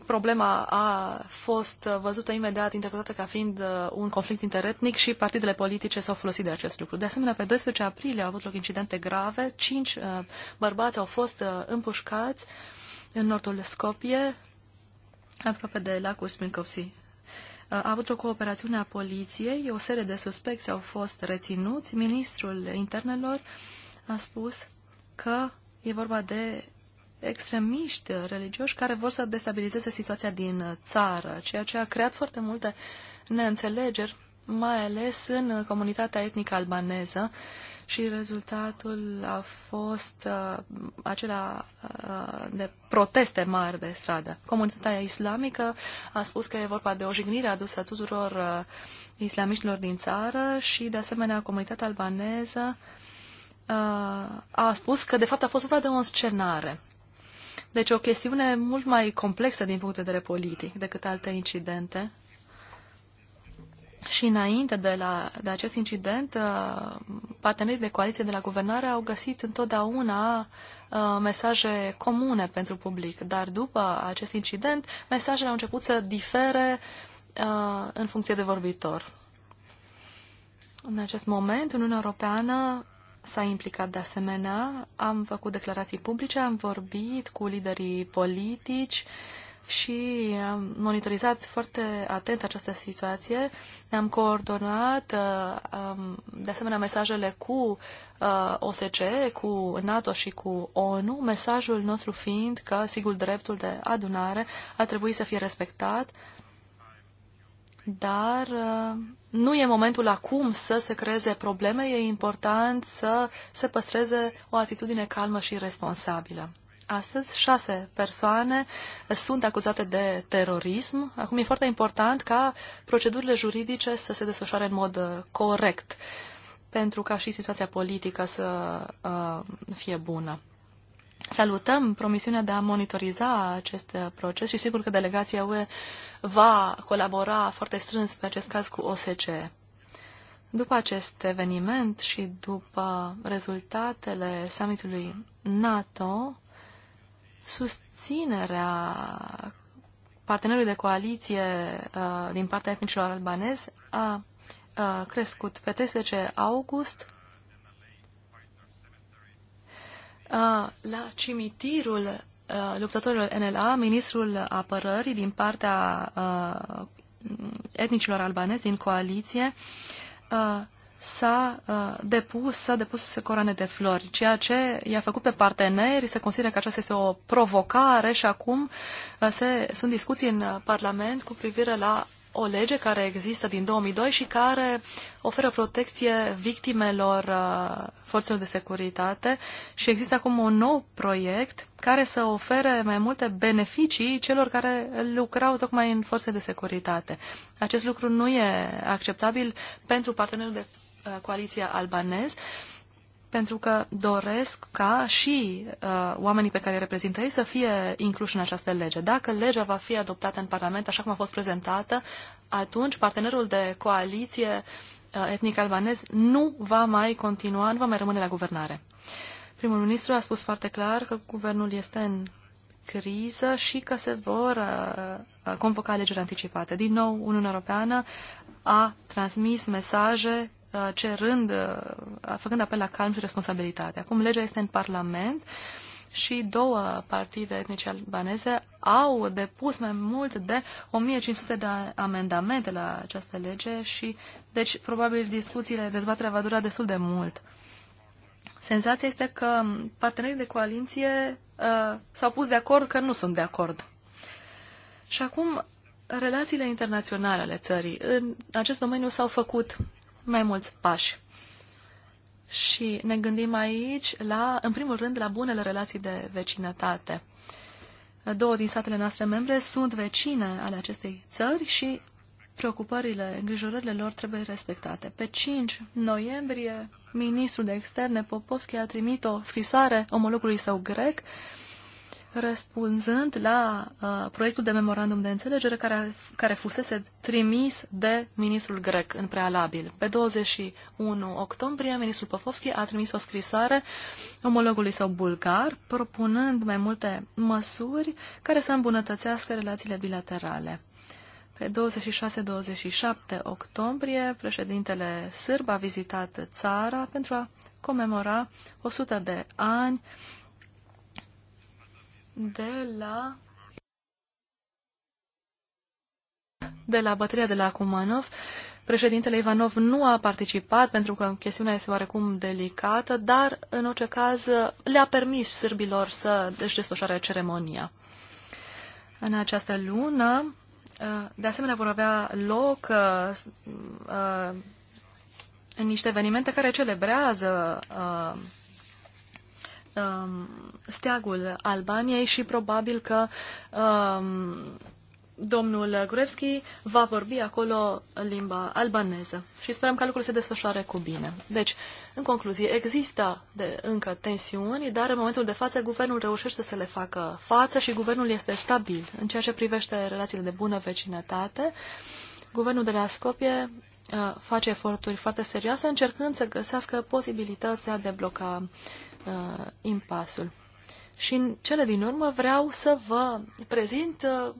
problema a fost văzută imediat, interpretată ca fiind uh, un conflict interetnic și partidele politice s-au folosit de acest lucru. De asemenea, pe 12 aprilie au avut loc incidente grave, cinci uh, bărbați au fost uh, împușcați în nordul Scopie, aproape de lacul Smilkovsi. A avut loc o operațiune a poliției, o serie de suspecți au fost reținuți. Ministrul internelor a spus că e vorba de extremiști religioși care vor să destabilizeze situația din țară, ceea ce a creat foarte multe neînțelegeri, mai ales în comunitatea etnică albaneză și rezultatul a fost uh, acela uh, de proteste mari de stradă. Comunitatea islamică a spus că e vorba de o jignire adusă tuturor uh, islamiștilor din țară și, de asemenea, comunitatea albaneză uh, a spus că, de fapt, a fost vorba de o scenare. Deci o chestiune mult mai complexă din punct de vedere politic decât alte incidente. Și înainte de, la, de acest incident, uh, partenerii de coaliție de la guvernare au găsit întotdeauna uh, mesaje comune pentru public. Dar după acest incident, mesajele au început să difere uh, în funcție de vorbitor. În acest moment, Uniunea Europeană s-a implicat de asemenea, am făcut declarații publice, am vorbit cu liderii politici și am monitorizat foarte atent această situație, am coordonat uh, de asemenea mesajele cu uh, OSCE, cu NATO și cu ONU, mesajul nostru fiind că, sigur, dreptul de adunare a trebuit să fie respectat dar uh, nu e momentul acum să se creeze probleme, e important să se păstreze o atitudine calmă și responsabilă. Astăzi, șase persoane sunt acuzate de terorism. Acum e foarte important ca procedurile juridice să se desfășoare în mod uh, corect, pentru ca și situația politică să uh, fie bună. Salutăm promisiunea de a monitoriza acest proces și sigur că delegația UE va colabora foarte strâns pe acest caz cu OSCE. După acest eveniment și după rezultatele summitului NATO, susținerea partenerului de coaliție uh, din partea etnicilor albanezi a uh, crescut pe 13 august la cimitirul luptătorilor NLA, ministrul apărării din partea etnicilor albanezi din coaliție s-a depus, s-a depus coroane de flori, ceea ce i-a făcut pe parteneri să consideră că aceasta este o provocare și acum se, sunt discuții în Parlament cu privire la o lege care există din 2002 și care oferă protecție victimelor uh, forțelor de securitate și există acum un nou proiect care să ofere mai multe beneficii celor care lucrau tocmai în forțe de securitate. Acest lucru nu e acceptabil pentru partenerul de uh, coaliție albanez. Uh, pentru că doresc ca și uh, oamenii pe care îi reprezintă ei să fie incluși în această lege. Dacă legea va fi adoptată în Parlament așa cum a fost prezentată, atunci partenerul de coaliție uh, etnic albanez nu va mai continua, nu va mai rămâne la guvernare. Primul ministru a spus foarte clar că guvernul este în criză și că se vor uh, uh convoca alegeri anticipate. Din nou, Uniunea Europeană a transmis mesaje Uh, cerând, uh, făcând apel la calm și responsabilitate. Acum legea este în Parlament și două partide etnice albaneze au depus mai mult de 1500 de amendamente la această lege și, deci, probabil discuțiile, dezbaterea va dura destul de mult. Senzația este că partenerii de coaliție uh, s-au pus de acord că nu sunt de acord. Și acum, relațiile internaționale ale țării. În acest domeniu s-au făcut mai mulți pași. Și ne gândim aici, la, în primul rând, la bunele relații de vecinătate. Două din statele noastre membre sunt vecine ale acestei țări și preocupările, îngrijorările lor trebuie respectate. Pe 5 noiembrie, ministrul de externe Popovski a trimit o scrisoare omologului său grec răspunzând la uh, proiectul de memorandum de înțelegere care, care fusese trimis de ministrul grec în prealabil. Pe 21 octombrie, ministrul Popovski a trimis o scrisoare omologului său bulgar, propunând mai multe măsuri care să îmbunătățească relațiile bilaterale. Pe 26-27 octombrie, președintele sârb a vizitat țara pentru a comemora 100 de ani de la de la bateria de la Kumanov. Președintele Ivanov nu a participat pentru că chestiunea este oarecum delicată, dar în orice caz le-a permis sârbilor să își desfășoare ceremonia. În această lună, de asemenea, vor avea loc uh, uh, niște evenimente care celebrează uh, um, steagul Albaniei și probabil că um, domnul Grevski va vorbi acolo în limba albaneză și sperăm că lucrurile se desfășoare cu bine. Deci, în concluzie, există de, încă tensiuni, dar în momentul de față guvernul reușește să le facă față și guvernul este stabil. În ceea ce privește relațiile de bună vecinătate, guvernul de la Scopie uh, face eforturi foarte serioase încercând să găsească posibilități de a debloca uh, uh, impasul. Și în cele din urmă vreau să vă prezint uh,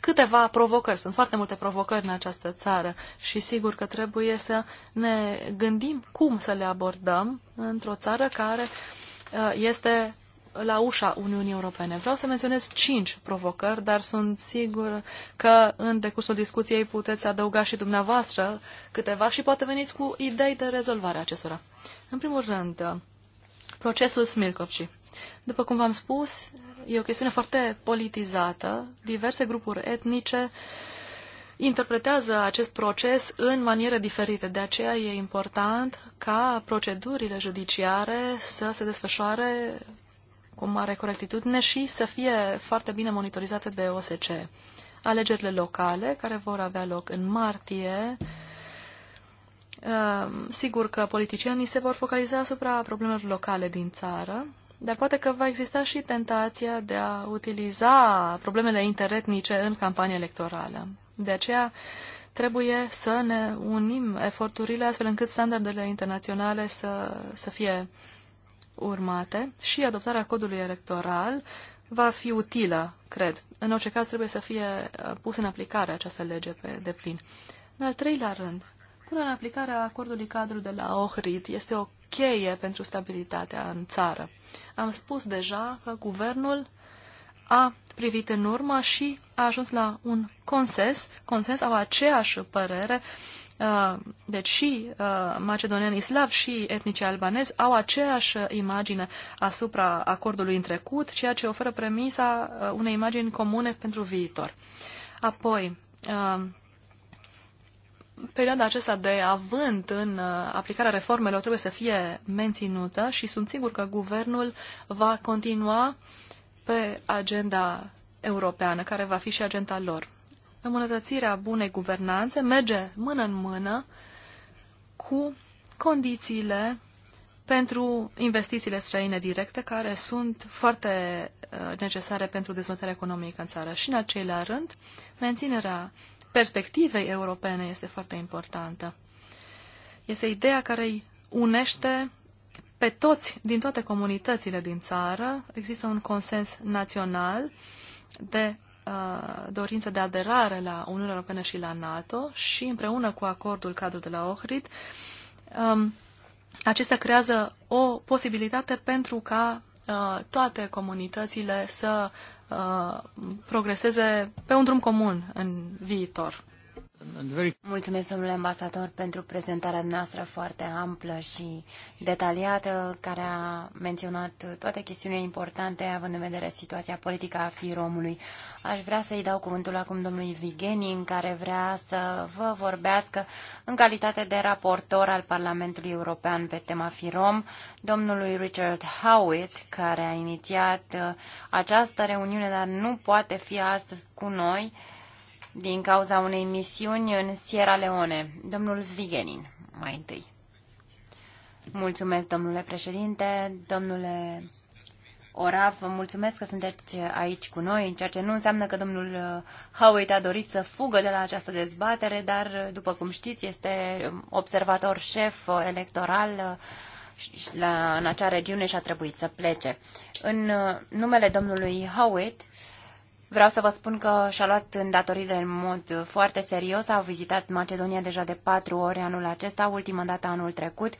câteva provocări. Sunt foarte multe provocări în această țară și sigur că trebuie să ne gândim cum să le abordăm într-o țară care uh, este la ușa Uniunii Europene. Vreau să menționez cinci provocări, dar sunt sigur că în decursul discuției puteți adăuga și dumneavoastră câteva și poate veniți cu idei de rezolvare acestora. În primul rând, Procesul Smilkovci. După cum v-am spus, e o chestiune foarte politizată. Diverse grupuri etnice interpretează acest proces în maniere diferite. De aceea e important ca procedurile judiciare să se desfășoare cu mare corectitudine și să fie foarte bine monitorizate de OSCE. Alegerile locale, care vor avea loc în martie, Ehm, sigur că politicienii se vor focaliza asupra problemelor locale din țară, dar poate că va exista și tentația de a utiliza problemele interetnice în campanie electorală. De aceea trebuie să ne unim eforturile astfel încât standardele internaționale să, să fie urmate și adoptarea codului electoral va fi utilă, cred. În orice caz trebuie să fie uh, pus în aplicare această lege pe deplin. În al treilea rând, Punerea în aplicarea acordului cadru de la Ohrid este o cheie pentru stabilitatea în țară. Am spus deja că guvernul a privit în urmă și a ajuns la un consens, consens au aceeași părere, uh, deci și uh, macedonienii slavi și etnicii albanezi au aceeași imagine asupra acordului în trecut, ceea ce oferă premisa uh, unei imagini comune pentru viitor. Apoi, perioada aceasta de avânt în uh, aplicarea reformelor trebuie să fie menținută și sunt sigur că guvernul va continua pe agenda europeană, care va fi și agenda lor. Îmbunătățirea bunei guvernanțe merge mână în mână cu condițiile pentru investițiile străine directe, care sunt foarte uh, necesare pentru dezvoltarea economică în țară. Și, în acelea rând, menținerea perspectivei europene este foarte importantă. Este ideea care îi unește pe toți, din toate comunitățile din țară. Există un consens național de uh, dorință de aderare la Uniunea Europeană și la NATO și împreună cu acordul cadru de la Ohrid, um, acesta creează o posibilitate pentru ca uh, toate comunitățile să Uh, progreseze pe un drum comun în viitor. Mulțumesc, domnule ambasador, pentru prezentarea noastră foarte amplă și detaliată, care a menționat toate chestiunile importante, având în vedere situația politică a fiii romului. Aș vrea să-i dau cuvântul acum domnului Vigenin, care vrea să vă vorbească în calitate de raportor al Parlamentului European pe tema FIROM, domnului Richard Howitt, care a inițiat uh, această reuniune, dar nu poate fi astăzi cu noi, din cauza unei misiuni în Sierra Leone. Domnul Vigenin, mai întâi. Mulțumesc, domnule președinte, domnule Orav, vă mulțumesc că sunteți aici cu noi, ceea ce nu înseamnă că domnul Howitt a dorit să fugă de la această dezbatere, dar, după cum știți, este observator șef electoral la, în acea regiune și a trebuit să plece. În numele domnului Howitt, Vreau să vă spun că și-a luat îndatoririle în mod foarte serios. A vizitat Macedonia deja de patru ori anul acesta, ultima dată anul trecut.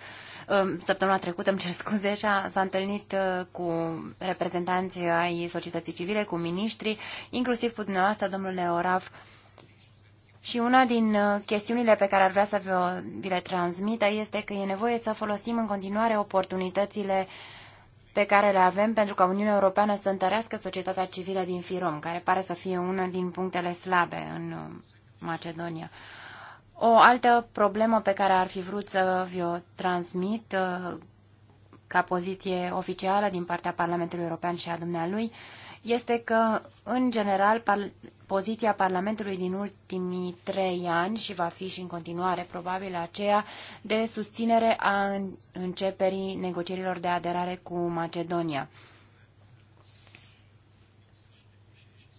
Săptămâna trecută, <laughs> îmi cer scuze, s-a întâlnit uh, cu reprezentanții ai societății civile, cu miniștri, inclusiv cu dumneavoastră, domnule Oraf. Și una din uh, chestiunile pe care ar vrea să vi le transmită este că e nevoie să folosim în continuare oportunitățile uh, pe care le avem pentru ca Uniunea Europeană să întărească societatea civilă din Firom, care pare să fie una din punctele slabe în um, Macedonia. O altă problemă pe care ar fi vrut să vi-o transmit uh, ca poziție oficială din partea Parlamentului European și a dumnealui este că, în general, par- poziția Parlamentului din ultimii trei ani și va fi și în continuare probabil aceea de susținere a începerii negocierilor de aderare cu Macedonia.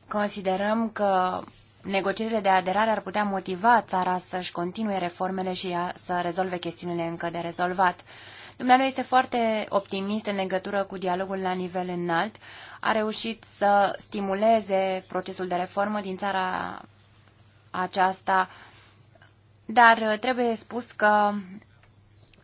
Considerăm că negocierile de aderare ar putea motiva țara să-și continue reformele și să rezolve chestiunile încă de rezolvat. Dumnezeu este foarte optimist în legătură cu dialogul la nivel înalt, a reușit să stimuleze procesul de reformă din țara aceasta, dar trebuie spus că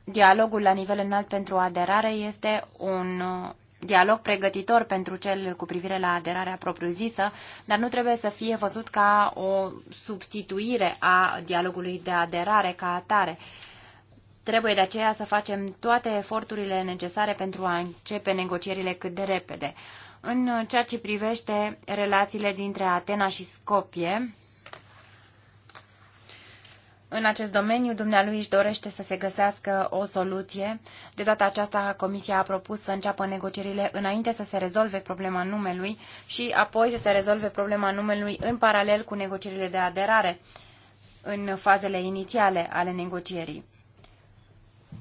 dialogul la nivel înalt pentru aderare este un uh, dialog pregătitor pentru cel cu privire la aderarea propriu-zisă, dar nu trebuie să fie văzut ca o substituire a dialogului de aderare ca atare. Trebuie de aceea să facem toate eforturile necesare pentru a începe negocierile cât de repede. În ceea ce privește relațiile dintre Atena și Scopie, în acest domeniu, dumnealui își dorește să se găsească o soluție. De data aceasta, Comisia a propus să înceapă negocierile înainte să se rezolve problema numelui și apoi să se rezolve problema numelui în paralel cu negocierile de aderare în fazele inițiale ale negocierii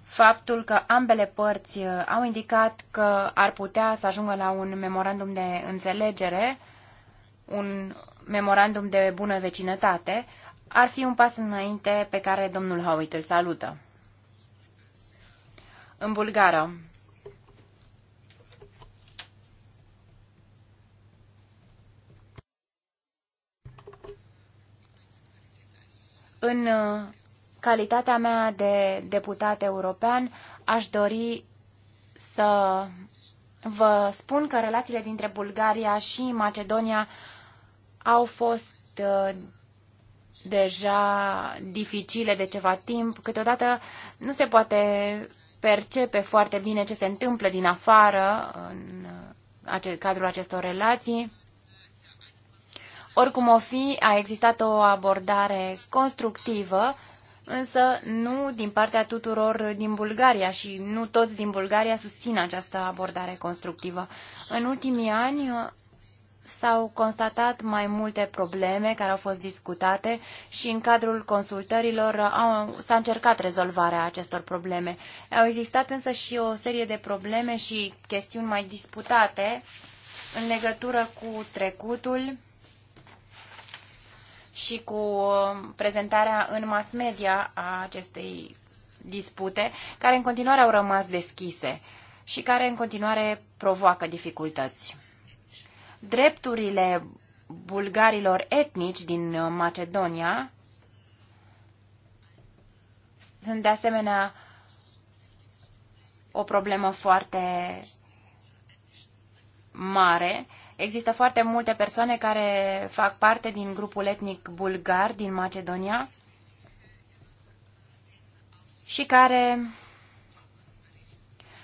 faptul că ambele părți uh, au indicat că ar putea să ajungă la un memorandum de înțelegere, un memorandum de bună vecinătate, ar fi un pas înainte pe care domnul Howitt îl salută. În bulgară. În uh, calitatea mea de deputat european, aș dori să vă spun că relațiile dintre Bulgaria și Macedonia au fost uh, deja dificile de ceva timp. Câteodată nu se poate percepe foarte bine ce se întâmplă din afară în uh, cadrul acestor relații. Oricum o fi, a existat o abordare constructivă însă nu din partea tuturor din Bulgaria și nu toți din Bulgaria susțin această abordare constructivă. În ultimii ani uh, s-au constatat mai multe probleme care au fost discutate și în cadrul consultărilor uh, au, s-a încercat rezolvarea acestor probleme. Au existat însă și o serie de probleme și chestiuni mai disputate în legătură cu trecutul și cu um, prezentarea în mass media a acestei dispute, care în continuare au rămas deschise și care în continuare provoacă dificultăți. Drepturile bulgarilor etnici din uh, Macedonia sunt de asemenea o problemă foarte mare Există foarte multe persoane care fac parte din grupul etnic bulgar din Macedonia și care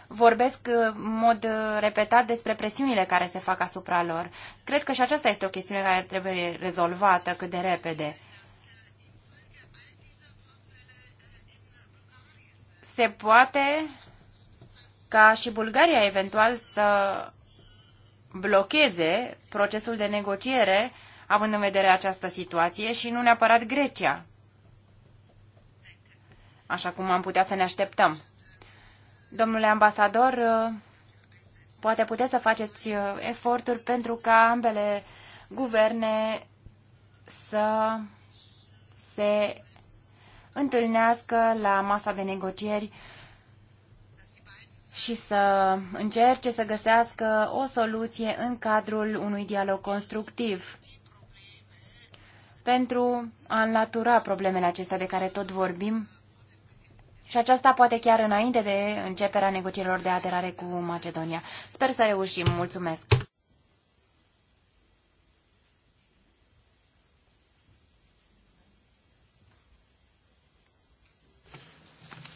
vorbesc în mod repetat despre presiunile care se fac asupra lor. Cred că și aceasta este o chestiune care trebuie rezolvată cât de repede. Se poate ca și Bulgaria eventual să blocheze procesul de negociere, având în vedere această situație, și nu neapărat Grecia, așa cum am putea să ne așteptăm. Domnule ambasador, poate puteți să faceți uh, eforturi pentru ca ambele guverne să se întâlnească la masa de negocieri și să încerce să găsească o soluție în cadrul unui dialog constructiv pentru a înlătura problemele acestea de care tot vorbim și aceasta poate chiar înainte de începerea negocierilor de aderare cu Macedonia. Sper să reușim. Mulțumesc!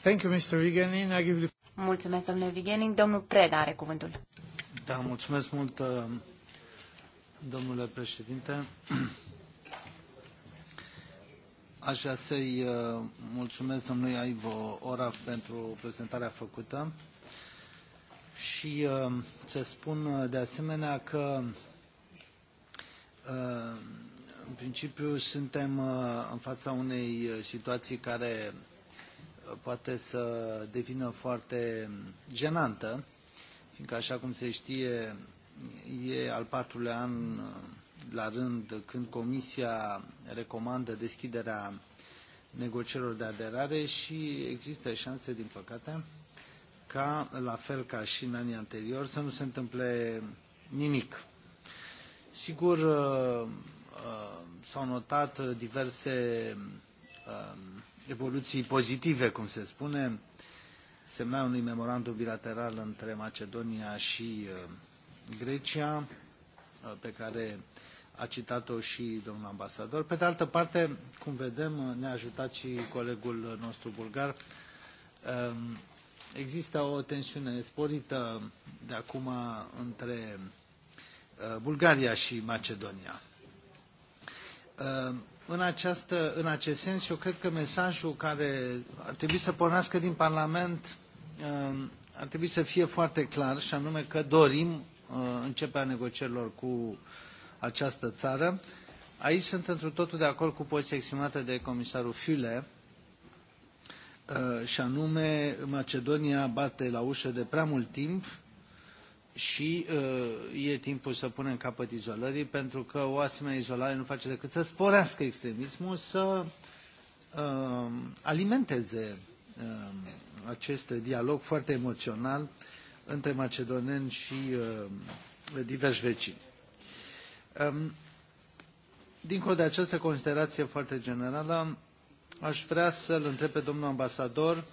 Thank you, Mr. I give the... Mulțumesc, domnule Vigening. Domnul Preda are cuvântul. Da, mulțumesc mult, uh, domnule președinte. <clears throat> Aș vrea să-i uh, mulțumesc domnului Aivo Ora pentru prezentarea făcută și uh, să spun de asemenea că în principiu suntem în fața unei situații care poate să devină foarte genantă, fiindcă, așa cum se știe, e al patrulea an uh, la rând când Comisia recomandă deschiderea negocierilor de aderare și există șanse, din păcate, ca, la fel ca și în anii anteriori, să nu se întâmple nimic. Sigur, uh, uh, s-au notat diverse evoluții pozitive, cum se spune, semnarea unui memorandum bilateral între Macedonia și uh, Grecia, uh, pe care a citat-o și domnul ambasador. Pe de altă parte, cum vedem, uh, ne-a ajutat și colegul nostru bulgar. Um, există o tensiune sporită de acum între Bulgaria și Macedonia. Um, în, această, în acest sens. Eu cred că mesajul care ar trebui să pornească din Parlament um, ar trebui să fie foarte clar și anume că dorim uh, începerea negocierilor cu această țară. Aici sunt întru totul de acord cu poziția exprimată de comisarul Füle uh, și anume Macedonia bate la ușă de prea mult timp și uh, e timpul să punem capăt izolării, pentru că o asemenea izolare nu face decât să sporească extremismul, să uh, alimenteze uh, acest dialog foarte emoțional între macedoneni și uh, diversi vecini. Um, dincolo de această considerație foarte generală, aș vrea să-l întreb pe domnul ambasador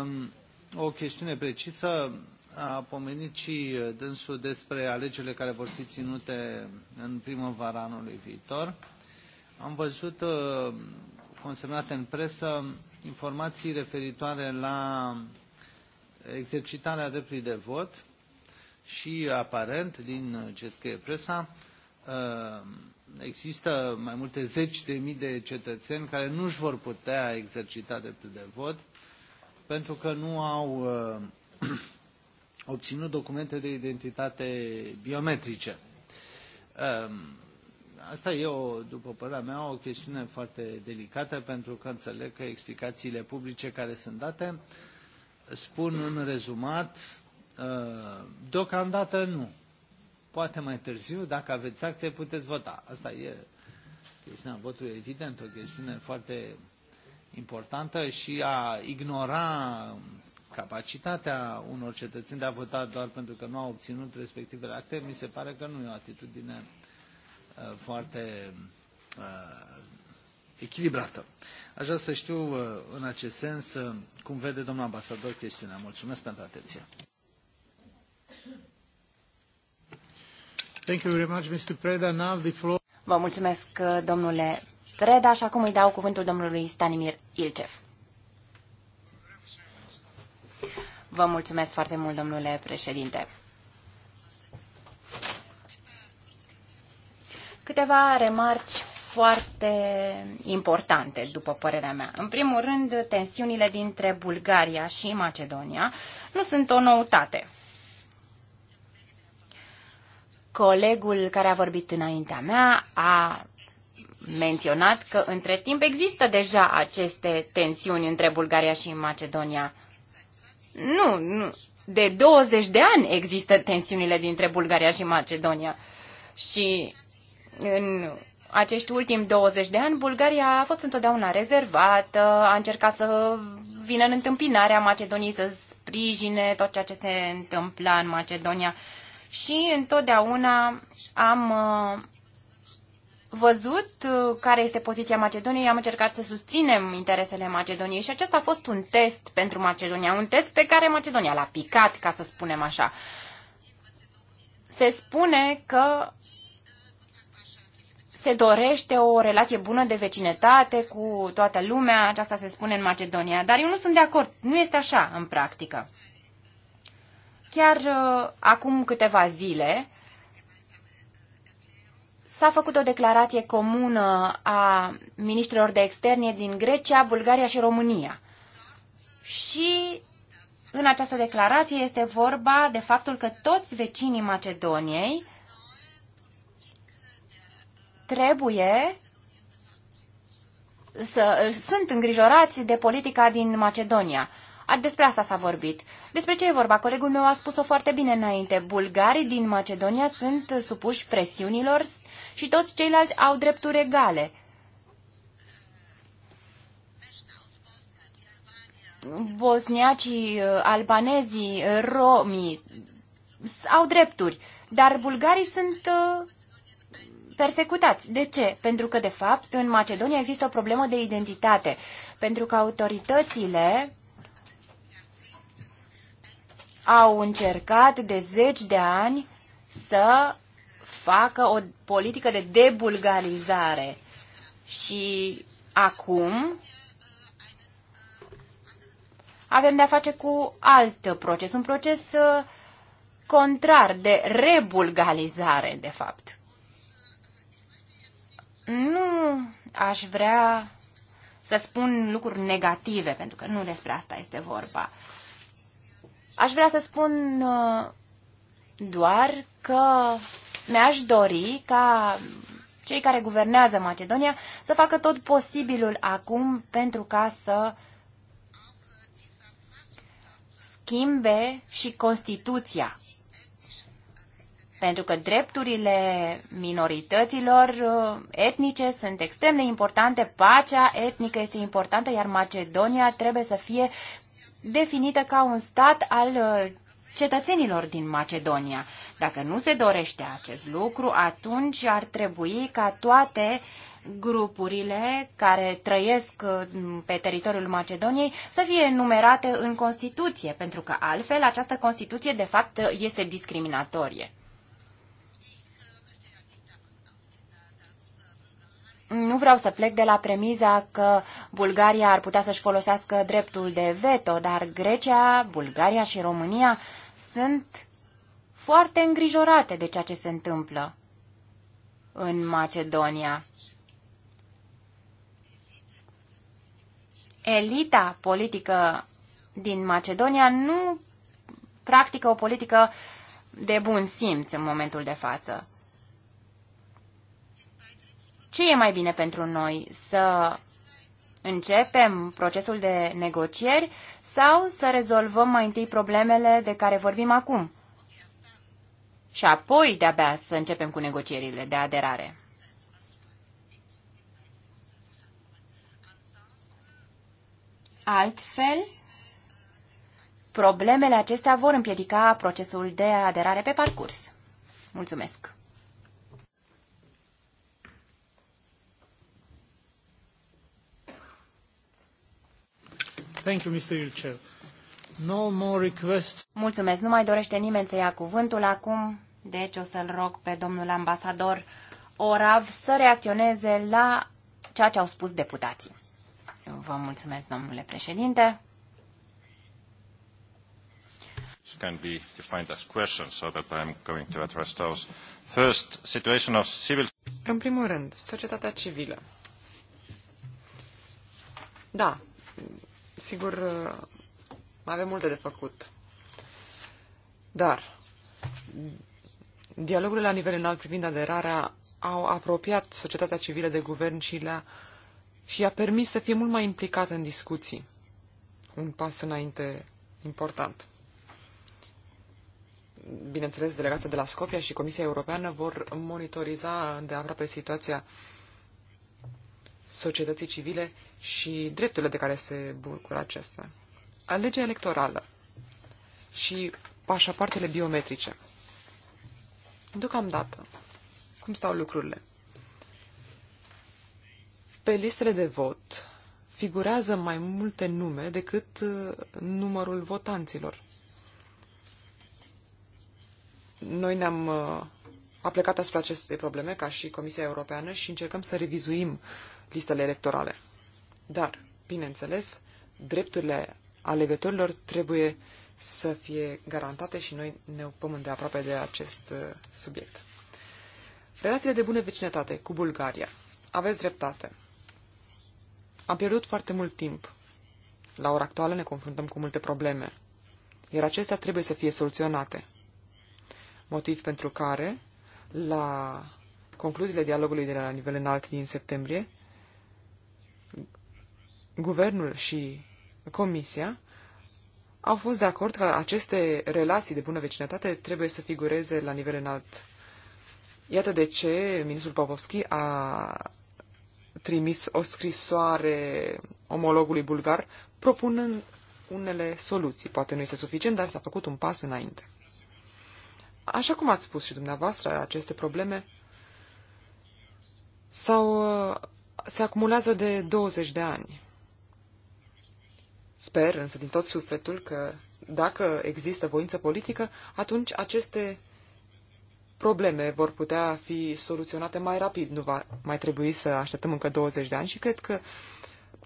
um, o chestiune precisă a pomenit și uh, dânsul despre alegerile care vor fi ținute în primăvara anului viitor. Am văzut uh, consemnate în presă informații referitoare la exercitarea dreptului de vot și aparent, din ce scrie presa, uh, există mai multe zeci de mii de cetățeni care nu își vor putea exercita dreptul de vot pentru că nu au obținut documente de identitate biometrice. Ehm, asta e, o, după părerea mea, o chestiune foarte delicată, pentru că înțeleg că explicațiile publice care sunt date spun în rezumat, ehm, deocamdată nu. Poate mai târziu, dacă aveți acte, puteți vota. Asta e chestiunea votului, evident, o chestiune foarte importantă și a ignora capacitatea unor cetățeni de a vota doar pentru că nu au obținut respectivele acte, mi se pare că nu e o atitudine uh, foarte uh, echilibrată. Aș vrea să știu uh, în acest sens cum vede domnul ambasador chestiunea. Mulțumesc pentru atenție. Thank you very much, Mr. Preda. Now the floor... Vă mulțumesc, domnule Preda, și acum îi dau cuvântul domnului Stanimir Ilcev. Vă mulțumesc foarte mult, domnule președinte. Câteva remarci foarte importante, după părerea mea. În primul rând, tensiunile dintre Bulgaria și Macedonia nu sunt o noutate. Colegul care a vorbit înaintea mea a menționat că între timp există deja aceste tensiuni între Bulgaria și Macedonia nu, nu. De 20 de ani există tensiunile dintre Bulgaria și Macedonia. Și în acești ultimi 20 de ani, Bulgaria a fost întotdeauna rezervată, a încercat să vină în întâmpinarea Macedoniei, să sprijine tot ceea ce se întâmpla în Macedonia. Și întotdeauna am uh, văzut uh, care este poziția Macedoniei, am încercat să susținem interesele Macedoniei și acesta a fost un test pentru Macedonia, un test pe care Macedonia l-a picat, ca să spunem așa. Se spune că se dorește o relație bună de vecinătate cu toată lumea, aceasta se spune în Macedonia, dar eu nu sunt de acord, nu este așa în practică. Chiar uh, acum câteva zile, S-a făcut o declarație comună a ministrilor de externe din Grecia, Bulgaria și România. Și în această declarație este vorba de faptul că toți vecinii Macedoniei trebuie să, sunt îngrijorați de politica din Macedonia. Despre asta s-a vorbit. Despre ce e vorba? Colegul meu a spus-o foarte bine înainte. Bulgarii din Macedonia sunt supuși presiunilor și toți ceilalți au drepturi egale. Bosniacii, albanezii, romii au drepturi, dar bulgarii sunt uh, persecutați. De ce? Pentru că, de fapt, în Macedonia există o problemă de identitate. Pentru că autoritățile au încercat de zeci de ani să facă o politică de debulgarizare. Și acum avem de-a face cu alt proces, un proces uh, contrar de rebulgarizare, de fapt. Nu aș vrea să spun lucruri negative, pentru că nu despre asta este vorba. Aș vrea să spun uh, doar că mi-aș dori ca cei care guvernează Macedonia să facă tot posibilul acum pentru ca să schimbe și Constituția. Pentru că drepturile minorităților uh, etnice sunt extrem de importante, pacea etnică este importantă, iar Macedonia trebuie să fie definită ca un stat al uh, cetățenilor din Macedonia. Dacă nu se dorește acest lucru, atunci ar trebui ca toate grupurile care trăiesc mm, pe teritoriul Macedoniei să fie numerate în Constituție, pentru că altfel această Constituție de fapt este discriminatorie. Nu vreau să plec de la premiza că Bulgaria ar putea să-și folosească dreptul de veto, dar Grecia, Bulgaria și România sunt foarte îngrijorate de ceea ce se întâmplă în Macedonia. Elita politică din Macedonia nu practică o politică de bun simț în momentul de față. Ce e mai bine pentru noi? Să începem procesul de negocieri sau să rezolvăm mai întâi problemele de care vorbim acum și apoi de-abia să începem cu negocierile de aderare. Altfel, problemele acestea vor împiedica procesul de aderare pe parcurs. Mulțumesc! Thank you, Mr. No more requests. Mulțumesc. Nu mai dorește nimeni să ia cuvântul acum, deci o să-l rog pe domnul ambasador Orav să reacționeze la ceea ce au spus deputații. Vă mulțumesc, domnule președinte. can be defined as questions, so that I'm going to address those. First, situation of civil... În primul rând, societatea civilă. Da, Sigur, mai uh, avem multe de făcut. Dar dialogurile la nivel înalt privind aderarea au apropiat societatea civilă de guvern și, le-a, și i-a permis să fie mult mai implicată în discuții. Un pas înainte important. Bineînțeles, delegația de la Scopia și Comisia Europeană vor monitoriza de aproape situația societății civile și drepturile de care se bucură acestea. Legea electorală și pașapoartele biometrice. Deocamdată, cum stau lucrurile? Pe listele de vot figurează mai multe nume decât uh, numărul votanților. Noi ne-am uh, a plecat asupra acestei probleme ca și Comisia Europeană și încercăm să revizuim listele electorale. Dar, bineînțeles, drepturile alegătorilor trebuie să fie garantate și noi ne ocupăm de aproape de acest uh, subiect. Relațiile de bună vecinătate cu Bulgaria. Aveți dreptate. Am pierdut foarte mult timp. La ora actuală ne confruntăm cu multe probleme, iar acestea trebuie să fie soluționate. Motiv pentru care, la concluziile dialogului de la nivel înalt din septembrie, guvernul și comisia au fost de acord că aceste relații de bună vecinătate trebuie să figureze la nivel înalt. Iată de ce ministrul Popovski a trimis o scrisoare omologului bulgar propunând unele soluții. Poate nu este suficient, dar s-a făcut un pas înainte. Așa cum ați spus și dumneavoastră, aceste probleme sau uh, se acumulează de 20 de ani. Sper însă din tot sufletul că dacă există voință politică, atunci aceste probleme vor putea fi soluționate mai rapid. Nu va mai trebui să așteptăm încă 20 de ani și cred că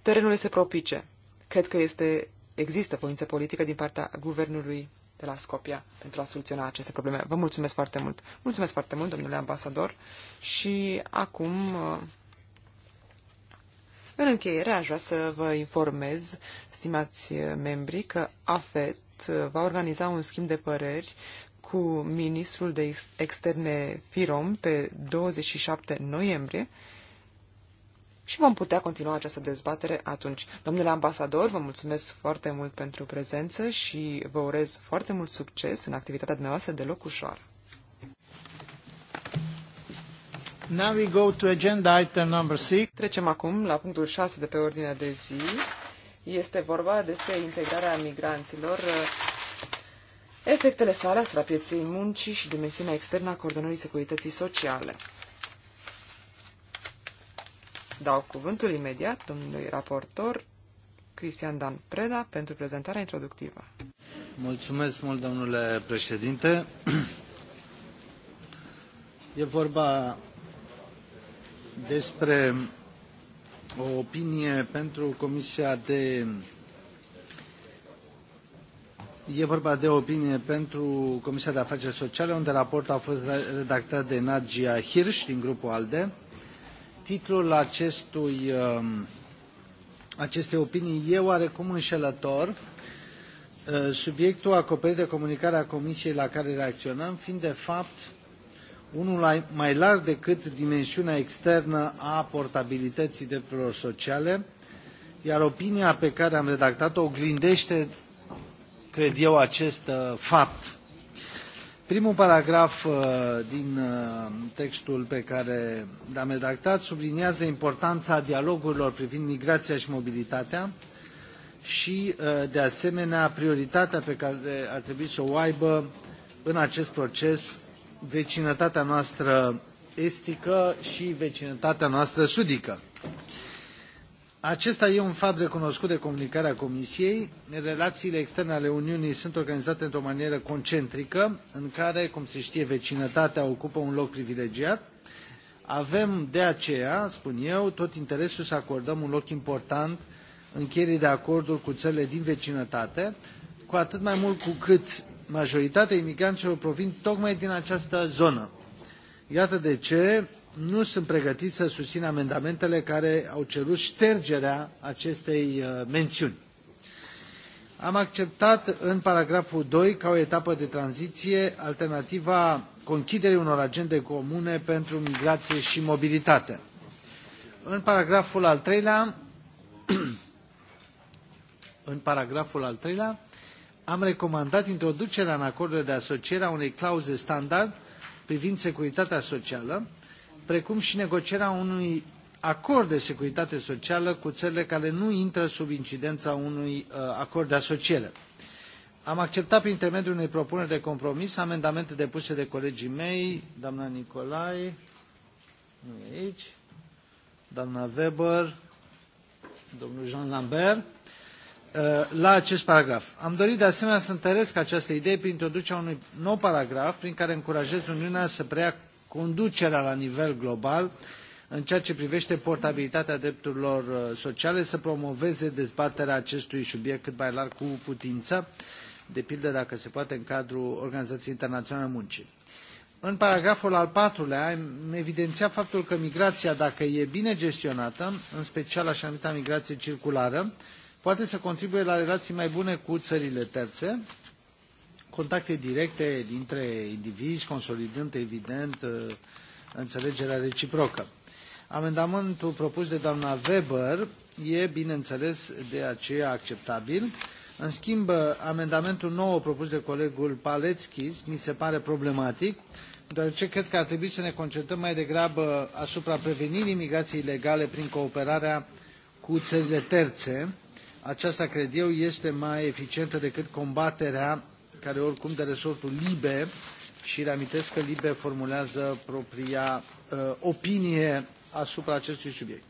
terenul este propice. Cred că este, există voință politică din partea guvernului de la Scopia pentru a soluționa aceste probleme. Vă mulțumesc foarte mult. Mulțumesc foarte mult, domnule ambasador. Și acum uh, în încheiere, aș vrea să vă informez, stimați membri, că AFET va organiza un schimb de păreri cu ministrul de externe Firom pe 27 noiembrie și vom putea continua această dezbatere atunci. Domnule ambasador, vă mulțumesc foarte mult pentru prezență și vă urez foarte mult succes în activitatea dumneavoastră deloc ușoară. Now we go to agenda item number six. Trecem acum la punctul 6 de pe ordinea de zi. Este vorba despre integrarea migranților, eh, efectele sale asupra pieței muncii și dimensiunea externă a coordonării securității sociale. Dau cuvântul imediat domnului raportor Cristian Dan Preda pentru prezentarea introductivă. Mulțumesc mult, domnule președinte. <clears throat> E vorba despre o opinie pentru Comisia de... E vorba de o opinie pentru Comisia de Afaceri Sociale, unde raportul a fost redactat de Nagia Hirsch din grupul ALDE. Titlul acestui, um, acestei opinii e oarecum înșelător, uh, subiectul acoperit de comunicarea Comisiei la care reacționăm fiind de fapt unul mai larg decât dimensiunea externă a portabilității drepturilor sociale, iar opinia pe care am redactat-o oglindește, cred eu, acest uh, fapt. Primul paragraf uh, din uh, textul pe care l-am redactat subliniază importanța dialogurilor privind migrația și mobilitatea și, de asemenea, prioritatea pe care ar trebui să o aibă în acest proces vecinătatea noastră estică și vecinătatea noastră sudică. Acesta e un fapt recunoscut de comunicarea Comisiei. Relațiile externe ale Uniunii sunt organizate într-o manieră concentrică, în care, cum se știe, vecinătatea ocupă un loc privilegiat. Avem de aceea, spun eu, tot interesul să acordăm un loc important încheierii de acorduri cu țările din vecinătate, cu atât mai mult cu cât majoritatea imigranților provin tocmai din această zonă. Iată de ce nu sunt pregătiți să susțin amendamentele care au cerut ștergerea acestei uh, mențiuni. Am acceptat în paragraful 2 ca o etapă de tranziție alternativa conchiderii unor agende comune pentru migrație și mobilitate. În paragraful al treilea, <clears throat> în paragraful al treilea am recomandat introducerea în acordurile de asociere a unei clauze standard privind securitatea socială, precum și negocierea unui acord de securitate socială cu țările care nu intră sub incidența unui uh, acord de asociere. Am acceptat prin intermediul unei propuneri de compromis amendamente depuse de colegii mei, doamna Nicolai, nu e aici, doamna Weber, domnul Jean Lambert, Uh, la acest paragraf. Am dorit de asemenea să întăresc această idee prin introducerea unui nou paragraf prin care încurajez Uniunea să preia conducerea la nivel global în ceea ce privește portabilitatea drepturilor uh, sociale, să promoveze dezbaterea acestui subiect cât mai larg cu putință, de pildă dacă se poate în cadrul Organizației Internaționale a Muncii. În paragraful al patrulea am evidențiat faptul că migrația, dacă e bine gestionată, în special așa numita migrație circulară, poate să contribuie la relații mai bune cu țările terțe, contacte directe dintre indivizi, consolidând evident uh, înțelegerea reciprocă. Amendamentul propus de doamna Weber e, bineînțeles, de aceea acceptabil. În schimb, amendamentul nou propus de colegul Paleckis mi se pare problematic, deoarece cred că ar trebui să ne concentrăm mai degrabă asupra prevenirii migrației ilegale prin cooperarea cu țările terțe, aceasta, cred eu, este mai eficientă decât combaterea care oricum de resortul LIBE și reamintesc că LIBE formulează propria uh, opinie asupra acestui subiect.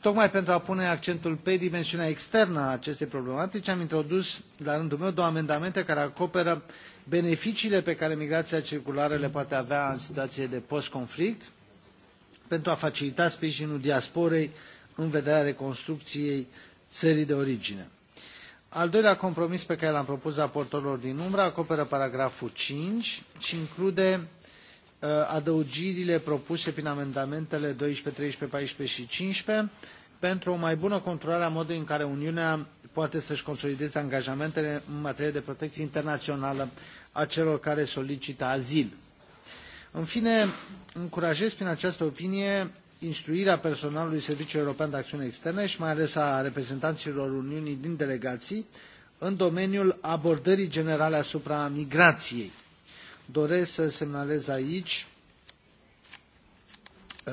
Tocmai pentru a pune accentul pe dimensiunea externă a acestei problematici, am introdus la rândul meu două amendamente care acoperă beneficiile pe care migrația circulară le poate avea în situație de post-conflict pentru a facilita sprijinul diasporei în vederea reconstrucției țării de origine. Al doilea compromis pe care l-am propus raportorilor din umbră acoperă paragraful 5 și include uh, adăugirile propuse prin amendamentele 12, 13, 14 și 15 pentru o mai bună controlare a modului în care Uniunea poate să-și consolideze angajamentele în materie de protecție internațională a celor care solicită azil. În fine, încurajez prin această opinie instruirea personalului Serviciului European de Acțiune Externă și mai ales a reprezentanților Uniunii din delegații în domeniul abordării generale asupra migrației. Doresc să semnalez aici uh,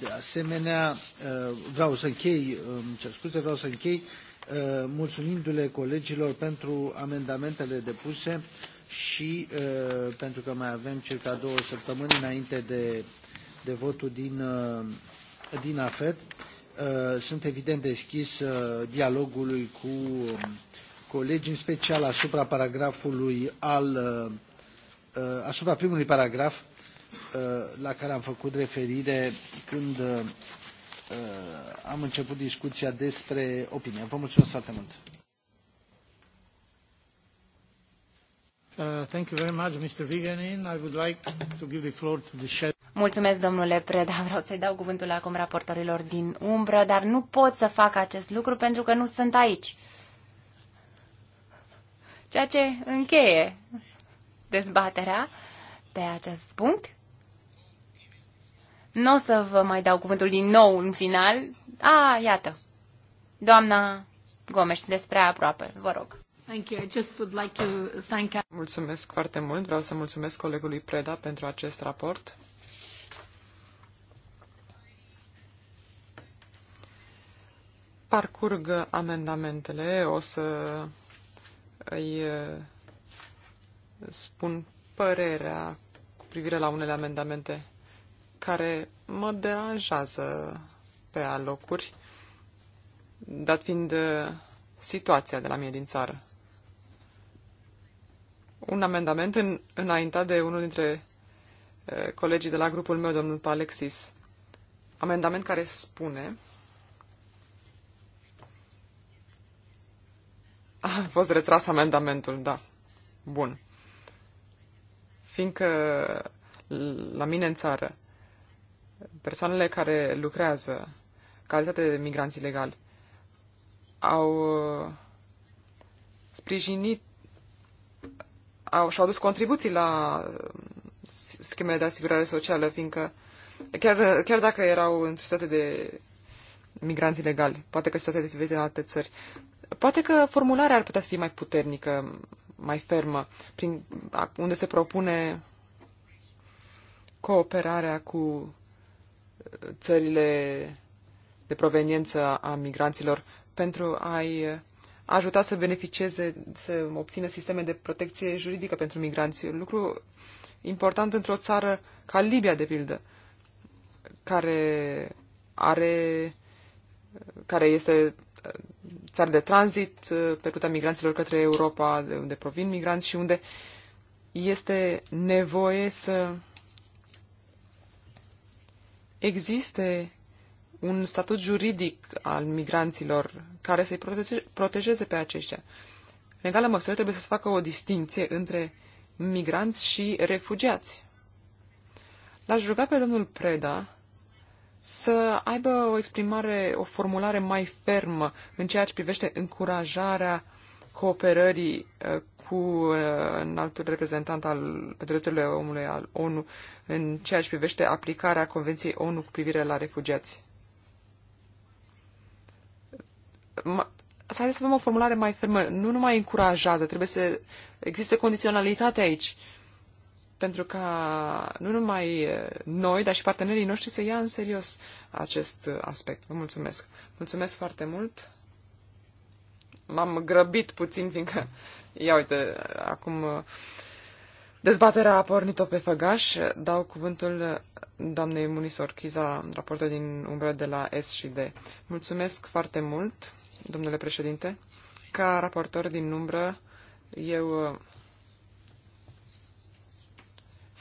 de asemenea, uh, vreau să închei, ce scuze, vreau să închei uh, mulțumindu-le colegilor pentru amendamentele depuse și pentru că mai avem circa două săptămâni înainte de de votul din, uh, din AFET. Uh, sunt evident deschis uh, dialogului cu um, colegii, în special asupra paragrafului al, asupra primului paragraf la care am făcut referire când am început discuția despre opinie. Vă mulțumesc foarte mult! Uh, thank you very much, Mr. Viganin. I would like to give the floor to the shadow. Mulțumesc, domnule Preda. <laughs> Vreau să-i dau cuvântul acum raportorilor din umbră, dar nu pot să fac acest lucru pentru că nu sunt aici. Ceea ce încheie dezbaterea pe acest punct. Nu o să vă mai dau cuvântul din nou în final. A, iată. Doamna Gomes, despre aproape, vă rog. Thank you. I just would like to thank... Mulțumesc foarte mult. Vreau să mulțumesc colegului Preda pentru acest raport parcurg amendamentele, o să îi spun părerea cu privire la unele amendamente care mă deranjează pe alocuri, dat fiind situația de la mine din țară. Un amendament în, înaintat de unul dintre colegii de la grupul meu, domnul Palexis, amendament care spune A fost retras amendamentul, da. Bun. Fiindcă la mine în țară, persoanele care lucrează calitate de migranți ilegali au uh, sprijinit au, și-au adus contribuții la uh, schemele de asigurare socială, fiindcă chiar, uh, chiar dacă erau în societate de migranți ilegali, poate că situația de în alte țări, Poate că formularea ar putea să fie mai puternică, mai fermă, prin, unde se propune cooperarea cu uh, țările de proveniență a migranților pentru a-i uh, ajuta să beneficieze, să obțină sisteme de protecție juridică pentru migranți. Lucru important într-o țară ca Libia, de pildă, care are care este uh, țară de tranzit uh, pe ruta migranților către Europa, de unde provin migranți și unde este nevoie să existe un statut juridic al migranților care să-i protege, protejeze pe aceștia. În egală măsură trebuie să se facă o distinție între migranți și refugiați. L-aș ruga pe domnul Preda să aibă o exprimare, o formulare mai fermă în ceea ce privește încurajarea cooperării uh, cu înaltul uh, reprezentant al pentru drepturile omului al ONU în ceea ce privește aplicarea Convenției ONU cu privire la refugiați. să haideți să avem o formulare mai fermă. Nu numai încurajează, trebuie să existe condiționalitate aici pentru ca nu numai eh, noi, dar și partenerii noștri să ia în serios acest eh, aspect. Vă mulțumesc. Mulțumesc foarte mult. M-am grăbit puțin, fiindcă, ia uite, acum eh, dezbaterea a pornit-o pe făgaș. Dau cuvântul doamnei Munisor Chiza, raportă din umbră de la S și D. Mulțumesc foarte mult, domnule președinte. Ca raportor din umbră, eu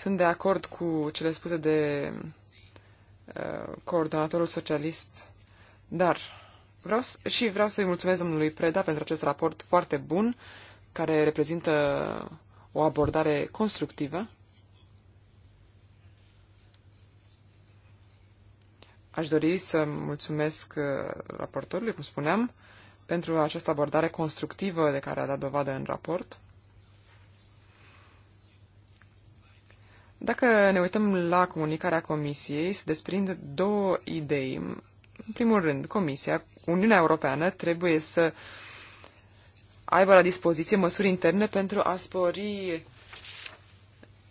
sunt de acord cu cele spuse de uh, coordonatorul socialist, dar vreau și vreau să-i mulțumesc domnului Preda pentru acest raport foarte bun, care reprezintă o abordare constructivă. Aș dori să mulțumesc uh, raportorului, cum spuneam, pentru această abordare constructivă de care a dat dovadă în raport. Dacă ne uităm la comunicarea Comisiei, se desprind două idei. În primul rând, Comisia, Uniunea Europeană, trebuie să aibă la dispoziție măsuri interne pentru a spori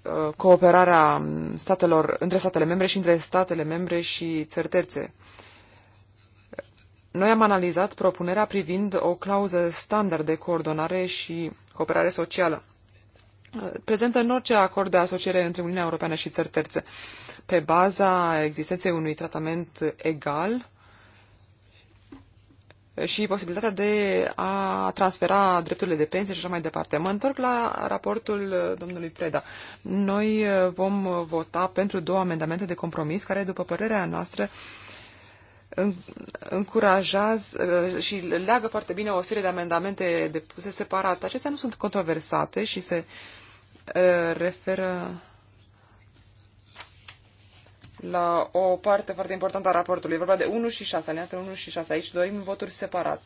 uh, cooperarea statelor, între statele membre și între statele membre și țări terțe. Noi am analizat propunerea privind o clauză standard de coordonare și cooperare socială prezentă în orice acord de asociere între Uniunea Europeană și țări terțe. Pe baza existenței unui tratament egal, și posibilitatea de a transfera drepturile de pensie și așa mai departe. Mă întorc la raportul domnului Preda. Noi uh, vom vota pentru două amendamente de compromis care, după părerea noastră, încurajează uh, și leagă foarte bine o serie de amendamente depuse separat. Acestea nu sunt controversate și se Uh, referă la o parte foarte importantă a raportului. E vorba de 1 și 6, alineatul 1 și 6. Aici dorim voturi separat.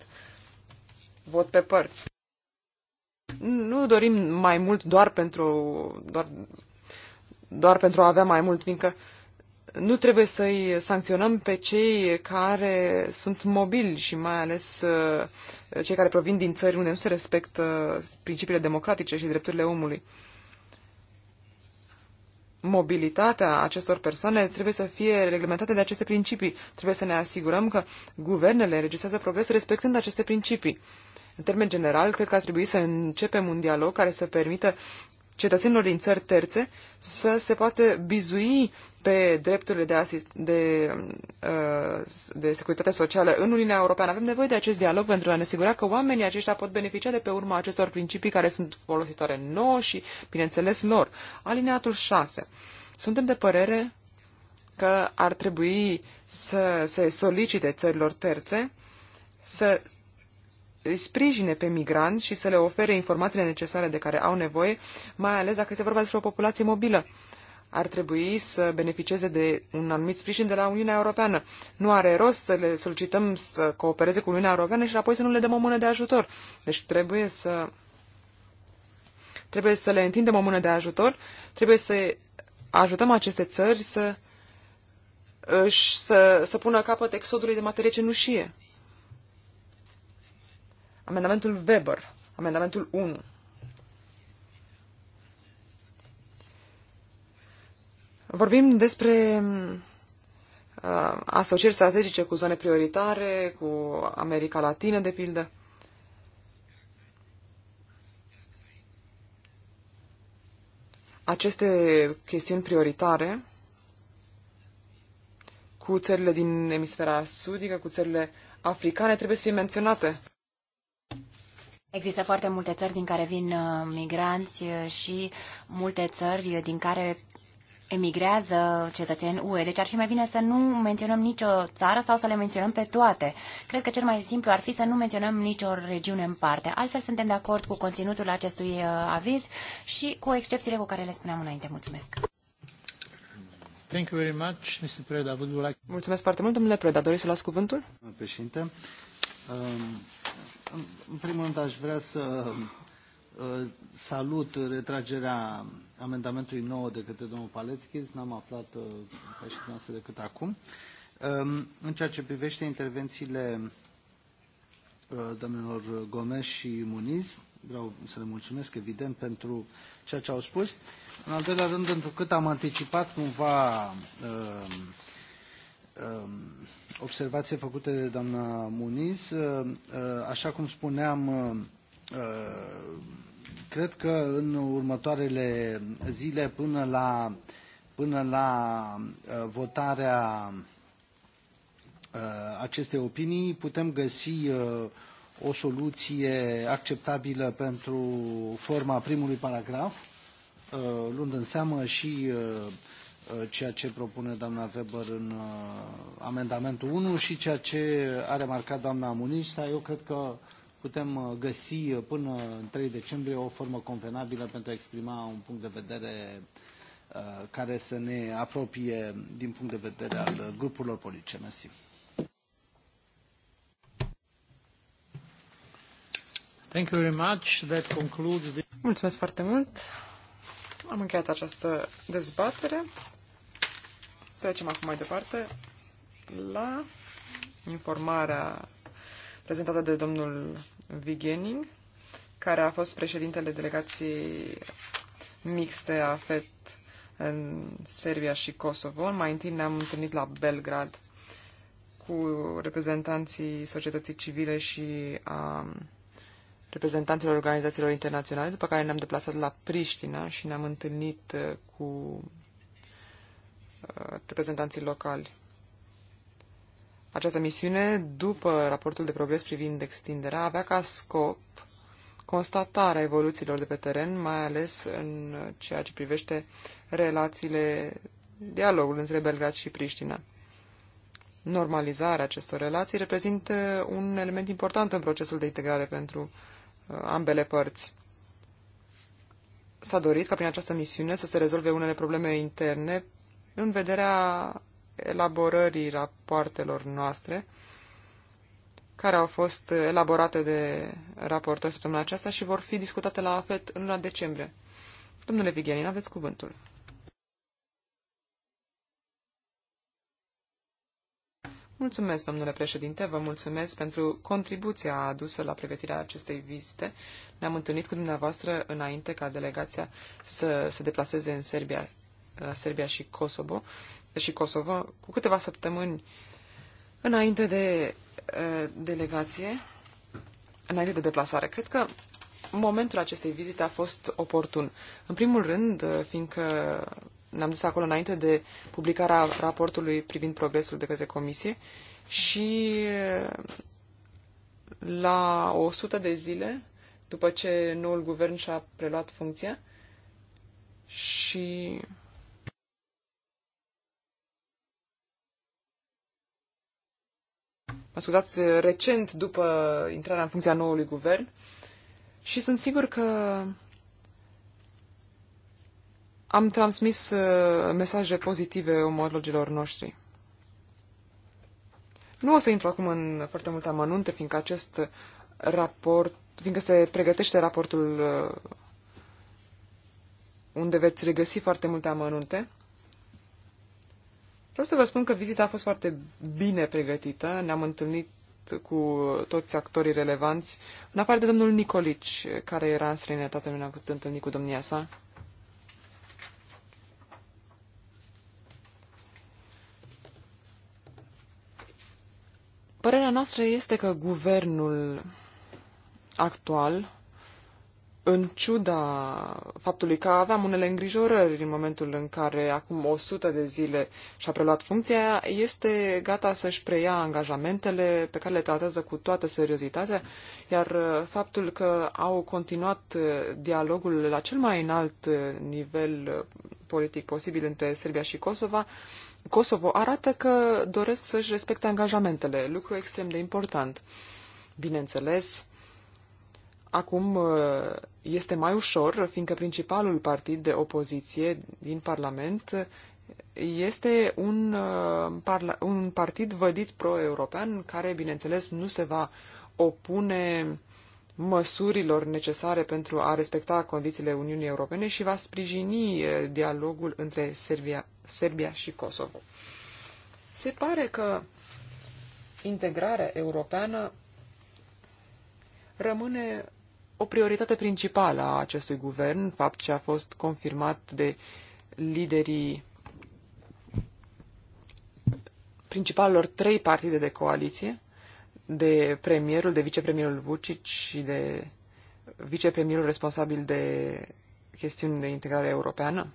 Vot pe părți. Nu dorim mai mult doar pentru, doar, doar pentru a avea mai mult, fiindcă nu trebuie să-i sancționăm pe cei care sunt mobili și mai ales uh, cei care provin din țări unde nu se respectă principiile democratice și drepturile omului mobilitatea acestor persoane trebuie să fie reglementată de aceste principii. Trebuie să ne asigurăm că guvernele înregistrează progres respectând aceste principii. În termen general, cred că ar trebui să începem un dialog care să permită cetățenilor din țări terțe să se poată bizui pe drepturile de, asist- de, uh, de securitate socială în Uniunea Europeană. Avem nevoie de acest dialog pentru a ne asigura că oamenii aceștia pot beneficia de pe urma acestor principii care sunt folositoare nouă și, bineînțeles, lor. Alineatul 6. Suntem de părere că ar trebui să se solicite țărilor terțe să îi sprijine pe migranți și să le ofere informațiile necesare de care au nevoie, mai ales dacă este vorba despre o populație mobilă ar trebui să beneficieze de un anumit sprijin de la Uniunea Europeană. Nu are rost să le solicităm să coopereze cu Uniunea Europeană și apoi să nu le dăm o mână de ajutor. Deci trebuie să trebuie să le întindem o mână de ajutor, trebuie să ajutăm aceste țări să își, să, să pună capăt exodului de materie cenușie. Amendamentul Weber, amendamentul 1. Vorbim despre uh, asocieri strategice cu zone prioritare, cu America Latină, de pildă. Aceste chestiuni prioritare cu țările din emisfera sudică, cu țările africane, trebuie să fie menționate. Există foarte multe țări din care vin uh, migranți uh, și multe țări din care emigrează cetățeni UE, deci ar fi mai bine să nu menționăm nicio țară sau să le menționăm pe toate. Cred că cel mai simplu ar fi să nu menționăm nicio regiune în parte. Altfel suntem de acord cu conținutul acestui uh, aviz și cu excepțiile cu care le spuneam înainte. Mulțumesc! Thank you very much, Mr. Preda. Like... Mulțumesc foarte mult, domnule Preda. Doriți să luați cuvântul? Președinte, um, în primul rând aș vrea să uh, salut retragerea amendamentului nou de către domnul Palețchis, n-am aflat uh, ca și dumneavoastră decât acum. Um, în ceea ce privește intervențiile uh, domnilor Gomes și Muniz, vreau să le mulțumesc, evident, pentru ceea ce au spus. În al doilea rând, întrucât am anticipat cumva um, um, observație făcute de doamna Muniz, uh, așa cum spuneam, Cred că în următoarele zile, până la, până la uh, votarea uh, acestei opinii, putem găsi uh, o soluție acceptabilă pentru forma primului paragraf, luând în seamă și ceea ce propune doamna Weber în amendamentul 1 și ceea ce a remarcat doamna Muniș, eu cred că putem uh, găsi uh, până în 3 decembrie o formă convenabilă pentru a exprima un punct de vedere uh, care să ne apropie din punct de vedere al grupurilor politice. Mersi. Thank you very much. That concludes the... Mulțumesc foarte mult. Am încheiat această dezbatere. Să trecem acum mai departe la informarea prezentată de domnul Vigening, care a fost președintele delegației mixte a FET în Serbia și Kosovo. Mai întâi ne-am întâlnit la Belgrad cu reprezentanții societății civile și a reprezentanților organizațiilor internaționale, după care ne-am deplasat la Priștina și ne-am întâlnit cu uh, reprezentanții locali. Această misiune, după raportul de progres privind extinderea, avea ca scop constatarea evoluțiilor de pe teren, mai ales în ceea ce privește relațiile, dialogul între Belgrad și Priștina. Normalizarea acestor relații reprezintă un element important în procesul de integrare pentru uh, ambele părți. S-a dorit ca prin această misiune să se rezolve unele probleme interne în vederea elaborării rapoartelor noastre, care au fost elaborate de raportor săptămâna aceasta și vor fi discutate la AFET în luna decembrie. Domnule Vigelin, aveți cuvântul. Mulțumesc, domnule președinte, vă mulțumesc pentru contribuția adusă la pregătirea acestei vizite. Ne-am întâlnit cu dumneavoastră înainte ca delegația să se deplaseze în Serbia, la Serbia și Kosovo și Kosovo cu câteva săptămâni înainte de uh, delegație, înainte de deplasare. Cred că momentul acestei vizite a fost oportun. În primul rând, fiindcă ne-am dus acolo înainte de publicarea raportului privind progresul de către comisie și la 100 de zile după ce noul guvern și-a preluat funcția și mă scuzați, eh, recent după intrarea în funcția noului guvern și sunt sigur că am transmis eh, mesaje pozitive omologilor noștri. Nu o să intru acum în foarte multe amănunte, fiindcă acest raport, fiindcă se pregătește raportul eh, unde veți regăsi foarte multe amănunte, Vreau să vă spun că vizita a fost foarte bine pregătită. Ne-am întâlnit cu toți actorii relevanți, în afară de domnul Nicolici, care era în străinătate, nu ne-am putut întâlni cu domnia sa. Părerea noastră este că guvernul actual în ciuda faptului că aveam unele îngrijorări în momentul în care acum 100 de zile și-a preluat funcția, este gata să-și preia angajamentele pe care le tratează cu toată seriozitatea, iar uh, faptul că au continuat uh, dialogul la cel mai înalt uh, nivel politic posibil între Serbia și Kosova, Kosovo arată că doresc să-și respecte angajamentele, lucru extrem de important. Bineînțeles, acum este mai ușor, fiindcă principalul partid de opoziție din Parlament este un, uh, un partid vădit pro-european care, bineînțeles, nu se va opune măsurilor necesare pentru a respecta condițiile Uniunii Europene și va sprijini uh, dialogul între Serbia, Serbia și Kosovo. Se pare că integrarea europeană rămâne o prioritate principală a acestui guvern, fapt ce a fost confirmat de liderii principalelor trei partide de coaliție, de premierul, de vicepremierul Vucic și de vicepremierul responsabil de chestiuni de integrare europeană?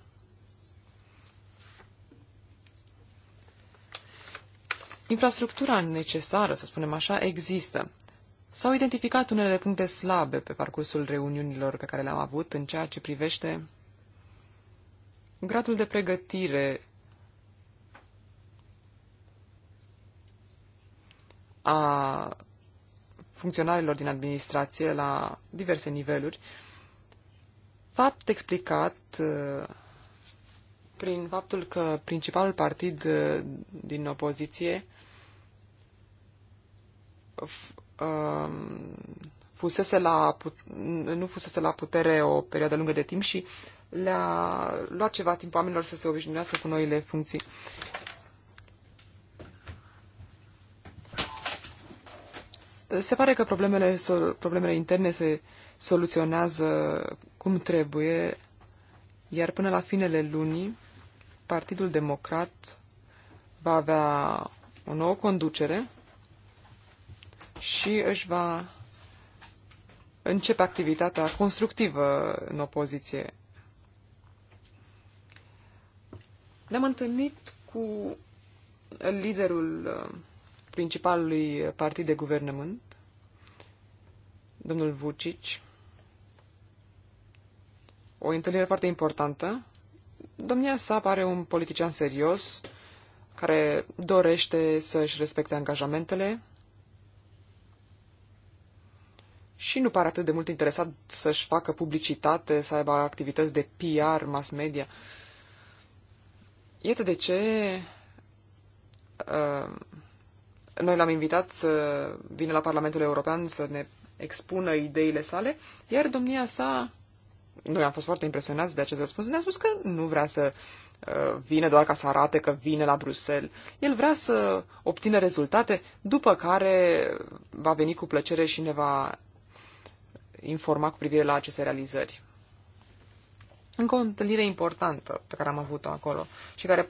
Infrastructura necesară, să spunem așa, există. S-au identificat unele puncte slabe pe parcursul reuniunilor pe care le-am avut în ceea ce privește gradul de pregătire a funcționarilor din administrație la diverse niveluri, fapt explicat uh, prin faptul că principalul partid uh, din opoziție Um, fusese la nu fusese la putere o perioadă lungă de timp și le-a luat ceva timp oamenilor să se obișnuiască cu noile funcții. Se pare că problemele, problemele interne se soluționează cum trebuie, iar până la finele lunii, Partidul Democrat va avea o nouă conducere și își va începe activitatea constructivă în opoziție. Ne-am întâlnit cu liderul uh, principalului partid de guvernământ, domnul Vucic. O întâlnire foarte importantă. Domnia sa pare un politician serios care dorește să-și respecte angajamentele și nu pare atât de mult interesat să-și facă publicitate, să aibă activități de PR, mass media. Iată de ce uh, noi l-am invitat să vină la Parlamentul European să ne expună ideile sale, iar domnia sa, noi am fost foarte impresionați de acest răspuns, ne-a spus că nu vrea să uh, vină doar ca să arate că vine la Bruxelles. El vrea să obțină rezultate, după care va veni cu plăcere și ne va informa cu privire la aceste realizări. Încă o întâlnire importantă pe care am avut-o acolo și care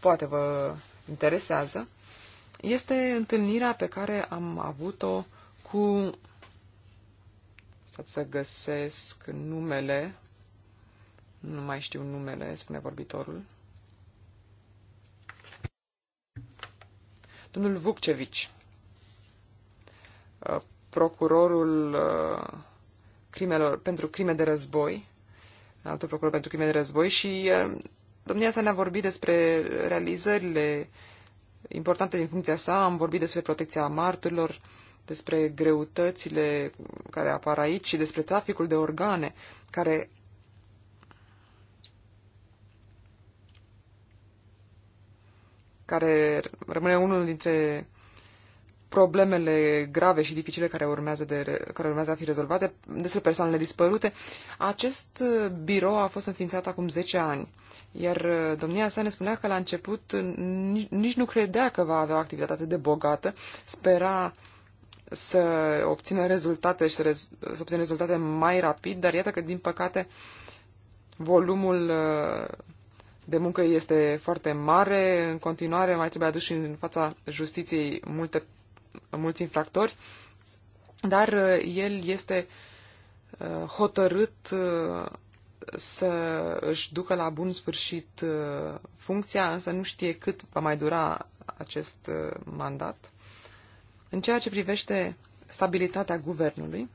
poate vă interesează este întâlnirea pe care am avut-o cu stați să găsesc numele nu mai știu numele, spune vorbitorul. Domnul Vukcevici, procurorul uh, crimelor, pentru crime de război, altul procuror pentru crime de război și uh, domnia sa ne-a vorbit despre realizările importante din funcția sa, am vorbit despre protecția marturilor, despre greutățile care apar aici și despre traficul de organe care care rămâne unul dintre problemele grave și dificile care urmează, de, care urmează a fi rezolvate, despre persoanele dispărute. Acest uh, birou a fost înființat acum 10 ani, iar uh, domnia sa ne spunea că la început uh, nici nu credea că va avea o activitate atât de bogată, spera să obțină rezultate și să, rez- să obțină rezultate mai rapid, dar iată că, din păcate, volumul de muncă este foarte mare. În continuare mai trebuie adus și în fața justiției multe mulți infractori, dar uh, el este uh, hotărât uh, să își ducă la bun sfârșit funcția, însă nu știe cât va mai dura acest mandat. În ceea ce privește stabilitatea guvernului,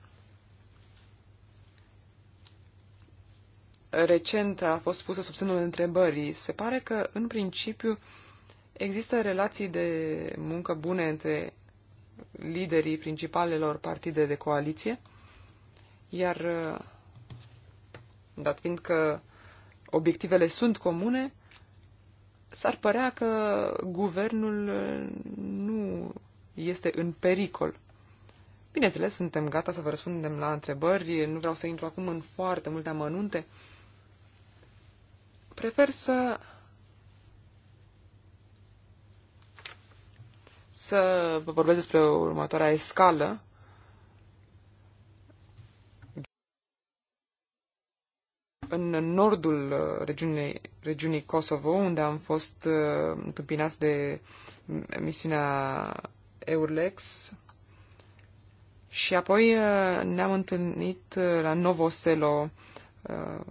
recent a fost pusă sub semnul întrebării. Se pare că, în principiu, există relații de muncă bune între liderii principalelor partide de coaliție, iar dat fiind că obiectivele sunt comune, s-ar părea că guvernul nu este în pericol. Bineînțeles, suntem gata să vă răspundem la întrebări, nu vreau să intru acum în foarte multe amănunte. Prefer să să vă vorbesc despre următoarea escală. În nordul uh, regiunii, regiunii Kosovo, unde am fost uh, întâmpinați de misiunea Eurlex, și apoi uh, ne-am întâlnit uh, la Novoselo, uh,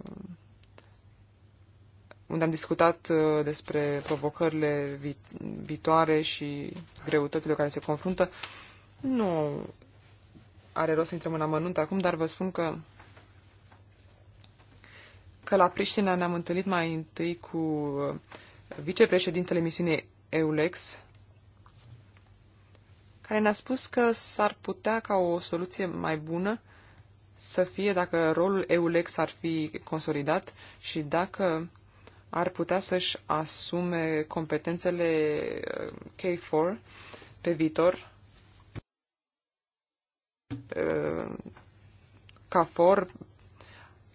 unde am discutat uh, despre provocările vi viitoare și greutățile care se confruntă. Nu are rost să intrăm în amănunt acum, dar vă spun că că la Priștina ne-am întâlnit mai întâi cu uh, vicepreședintele misiunii EULEX, care ne-a spus că s-ar putea ca o soluție mai bună să fie dacă rolul EULEX ar fi consolidat și dacă ar putea să-și asume competențele uh, K4 pe viitor uh, ca for,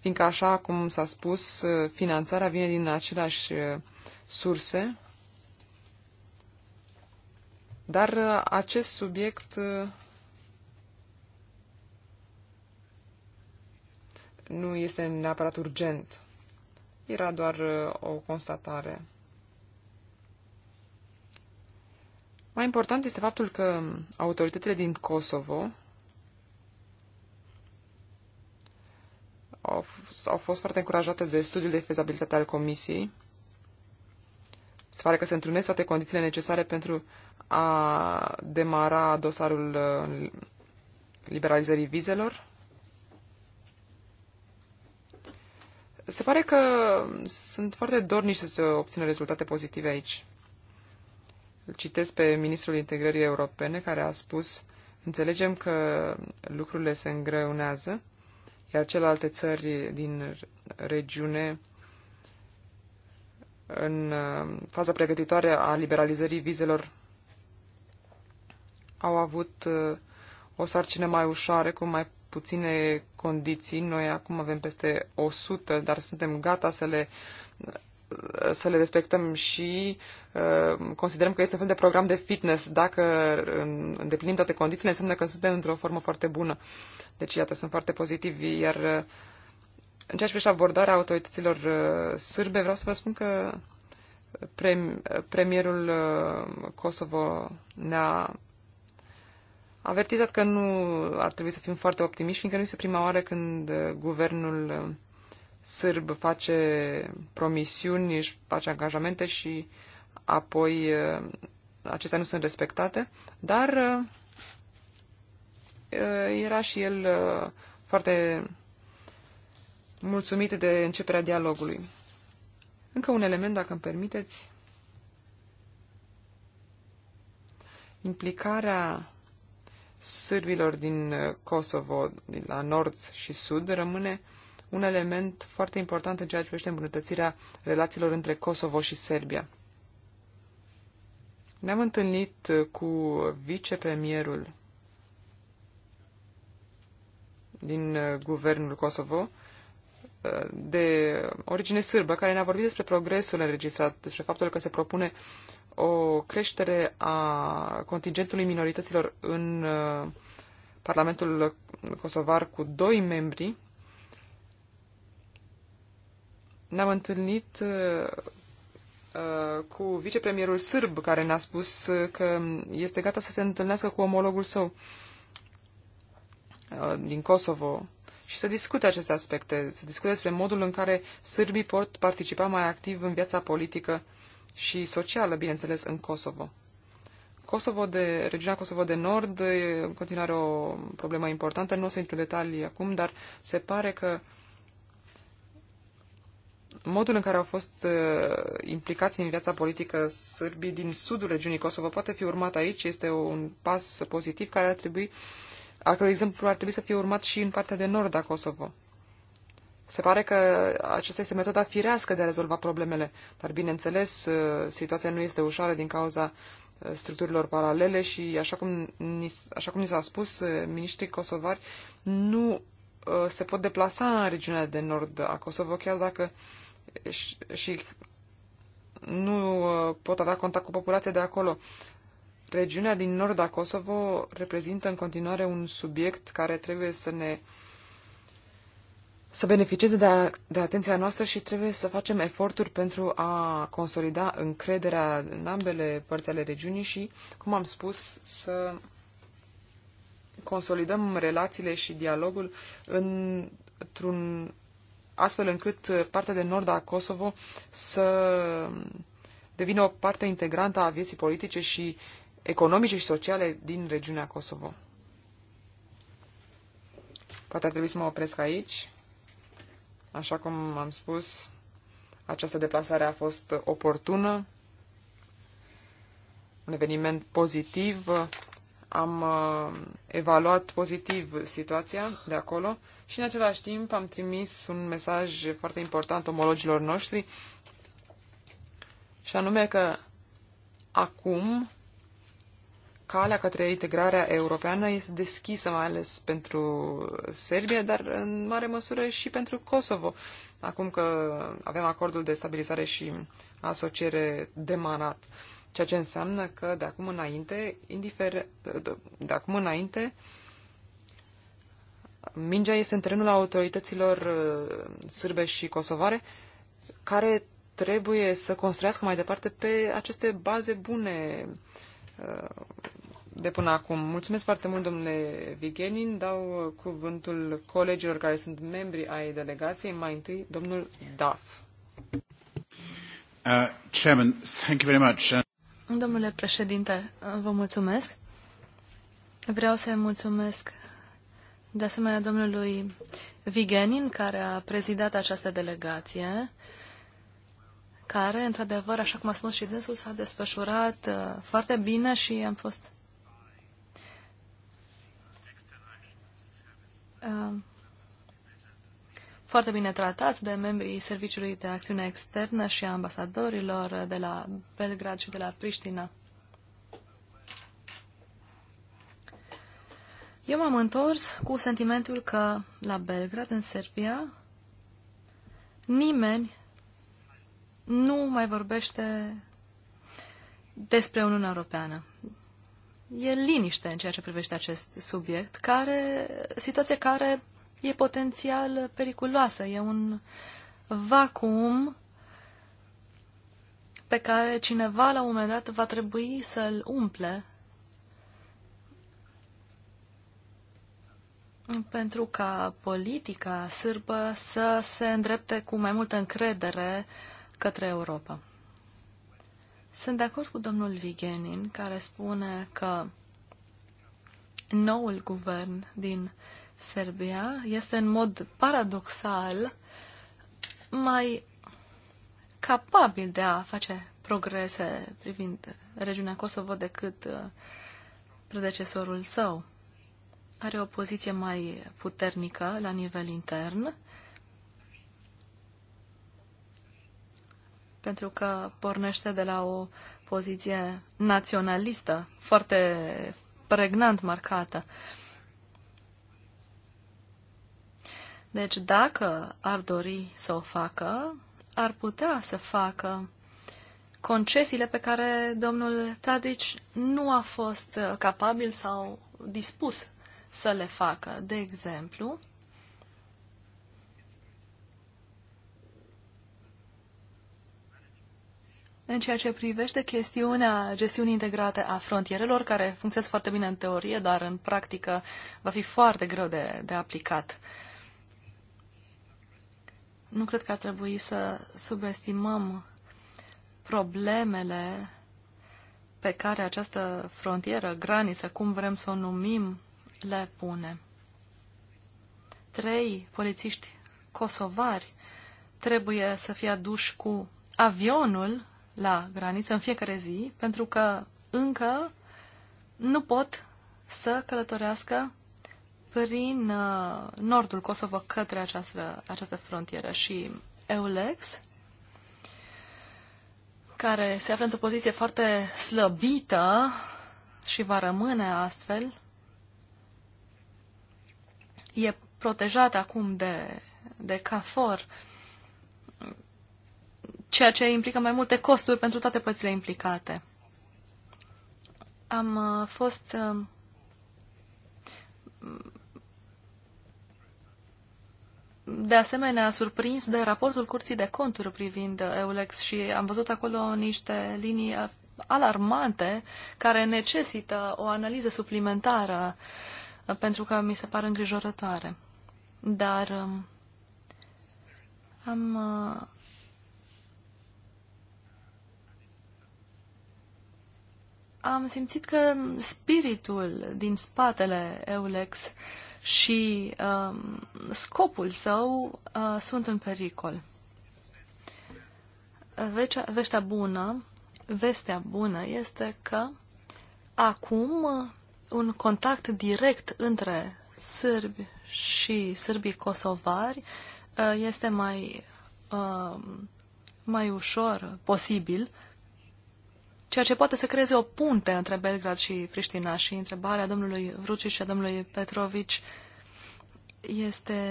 fiindcă așa cum s-a spus, uh, finanțarea vine din aceleași surse. Dar acest subiect nu este neapărat urgent. Era doar uh, o constatare. Mai important este faptul că autoritățile din Kosovo au, au fost foarte încurajate de studiul de fezabilitate al Comisiei. Se pare că se întrunesc toate condițiile necesare pentru a demara dosarul uh, liberalizării vizelor. Se pare că sunt foarte dornici să se obțină rezultate pozitive aici. Îl citesc pe ministrul integrării europene care a spus Înțelegem că lucrurile se îngreunează, iar celelalte țări din regiune în uh, faza pregătitoare a liberalizării vizelor au avut uh, o sarcină mai ușoară, cu mai puține condiții. Noi acum avem peste 100, dar suntem gata să le să le respectăm și uh, considerăm că este un fel de program de fitness. Dacă îndeplinim toate condițiile, înseamnă că suntem într-o formă foarte bună. Deci, iată, sunt foarte pozitivi. Iar uh, în ceea ce privește abordarea autorităților uh, sârbe, vreau să vă spun că prem, uh, premierul uh, Kosovo ne-a avertizat că nu ar trebui să fim foarte optimiști, fiindcă nu este prima oară când uh, guvernul uh, sârb face promisiuni, își face angajamente și apoi uh, acestea nu sunt respectate, dar era și el foarte mulțumit de începerea dialogului. Încă un element, dacă îmi permiteți. Implicarea sârbilor din uh, Kosovo, din la nord și sud, rămâne un element foarte important în ceea ce privește îmbunătățirea relațiilor între Kosovo și Serbia. Ne-am întâlnit uh, cu vicepremierul din uh, guvernul Kosovo, de origine sârbă, care ne-a vorbit despre progresul înregistrat, despre faptul că se propune o creștere a contingentului minorităților în uh, Parlamentul Kosovar cu doi membri. Ne-am întâlnit uh, uh, cu vicepremierul sârb, care ne-a spus că este gata să se întâlnească cu omologul său din Kosovo și să discute aceste aspecte, să discute despre modul în care sârbii pot participa mai activ în viața politică și socială, bineînțeles, în Kosovo. Kosovo de, regiunea Kosovo de Nord e în continuare o problemă importantă, nu o să intru în detalii acum, dar se pare că modul în care au fost uh, implicați în viața politică sârbii din sudul regiunii Kosovo poate fi urmat aici, este un pas pozitiv care ar trebui, al cărui exemplu ar trebui să fie urmat și în partea de nord a Kosovo. Se pare că aceasta este metoda firească de a rezolva problemele, dar bineînțeles uh, situația nu este ușoară din cauza uh, structurilor paralele și, așa cum ni, așa cum ni s-a spus, uh, miniștrii kosovari nu se pot deplasa în regiunea de nord a Kosovo, chiar dacă și, și nu pot avea contact cu populația de acolo. Regiunea din nord a Kosovo reprezintă în continuare un subiect care trebuie să ne uh, să beneficieze de, a, de atenția noastră și trebuie să facem eforturi pentru a consolida încrederea în ambele părți ale regiunii și, cum am spus, să consolidăm relațiile și dialogul într-un astfel încât partea de nord a Kosovo să devină o parte integrantă a vieții politice și economice și sociale din regiunea Kosovo. Poate ar trebui să mă opresc aici. Așa cum am spus, această deplasare a fost oportună, un eveniment pozitiv. Am uh, evaluat pozitiv situația de acolo și în același timp am trimis un mesaj foarte important omologilor noștri și anume că acum calea către integrarea europeană este deschisă, mai ales pentru Serbia, dar în mare măsură și pentru Kosovo. Acum că avem acordul de stabilizare și asociere demarat, ceea ce înseamnă că de acum înainte, indifer... de acum înainte, mingea este în terenul autorităților uh, sârbe și kosovare, care trebuie să construiască mai departe pe aceste baze bune uh, de până acum. Mulțumesc foarte mult, domnule Vigenin. Dau uh, cuvântul colegilor care sunt membri ai delegației. Mai întâi, domnul Daf. Uh, chairman, thank you very much. Uh, domnule președinte, vă mulțumesc. Vreau să mulțumesc de asemenea domnului Vigenin, care a prezidat această delegație, care, într-adevăr, așa cum a spus și dânsul, s-a desfășurat foarte bine și am fost Uh, foarte bine tratați de membrii Serviciului de Acțiune Externă și a ambasadorilor de la Belgrad și de la Priștina. Eu m-am întors cu sentimentul că la Belgrad, în Serbia, nimeni nu mai vorbește despre Uniunea Europeană e liniște în ceea ce privește acest subiect, care, situație care e potențial periculoasă, e un vacuum pe care cineva la un moment dat va trebui să-l umple pentru ca politica sârbă să se îndrepte cu mai multă încredere către Europa. Sunt de acord cu domnul Vigenin, care spune că noul guvern din Serbia este în mod paradoxal mai capabil de a face progrese privind regiunea Kosovo decât uh, predecesorul său. Are o poziție mai puternică la nivel intern pentru că pornește de la o poziție naționalistă foarte pregnant marcată. Deci dacă ar dori să o facă, ar putea să facă concesiile pe care domnul Tadic nu a fost capabil sau dispus să le facă. De exemplu, în ceea ce privește chestiunea gestiunii integrate a frontierelor, care funcționează foarte bine în teorie, dar în practică va fi foarte greu de, de aplicat. Nu cred că ar trebui să subestimăm problemele pe care această frontieră, graniță, cum vrem să o numim, le pune. Trei polițiști kosovari trebuie să fie aduși cu avionul la graniță în fiecare zi, pentru că încă nu pot să călătorească prin uh, nordul Kosovo către această, această frontieră și EULEX, care se află într-o poziție foarte slăbită și va rămâne astfel, e protejat acum de, de CAFOR, uh, ceea ce implică mai multe costuri pentru toate părțile implicate. Am uh, fost uh, de asemenea surprins de raportul Curții de Conturi privind EULEX și am văzut acolo niște linii alarmante care necesită o analiză suplimentară uh, pentru că mi se par îngrijorătoare. Dar um, am am simțit că spiritul din spatele Eulex și um, scopul său uh, sunt în pericol. Vecea, veștea bună, vestea bună este că acum uh, un contact direct între sârbi și sârbii kosovari uh, este mai, uh, mai ușor posibil ceea ce poate să creeze o punte între Belgrad și Priștina. Și întrebarea domnului Vruci și a domnului Petrovici este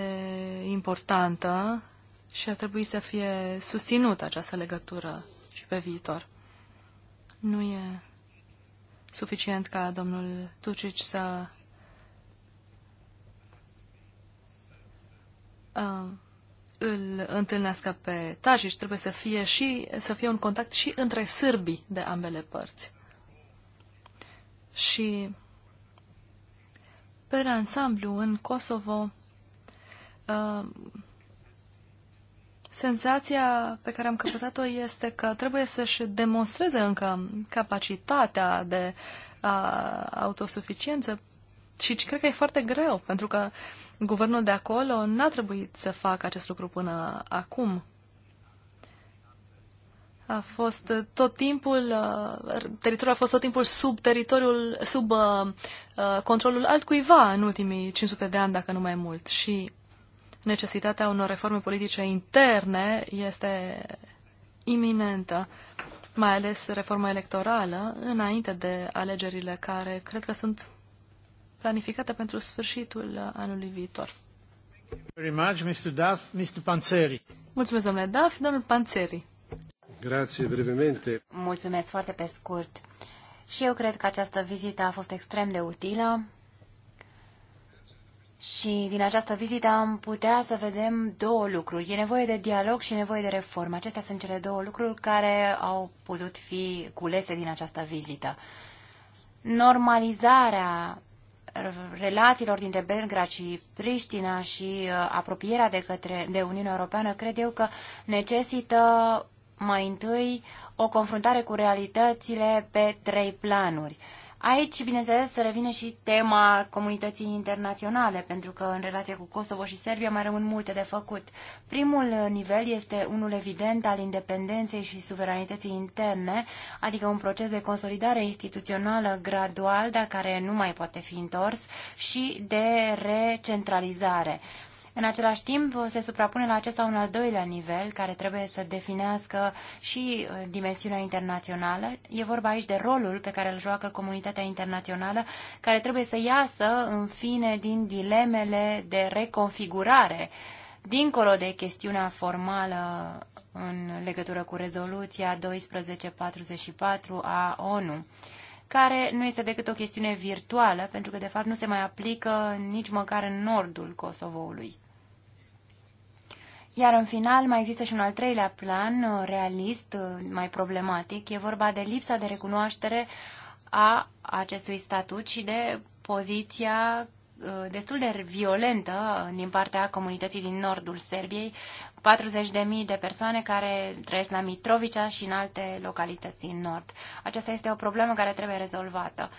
importantă și ar trebui să fie susținută această legătură și pe viitor. Nu e suficient ca domnul Tucici să uh, îl întâlnească pe Tajic, trebuie să fie, și, să fie un contact și între sârbii de ambele părți. Și pe ansamblu, în Kosovo, uh, senzația pe care am căpătat-o este că trebuie să-și demonstreze încă capacitatea de uh, autosuficiență și cred că e foarte greu, pentru că guvernul de acolo n-a trebuit să facă acest lucru până acum. A fost tot timpul, uh, teritoriul a fost tot timpul sub teritoriul, sub uh, uh, controlul altcuiva în ultimii 500 de ani, dacă nu mai mult. Și necesitatea unor reforme politice interne este iminentă, mai ales reforma electorală, înainte de alegerile care cred că sunt planificată pentru sfârșitul uh, anului viitor. Very much, Mr. Duff, Mr. Panzeri. Mulțumesc, domnule Duff, domnul Panzeri. Grazie, brevemente. Mulțumesc foarte pe scurt. Și eu cred că această vizită a fost extrem de utilă. Și din această vizită am putea să vedem două lucruri. E nevoie de dialog și nevoie de reformă. Acestea sunt cele două lucruri care au putut fi culese din această vizită. Normalizarea relațiilor dintre Belgrad și Priștina și uh, apropierea de, către, de Uniunea Europeană, cred eu că necesită mai întâi o confruntare cu realitățile pe trei planuri. Aici, bineînțeles, se revine și tema comunității internaționale, pentru că în relația cu Kosovo și Serbia mai rămân multe de făcut. Primul nivel este unul evident al independenței și suveranității interne, adică un proces de consolidare instituțională gradual, dar care nu mai poate fi întors, și de recentralizare. În același timp, se suprapune la acesta un al doilea nivel, care trebuie să definească și uh, dimensiunea internațională. E vorba aici de rolul pe care îl joacă comunitatea internațională, care trebuie să iasă, în fine, din dilemele de reconfigurare dincolo de chestiunea formală în legătură cu rezoluția 1244 a ONU, care nu este decât o chestiune virtuală, pentru că de fapt nu se mai aplică nici măcar în nordul Kosovoului. Iar în final mai există și un al treilea plan uh, realist, uh, mai problematic. E vorba de lipsa de recunoaștere a acestui statut și de poziția uh, destul de violentă din partea comunității din nordul Serbiei, 40.000 de persoane care trăiesc la Mitrovica și în alte localități din nord. Aceasta este o problemă care trebuie rezolvată.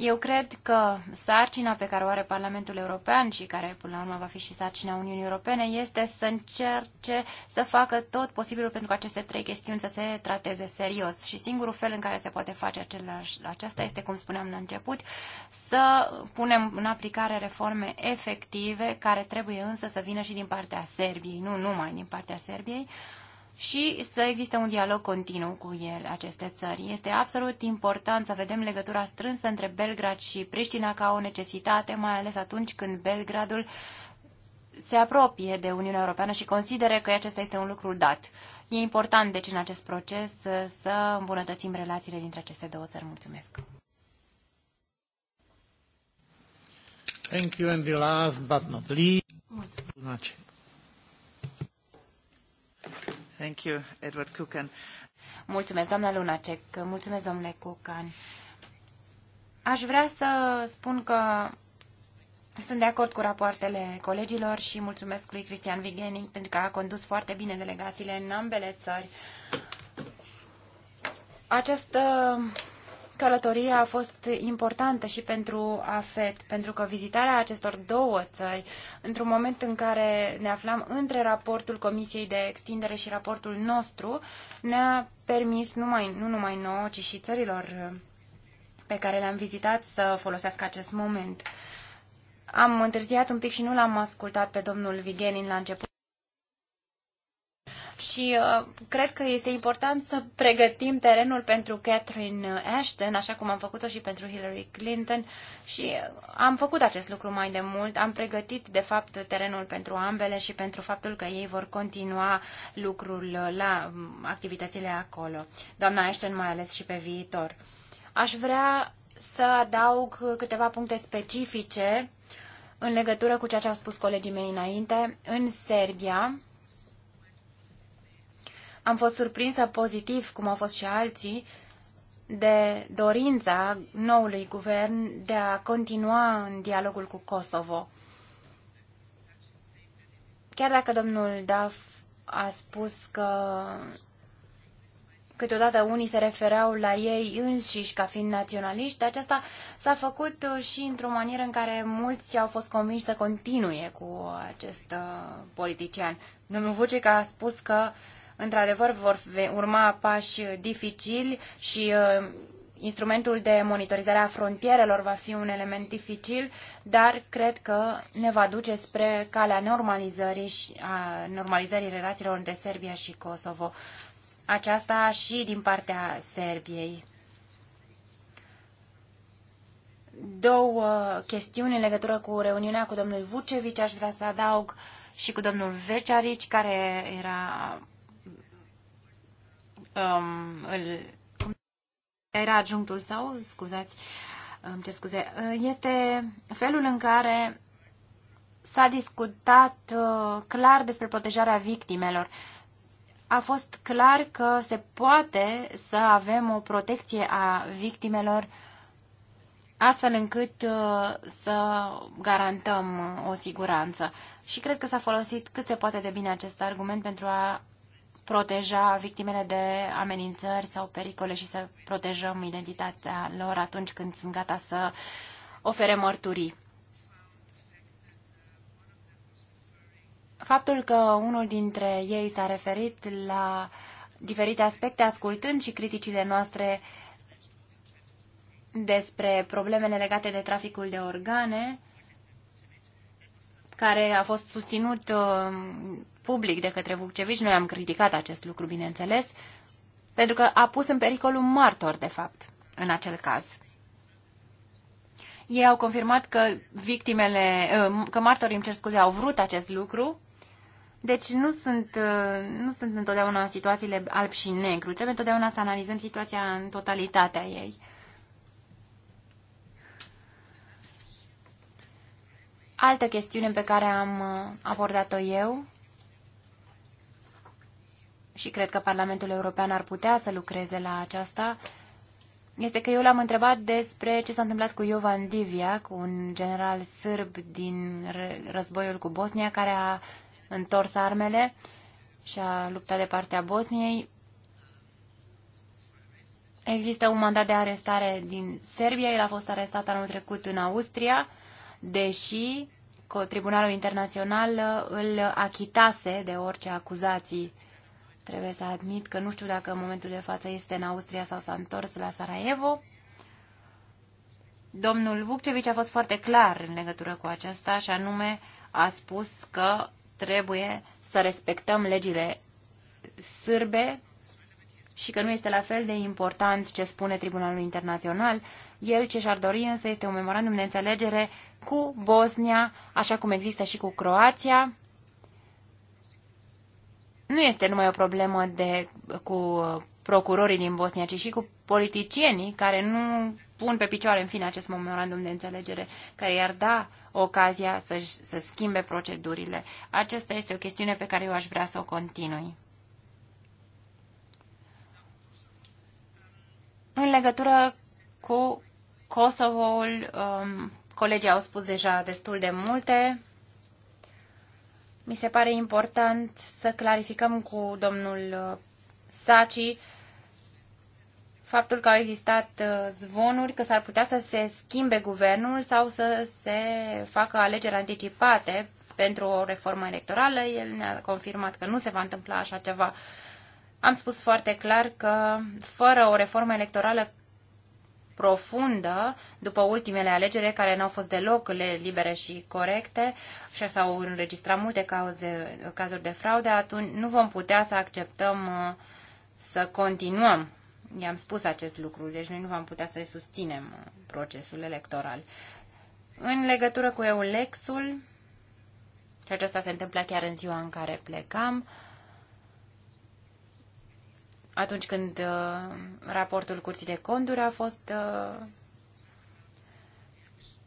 Eu cred că sarcina pe care o are Parlamentul European și care până la urmă va fi și sarcina Uniunii Europene este să încerce să facă tot posibilul pentru că aceste trei chestiuni să se trateze serios și singurul fel în care se poate face același, aceasta este, cum spuneam la început, să punem în aplicare reforme efective care trebuie însă să vină și din partea Serbiei, nu numai din partea Serbiei, uh, și să existe un dialog continuu cu el, aceste țări. Este absolut important să vedem legătura strânsă între Belgrad și Priștina ca o necesitate, mai ales atunci când Belgradul se apropie de Uniunea Europeană și consideră că acesta este un lucru dat. E important, deci, în acest proces să îmbunătățim relațiile dintre aceste două țări. Mulțumesc! Thank you and the last but not least, Mulțumesc. Thank you, Edward Kukan. Mulțumesc, doamna Lunacek. Mulțumesc, domnule Cookan. Aș vrea să spun că sunt de acord cu rapoartele colegilor și mulțumesc lui Cristian Vigenin pentru că a condus foarte bine delegațiile în ambele țări. Această călătorie a fost importantă și pentru AFET, pentru că vizitarea acestor două țări, într-un moment în care ne aflam între raportul Comisiei de Extindere și raportul nostru, ne-a permis numai, nu numai nouă, ci și țărilor pe care le-am vizitat să folosească acest moment. Am întârziat un pic și nu l-am ascultat pe domnul Vigenin la început și uh, cred că este important să pregătim terenul pentru Catherine uh, Ashton, așa cum am făcut-o și pentru Hillary Clinton și uh, am făcut acest lucru mai de mult, am pregătit de fapt terenul pentru ambele și pentru faptul că ei vor continua lucrul uh, la um, activitățile acolo. Doamna Ashton mai ales și pe viitor. Aș vrea să adaug câteva puncte specifice în legătură cu ceea ce au spus colegii mei înainte. În Serbia, am fost surprinsă pozitiv, cum au fost și alții, de dorința noului guvern de a continua în dialogul cu Kosovo. Chiar dacă domnul Daf a spus că câteodată unii se refereau la ei înșiși ca fiind naționaliști, aceasta s-a făcut uh, și într-o manieră în care mulți au fost convinși să continue cu acest uh, politician. Domnul Vucic a spus că uh, Într-adevăr, vor urma pași dificili și uh, instrumentul de monitorizare a frontierelor va fi un element dificil, dar cred că ne va duce spre calea normalizării și a normalizării relațiilor între Serbia și Kosovo. Aceasta și din partea Serbiei. Două chestiuni în legătură cu reuniunea cu domnul Vucevic, aș vrea să adaug și cu domnul Veciarici, care era um, îl, era adjunctul sau, scuzați, îmi cer scuze, uh, este felul în care s-a discutat uh, clar despre protejarea victimelor. A fost clar că se poate să avem o protecție a victimelor astfel încât uh, să garantăm o siguranță. Și cred că s-a folosit cât se poate de bine acest argument pentru a proteja victimele de amenințări sau pericole și să protejăm identitatea lor atunci când sunt gata să ofere mărturii. Faptul că unul dintre ei s-a referit la diferite aspecte, ascultând și criticile noastre despre problemele legate de traficul de organe, care a fost susținut uh, public de către Vucevici, noi am criticat acest lucru, bineînțeles, pentru că a pus în pericol un martor, de fapt, în acel caz. Ei au confirmat că victimele, uh, că martorii, îmi cer scuze, au vrut acest lucru, deci nu sunt, uh, nu sunt întotdeauna situațiile alb și negru. Trebuie întotdeauna să analizăm situația în totalitatea ei. Altă chestiune pe care am uh, abordat-o eu și cred că Parlamentul European ar putea să lucreze la aceasta, este că eu l-am întrebat despre ce s-a întâmplat cu Jovan Diviac, un general sârb din războiul cu Bosnia, care a întors armele și a luptat de partea Bosniei. Există un mandat de arestare din Serbia, el a fost arestat anul trecut în Austria, deși Tribunalul Internațional îl achitase de orice acuzații Trebuie să admit că nu știu dacă în momentul de față este în Austria sau s-a întors la Sarajevo. Domnul Vuccevici a fost foarte clar în legătură cu aceasta și anume a spus că trebuie să respectăm legile sârbe și că nu este la fel de important ce spune Tribunalul Internațional. El ce și-ar dori însă este un memorandum de înțelegere cu Bosnia, așa cum există și cu Croația, nu este numai o problemă de, cu procurorii din Bosnia, ci și cu politicienii care nu pun pe picioare în fine acest memorandum de înțelegere, care i-ar da ocazia să, să schimbe procedurile. Aceasta este o chestiune pe care eu aș vrea să o continui. În legătură cu Kosovo, um, colegii au spus deja destul de multe. Mi se pare important să clarificăm cu domnul uh, Saci faptul că au existat uh, zvonuri că s-ar putea să se schimbe guvernul sau să se facă alegeri anticipate pentru o reformă electorală. El ne-a confirmat că nu se va întâmpla așa ceva. Am spus foarte clar că fără o reformă electorală profundă după ultimele alegeri care n-au fost deloc libere și corecte și s-au înregistrat multe cauze, cazuri de fraude, atunci nu vom putea să acceptăm uh, să continuăm. I-am spus acest lucru, deci noi nu vom putea să susținem uh, procesul electoral. În legătură cu EULEX-ul, și aceasta se întâmplă chiar în ziua în care plecam, uh, atunci când uh, raportul Curții de Conturi a fost uh,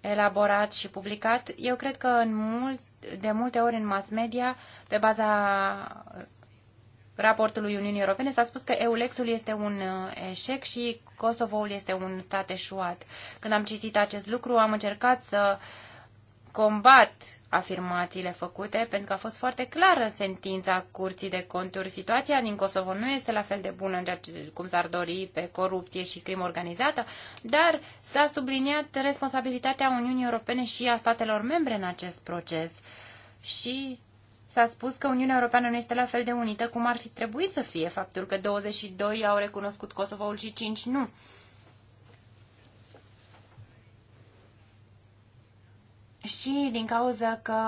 elaborat și publicat. Eu cred că în mult, de multe ori în mass media, pe baza raportului Uniunii Europene, s-a spus că EULEX-ul este un uh, eșec și Kosovoul este un stat eșuat. Când am citit acest lucru, am încercat să combat uh, afirmațiile făcute, pentru că a fost foarte clară sentința Curții de Conturi. Situația din Kosovo nu este la fel de bună în ceea ce, cum s-ar dori pe corupție și crimă organizată, dar s-a subliniat responsabilitatea Uniunii Europene și a statelor membre în acest proces. Și S-a spus că Uniunea Europeană nu este la fel de unită cum ar fi trebuit să fie faptul că 22 au recunoscut Kosovoul și 5 nu. și din cauza că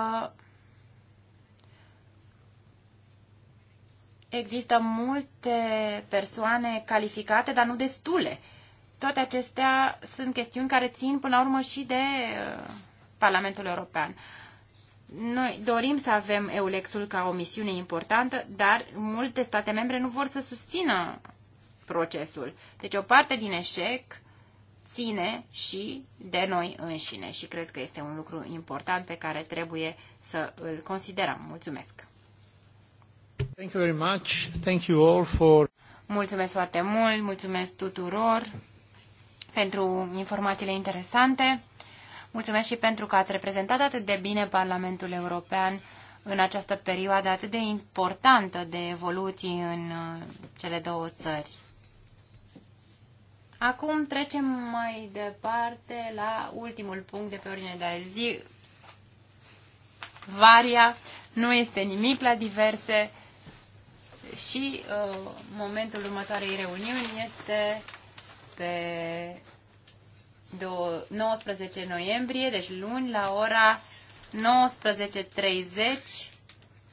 există multe persoane calificate, dar nu destule. Toate acestea sunt chestiuni care țin până la urmă și de uh, Parlamentul European. Noi dorim să avem EULEX-ul ca o misiune importantă, dar multe state membre nu vor să susțină procesul. Deci o parte din eșec ține și de noi înșine și cred că este un lucru important pe care trebuie să îl considerăm. Mulțumesc! Thank you very much. Thank you all for... Mulțumesc foarte mult, mulțumesc tuturor pentru informațiile interesante. Mulțumesc și pentru că ați reprezentat atât de bine Parlamentul European în această perioadă atât de importantă de evoluții în uh, cele două țări. Acum trecem mai departe la ultimul punct de pe ordine de zi. Varia, nu este nimic la diverse și uh, momentul următoarei reuniuni este pe 19 noiembrie, deci luni, la ora 19.30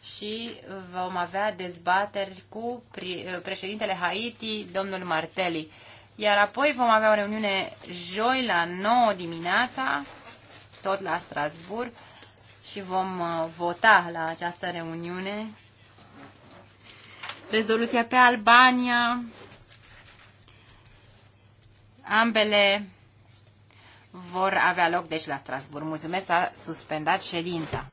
și vom avea dezbateri cu uh, președintele Haiti, domnul Martelli. Iar apoi vom avea o reuniune joi la 9 dimineața, tot la Strasburg, și vom uh, vota la această reuniune rezoluția pe Albania. Ambele vor avea loc deci la Strasburg. Mulțumesc, a suspendat ședința.